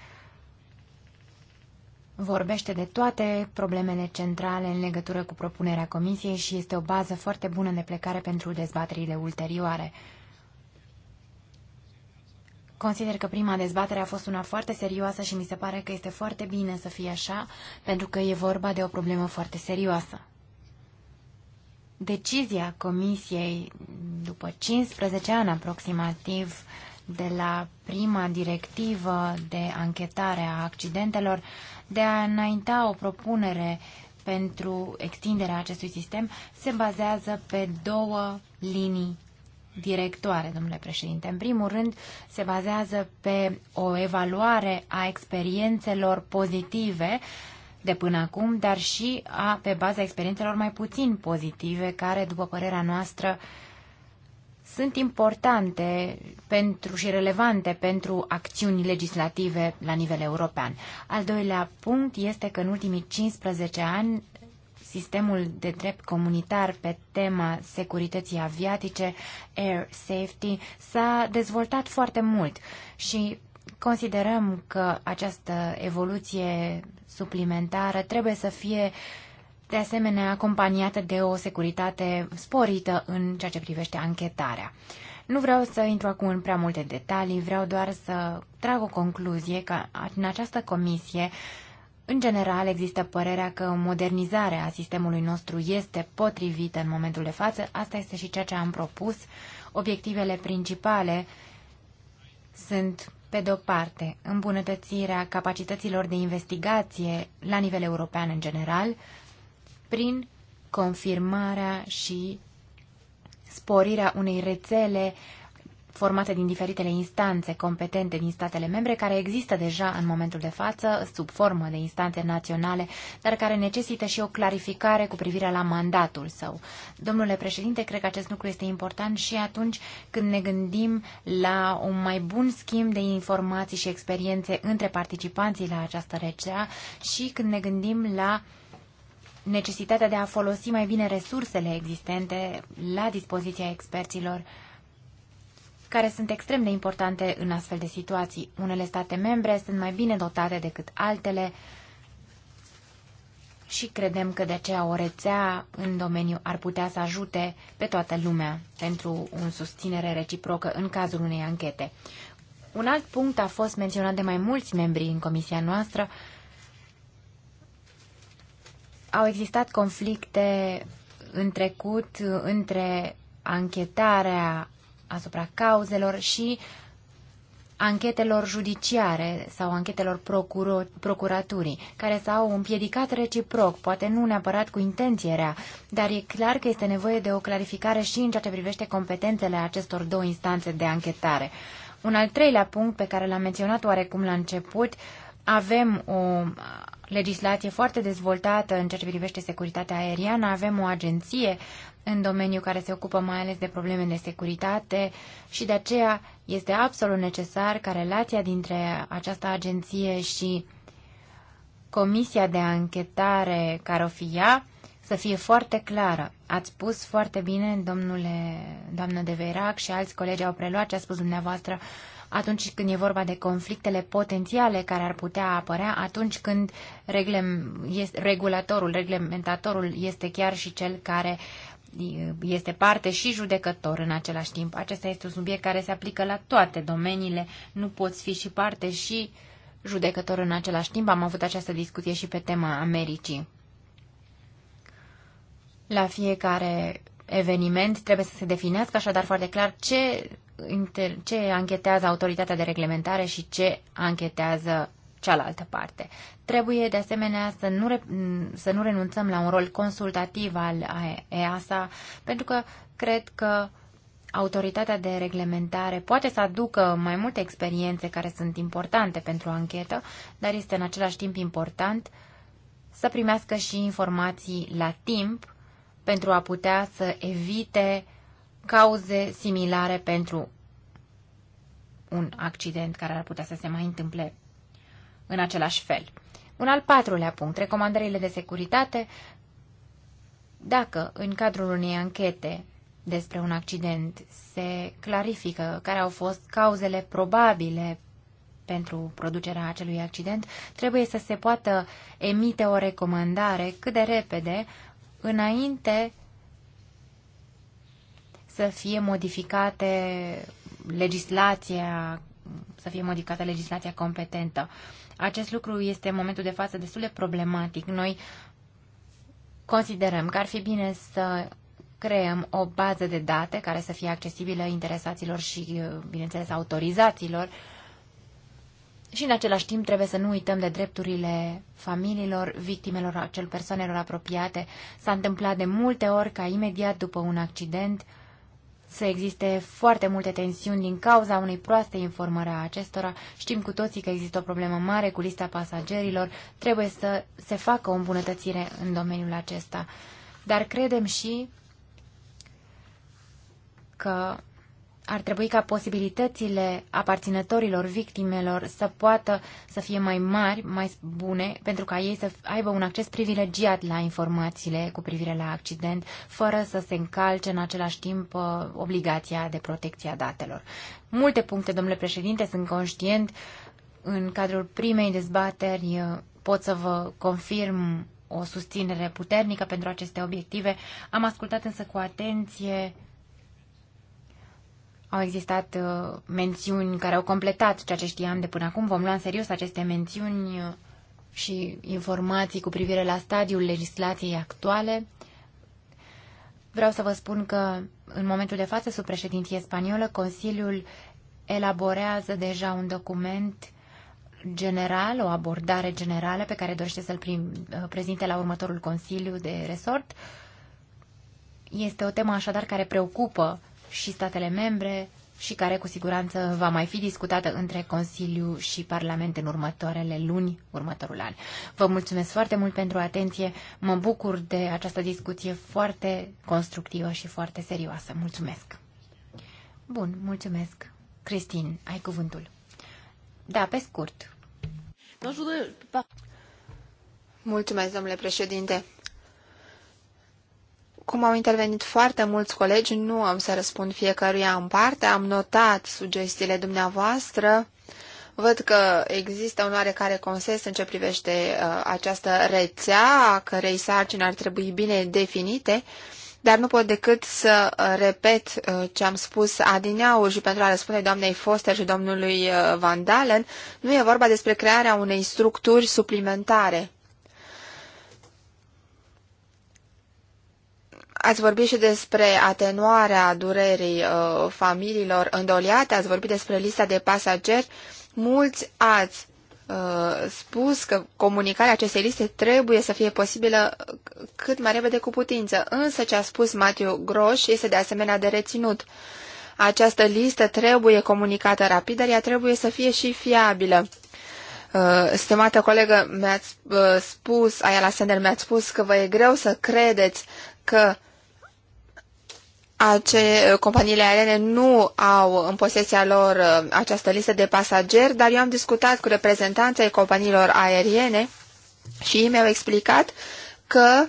vorbește de toate problemele centrale în legătură cu propunerea Comisiei și este o bază foarte bună de plecare pentru dezbaterile ulterioare. Consider că prima dezbatere a fost una foarte serioasă și mi se pare că este foarte bine să fie așa, pentru că e vorba de o problemă foarte serioasă. Decizia Comisiei, după 15 ani aproximativ, de la prima directivă de anchetare a accidentelor, de a înainta o propunere pentru extinderea acestui sistem, se bazează pe două linii directoare, domnule președinte. În primul rând, se bazează pe o evaluare a experiențelor pozitive de până acum, dar și a, pe baza experiențelor mai puțin pozitive, care, după părerea noastră, sunt importante pentru și relevante pentru acțiuni legislative la nivel european. Al doilea punct este că în ultimii 15 ani sistemul de drept comunitar pe tema securității aviatice, air safety, s-a dezvoltat foarte mult și considerăm că această evoluție suplimentară trebuie să fie de asemenea acompaniată de o securitate sporită în ceea ce privește anchetarea. Nu vreau să intru acum în prea multe detalii, vreau doar să trag o concluzie că în această comisie în general, există părerea că modernizarea sistemului nostru este potrivită în momentul de față. Asta este și ceea ce am propus. Obiectivele principale sunt, pe de-o parte, îmbunătățirea capacităților de investigație la nivel european în general, prin confirmarea și sporirea unei rețele formate din diferitele instanțe competente din statele membre, care există deja în momentul de față, sub formă de instanțe naționale, dar care necesită și o clarificare cu privire la mandatul său. Domnule președinte, cred că acest lucru este important și atunci când ne gândim la un mai bun schimb de informații și experiențe între participanții la această rețea și când ne gândim la necesitatea de a folosi mai bine resursele existente la dispoziția experților care sunt extrem de importante în astfel de situații. Unele state membre sunt mai bine dotate decât altele și credem că de aceea o rețea în domeniu ar putea să ajute pe toată lumea pentru un susținere reciprocă în cazul unei anchete. Un alt punct a fost menționat de mai mulți membri în comisia noastră. Au existat conflicte în trecut între anchetarea asupra cauzelor și anchetelor judiciare sau anchetelor procuro- procuraturii, care s-au împiedicat reciproc, poate nu neapărat cu intenție rea, dar e clar că este nevoie de o clarificare și în ceea ce privește competențele acestor două instanțe de anchetare. Un al treilea punct pe care l-am menționat oarecum la început, avem o legislație foarte dezvoltată în ceea ce privește securitatea aeriană, avem o agenție în domeniu care se ocupă mai ales de probleme de securitate și de aceea este absolut necesar ca relația dintre această agenție și comisia de anchetare care o fi ea să fie foarte clară. Ați spus foarte bine, domnule, doamnă de Verac și alți colegi au preluat ce a spus dumneavoastră atunci când e vorba de conflictele potențiale care ar putea apărea, atunci când reglem, este, regulatorul, reglementatorul este chiar și cel care uh, este parte și judecător în același timp. Acesta este un subiect care se aplică la toate domeniile. Nu poți fi și parte și judecător în același timp. Am avut această discuție și pe tema Americii. La fiecare eveniment trebuie să se definească așadar foarte clar ce, ce anchetează autoritatea de reglementare și ce anchetează cealaltă parte. Trebuie de asemenea să nu, re, să nu renunțăm la un rol consultativ al EASA, pentru că cred că autoritatea de reglementare poate să aducă mai multe experiențe care sunt importante pentru o anchetă, dar este în același timp important să primească și informații la timp pentru a putea să evite cauze similare pentru un accident care ar putea să se mai întâmple în același fel. Un al patrulea punct, recomandările de securitate. Dacă în cadrul unei anchete despre un accident se clarifică care au fost cauzele probabile pentru producerea acelui accident, trebuie să se poată emite o recomandare cât de repede înainte să fie modificate legislația, să fie modificată legislația competentă. Uh, acest lucru este în momentul de față destul de problematic. Noi considerăm că ar fi bine să creăm o bază de date care să fie accesibilă interesaților și, bineînțeles, autorizaților. Și, în același timp, trebuie să nu uităm de drepturile familiilor, victimelor, acel persoanelor apropiate. S-a întâmplat de multe ori ca, imediat după un accident, uh, să existe foarte multe tensiuni din cauza unei proaste informări a acestora. Știm cu toții că există o problemă mare cu lista pasagerilor. Trebuie să se facă o îmbunătățire în domeniul acesta. Dar credem și că ar trebui ca posibilitățile aparținătorilor victimelor să poată să fie mai mari, mai bune, pentru ca ei să aibă un acces privilegiat la informațiile cu privire la accident, fără să se încalce în același timp uh, obligația de protecție a datelor. Multe puncte, domnule președinte, sunt conștient. În cadrul primei dezbateri uh, pot să vă confirm o susținere puternică pentru aceste obiective. Am ascultat însă cu atenție au existat uh, mențiuni care au completat ceea ce știam de până acum. Vom lua în serios aceste mențiuni uh, și informații cu privire la stadiul legislației actuale. Vreau să vă spun că în momentul de față, sub președinție spaniolă, Consiliul elaborează deja un document general, o abordare generală pe care dorește să-l uh, prezinte la următorul Consiliu de Resort. Este o temă așadar care preocupă și statele membre și care cu siguranță va mai fi discutată între Consiliu și Parlament în următoarele luni, următorul an. Vă mulțumesc foarte mult pentru atenție. Mă bucur de această discuție foarte constructivă și foarte serioasă. Mulțumesc! Bun, mulțumesc. Cristin, ai cuvântul. Da, pe scurt. Mulțumesc, domnule președinte. Cum au intervenit foarte mulți colegi, nu am să răspund fiecăruia în parte, am notat sugestiile dumneavoastră. Văd că există un oarecare consens în ce privește uh, această rețea, a cărei sarcini ar trebui bine definite, dar nu pot decât să uh, repet uh, ce am spus adineauri și pentru a răspunde doamnei Foster și domnului uh, Van Dalen, nu e vorba despre crearea unei structuri suplimentare. Ați vorbit și despre atenuarea durerii uh, familiilor îndoliate, ați vorbit despre lista de pasageri. Mulți ați uh, spus că comunicarea acestei liste trebuie să fie posibilă cât mai repede cu putință, însă ce a spus Matiu Groș este de asemenea de reținut. Această listă trebuie comunicată rapid, dar ea trebuie să fie și fiabilă. Uh, stimată colegă, mi-ați uh, spus, Ayala Sender, mi-ați spus că vă e greu să credeți că ace, eh, companiile aeriene nu au în posesia lor eh, această listă de pasageri, dar eu am discutat cu reprezentanții companiilor aeriene și ei mi-au explicat că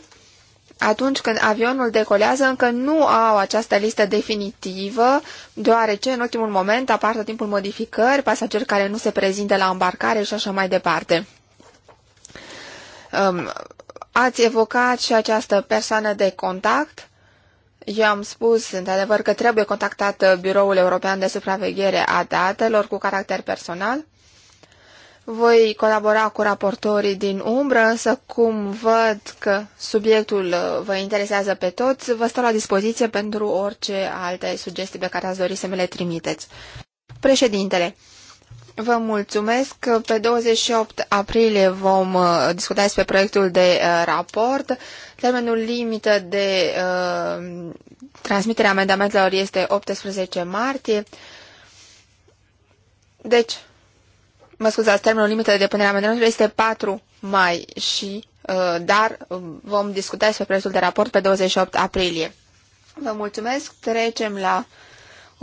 atunci când avionul decolează încă nu au această listă definitivă, deoarece în ultimul moment apar tot timpul modificări, pasageri care nu se prezintă la îmbarcare și așa mai departe. Um, ați evocat și această persoană de contact eu am spus, într-adevăr, că trebuie contactat uh, Biroul European de Supraveghere a Datelor cu caracter personal. Voi colabora cu raportorii din umbră, însă cum văd că subiectul uh, vă interesează pe toți, vă stau la dispoziție pentru orice alte sugestii pe care ați dori să me le trimiteți. Președintele, Vă mulțumesc. Pe 28 aprilie vom uh, discuta despre proiectul de uh, raport. Termenul limită de uh, transmiterea amendamentelor este 18 martie. Deci, mă scuzați, termenul limită de depunere a amendamentelor este 4 mai și dar um, vom discuta despre proiectul de raport pe 28 aprilie. Vă mulțumesc. Trecem la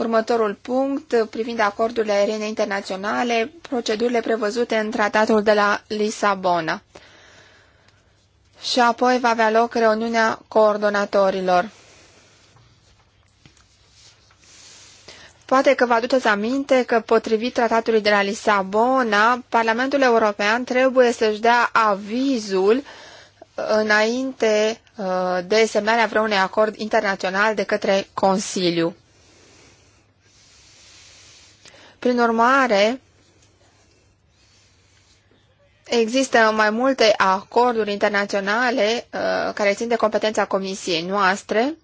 Următorul punct, uh, privind acordurile aeriene internaționale, procedurile prevăzute în tratatul de la Lisabona. Și apoi va avea loc reuniunea coordonatorilor. Poate că vă aduceți aminte că, potrivit tratatului de la Lisabona, Parlamentul European trebuie să-și dea avizul înainte uh, de semnarea vreunui acord internațional de către Consiliu. Prin urmare, Există mai multe acorduri internaționale uh, care țin de competența comisiei noastre,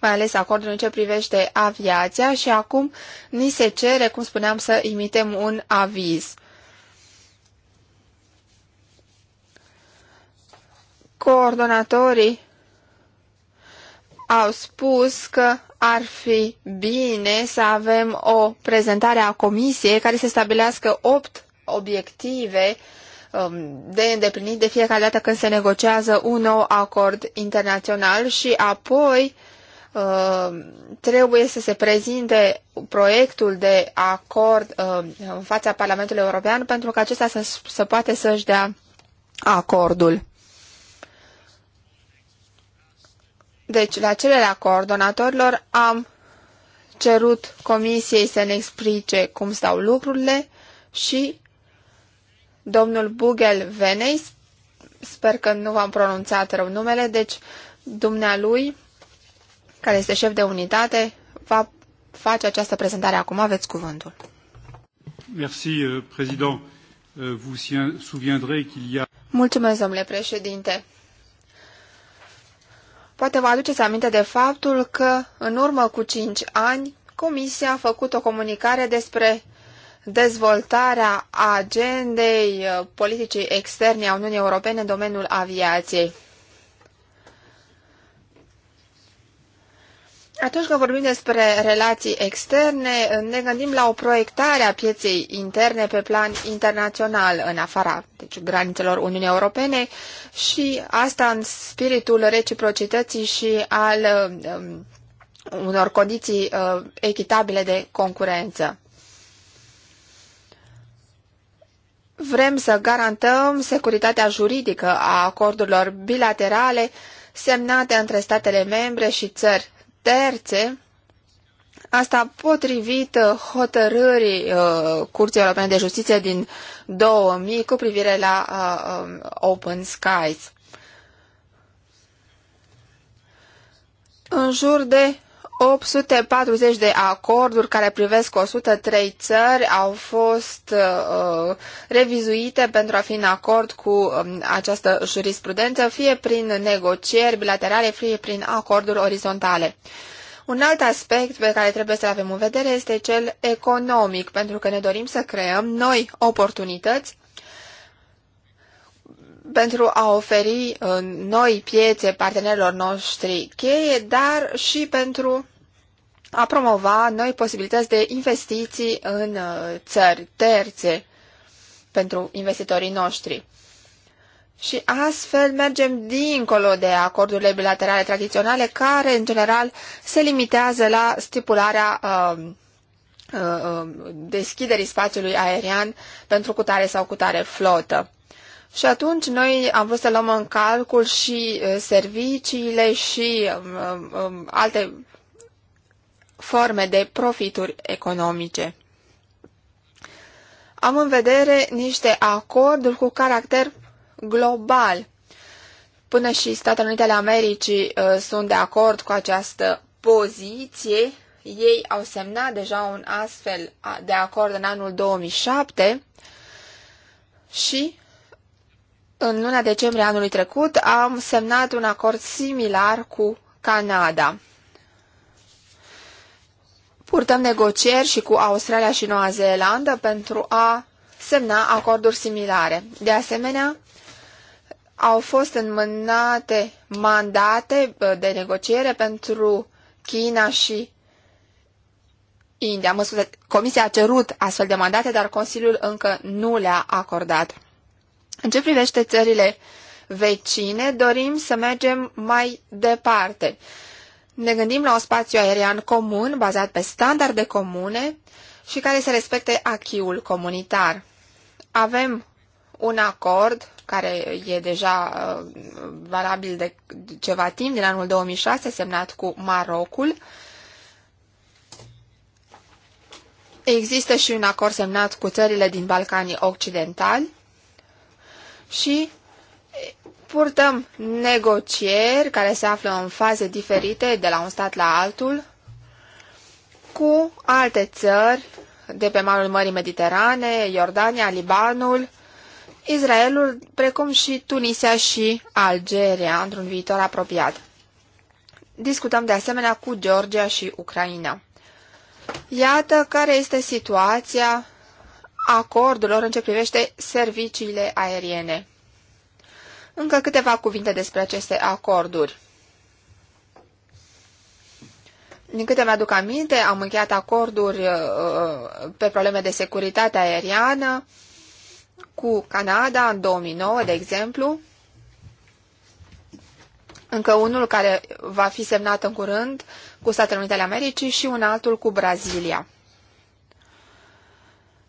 mai ales acordul în ce privește aviația și acum ni se cere, cum spuneam, să imitem un aviz. Coordonatorii au spus că ar fi bine să avem o prezentare a comisiei care să stabilească opt obiective um, de îndeplinit de fiecare dată când se negociază un nou acord internațional și apoi um, trebuie să se prezinte proiectul de acord um, în fața Parlamentului European pentru că acesta să, să poate să-și dea acordul. Deci, la cererea coordonatorilor am cerut comisiei să ne explice cum stau lucrurile și domnul Bugel Venei, sper că nu v-am pronunțat rău numele, deci dumnealui, care este șef de unitate, va face această prezentare acum. Aveți cuvântul. Merci, euh, président. Euh, vous souviendrez qu'il y a... Mulțumesc, domnule președinte. Poate vă aduceți aminte de faptul că, în urmă cu cinci ani, Comisia a făcut o comunicare despre dezvoltarea agendei uh, politicii externe a Uniunii Europene în domeniul aviației. Atunci când vorbim despre relații externe, ne gândim la o proiectare a pieței interne pe plan internațional, în afara deci, granițelor Uniunii Europene și asta în spiritul reciprocității și al um, unor condiții uh, echitabile de concurență. Vrem să garantăm securitatea juridică a acordurilor bilaterale semnate între statele membre și țări terțe, asta potrivit uh, hotărârii uh, Curții Europene de Justiție din 2000 cu privire la uh, um, Open Skies. În jur de 840 de acorduri care privesc 103 țări au fost uh, revizuite pentru a fi în acord cu um, această jurisprudență, fie prin negocieri bilaterale, fie prin acorduri orizontale. Un alt aspect pe care trebuie să-l avem în vedere este cel economic, pentru că ne dorim să creăm noi oportunități pentru a oferi uh, noi piețe partenerilor noștri cheie, dar și pentru a promova noi posibilități de investiții în uh, țări terțe pentru investitorii noștri. Și astfel mergem dincolo de acordurile bilaterale tradiționale, care, în general, se limitează la stipularea uh, uh, um, deschiderii spațiului aerian pentru cutare sau cutare flotă. Și atunci noi am vrut să luăm în calcul și uh, serviciile și uh, uh, alte forme de profituri economice. Am în vedere niște acorduri cu caracter global. Până și Statele Unite ale Americii uh, sunt de acord cu această poziție. Ei au semnat deja un astfel de acord în anul 2007 și în luna decembrie anului trecut am semnat un acord similar cu Canada. Purtăm negocieri și cu Australia și Noua Zeelandă pentru a semna acorduri similare. De asemenea, au fost înmânate mandate de negociere pentru China și India. Mă scuze, Comisia a cerut astfel de mandate, dar Consiliul încă nu le-a acordat. În ce privește țările vecine, dorim să mergem mai departe ne gândim la un spațiu aerian comun, bazat pe standarde comune și care să respecte achiul comunitar. Avem un acord care e deja uh, valabil de ceva timp, din anul 2006, semnat cu Marocul. Există și un acord semnat cu țările din Balcanii Occidentali și Purtăm negocieri care se află în faze diferite de la un stat la altul cu alte țări de pe malul Mării Mediterane, Iordania, Libanul, Israelul, precum și Tunisia și Algeria într-un viitor apropiat. Discutăm de asemenea cu Georgia și Ucraina. Iată care este situația acordurilor în ce privește serviciile aeriene. Încă câteva cuvinte despre aceste acorduri. Din câte mi-aduc aminte, am încheiat acorduri uh, uh, pe probleme de securitate aeriană cu Canada în 2009, de exemplu. Încă unul care va fi semnat în curând cu Statele Unite ale Americii și un altul cu Brazilia.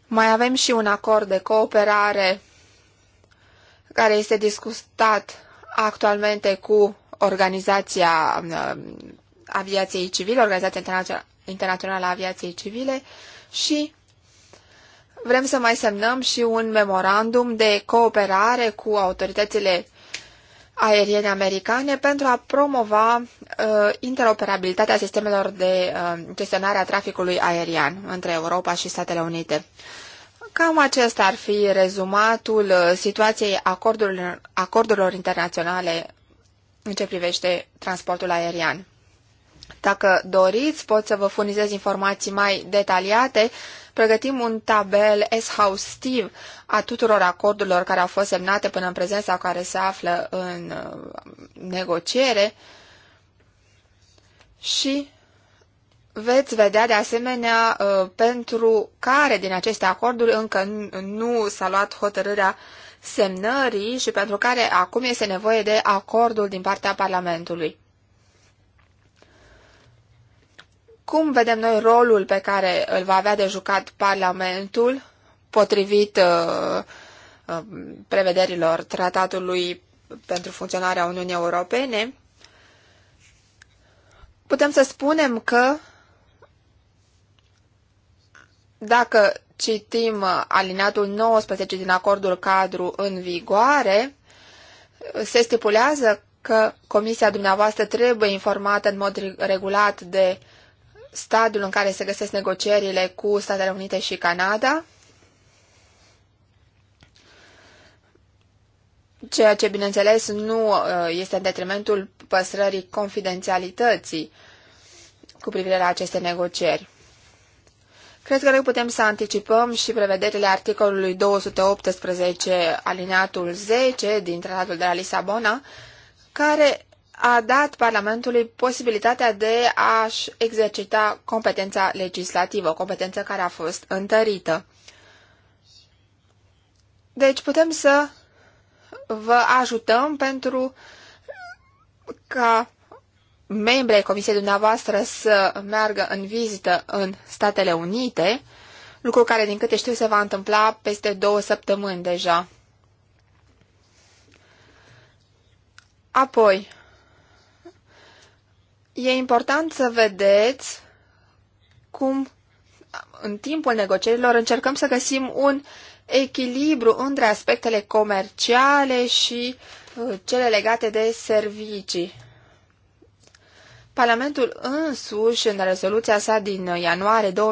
Mai avem și un acord de cooperare care este discutat actualmente cu Organizația um, Aviației Civile, Organizația Internațională a Aviației Civile și vrem să mai semnăm și un memorandum de cooperare cu autoritățile aeriene americane pentru a promova uh, interoperabilitatea sistemelor de uh, gestionare a traficului aerian între Europa și Statele Unite. Cam acesta ar fi rezumatul uh, situației acordurilor, acordurilor internaționale în ce privește transportul aerian. Dacă doriți, pot să vă furnizez informații mai detaliate. Pregătim un tabel exhaustiv a tuturor acordurilor care au fost semnate până în prezent sau care se află în uh, negociere și Veți vedea de asemenea uh, pentru care din aceste acorduri încă nu s-a luat hotărârea semnării și pentru care acum este nevoie de acordul din partea Parlamentului. Cum vedem noi rolul pe care îl va avea de jucat Parlamentul potrivit uh, uh, prevederilor tratatului pentru funcționarea Uniunii Europene? Putem să spunem că dacă citim uh, alineatul 19 din acordul cadru în vigoare, uh, se stipulează că comisia dumneavoastră trebuie informată în mod regulat de stadiul în care se găsesc negocierile cu Statele Unite și Canada, ceea ce, bineînțeles, nu uh, este în detrimentul păstrării confidențialității cu privire la aceste negocieri. Cred că noi putem să anticipăm și prevederile articolului 218 alineatul 10 din Tratatul de la Lisabona, care a dat Parlamentului posibilitatea de a-și exercita competența legislativă, o competență care a fost întărită. Deci putem să vă ajutăm pentru ca membrii ai comisiei dumneavoastră să meargă în vizită în Statele Unite, lucru care, din câte știu, se va întâmpla peste două săptămâni deja. Apoi, e important să vedeți cum în timpul negocierilor încercăm să găsim un echilibru între aspectele comerciale și uh, cele legate de servicii. Parlamentul însuși, în rezoluția sa din ianuarie 2000,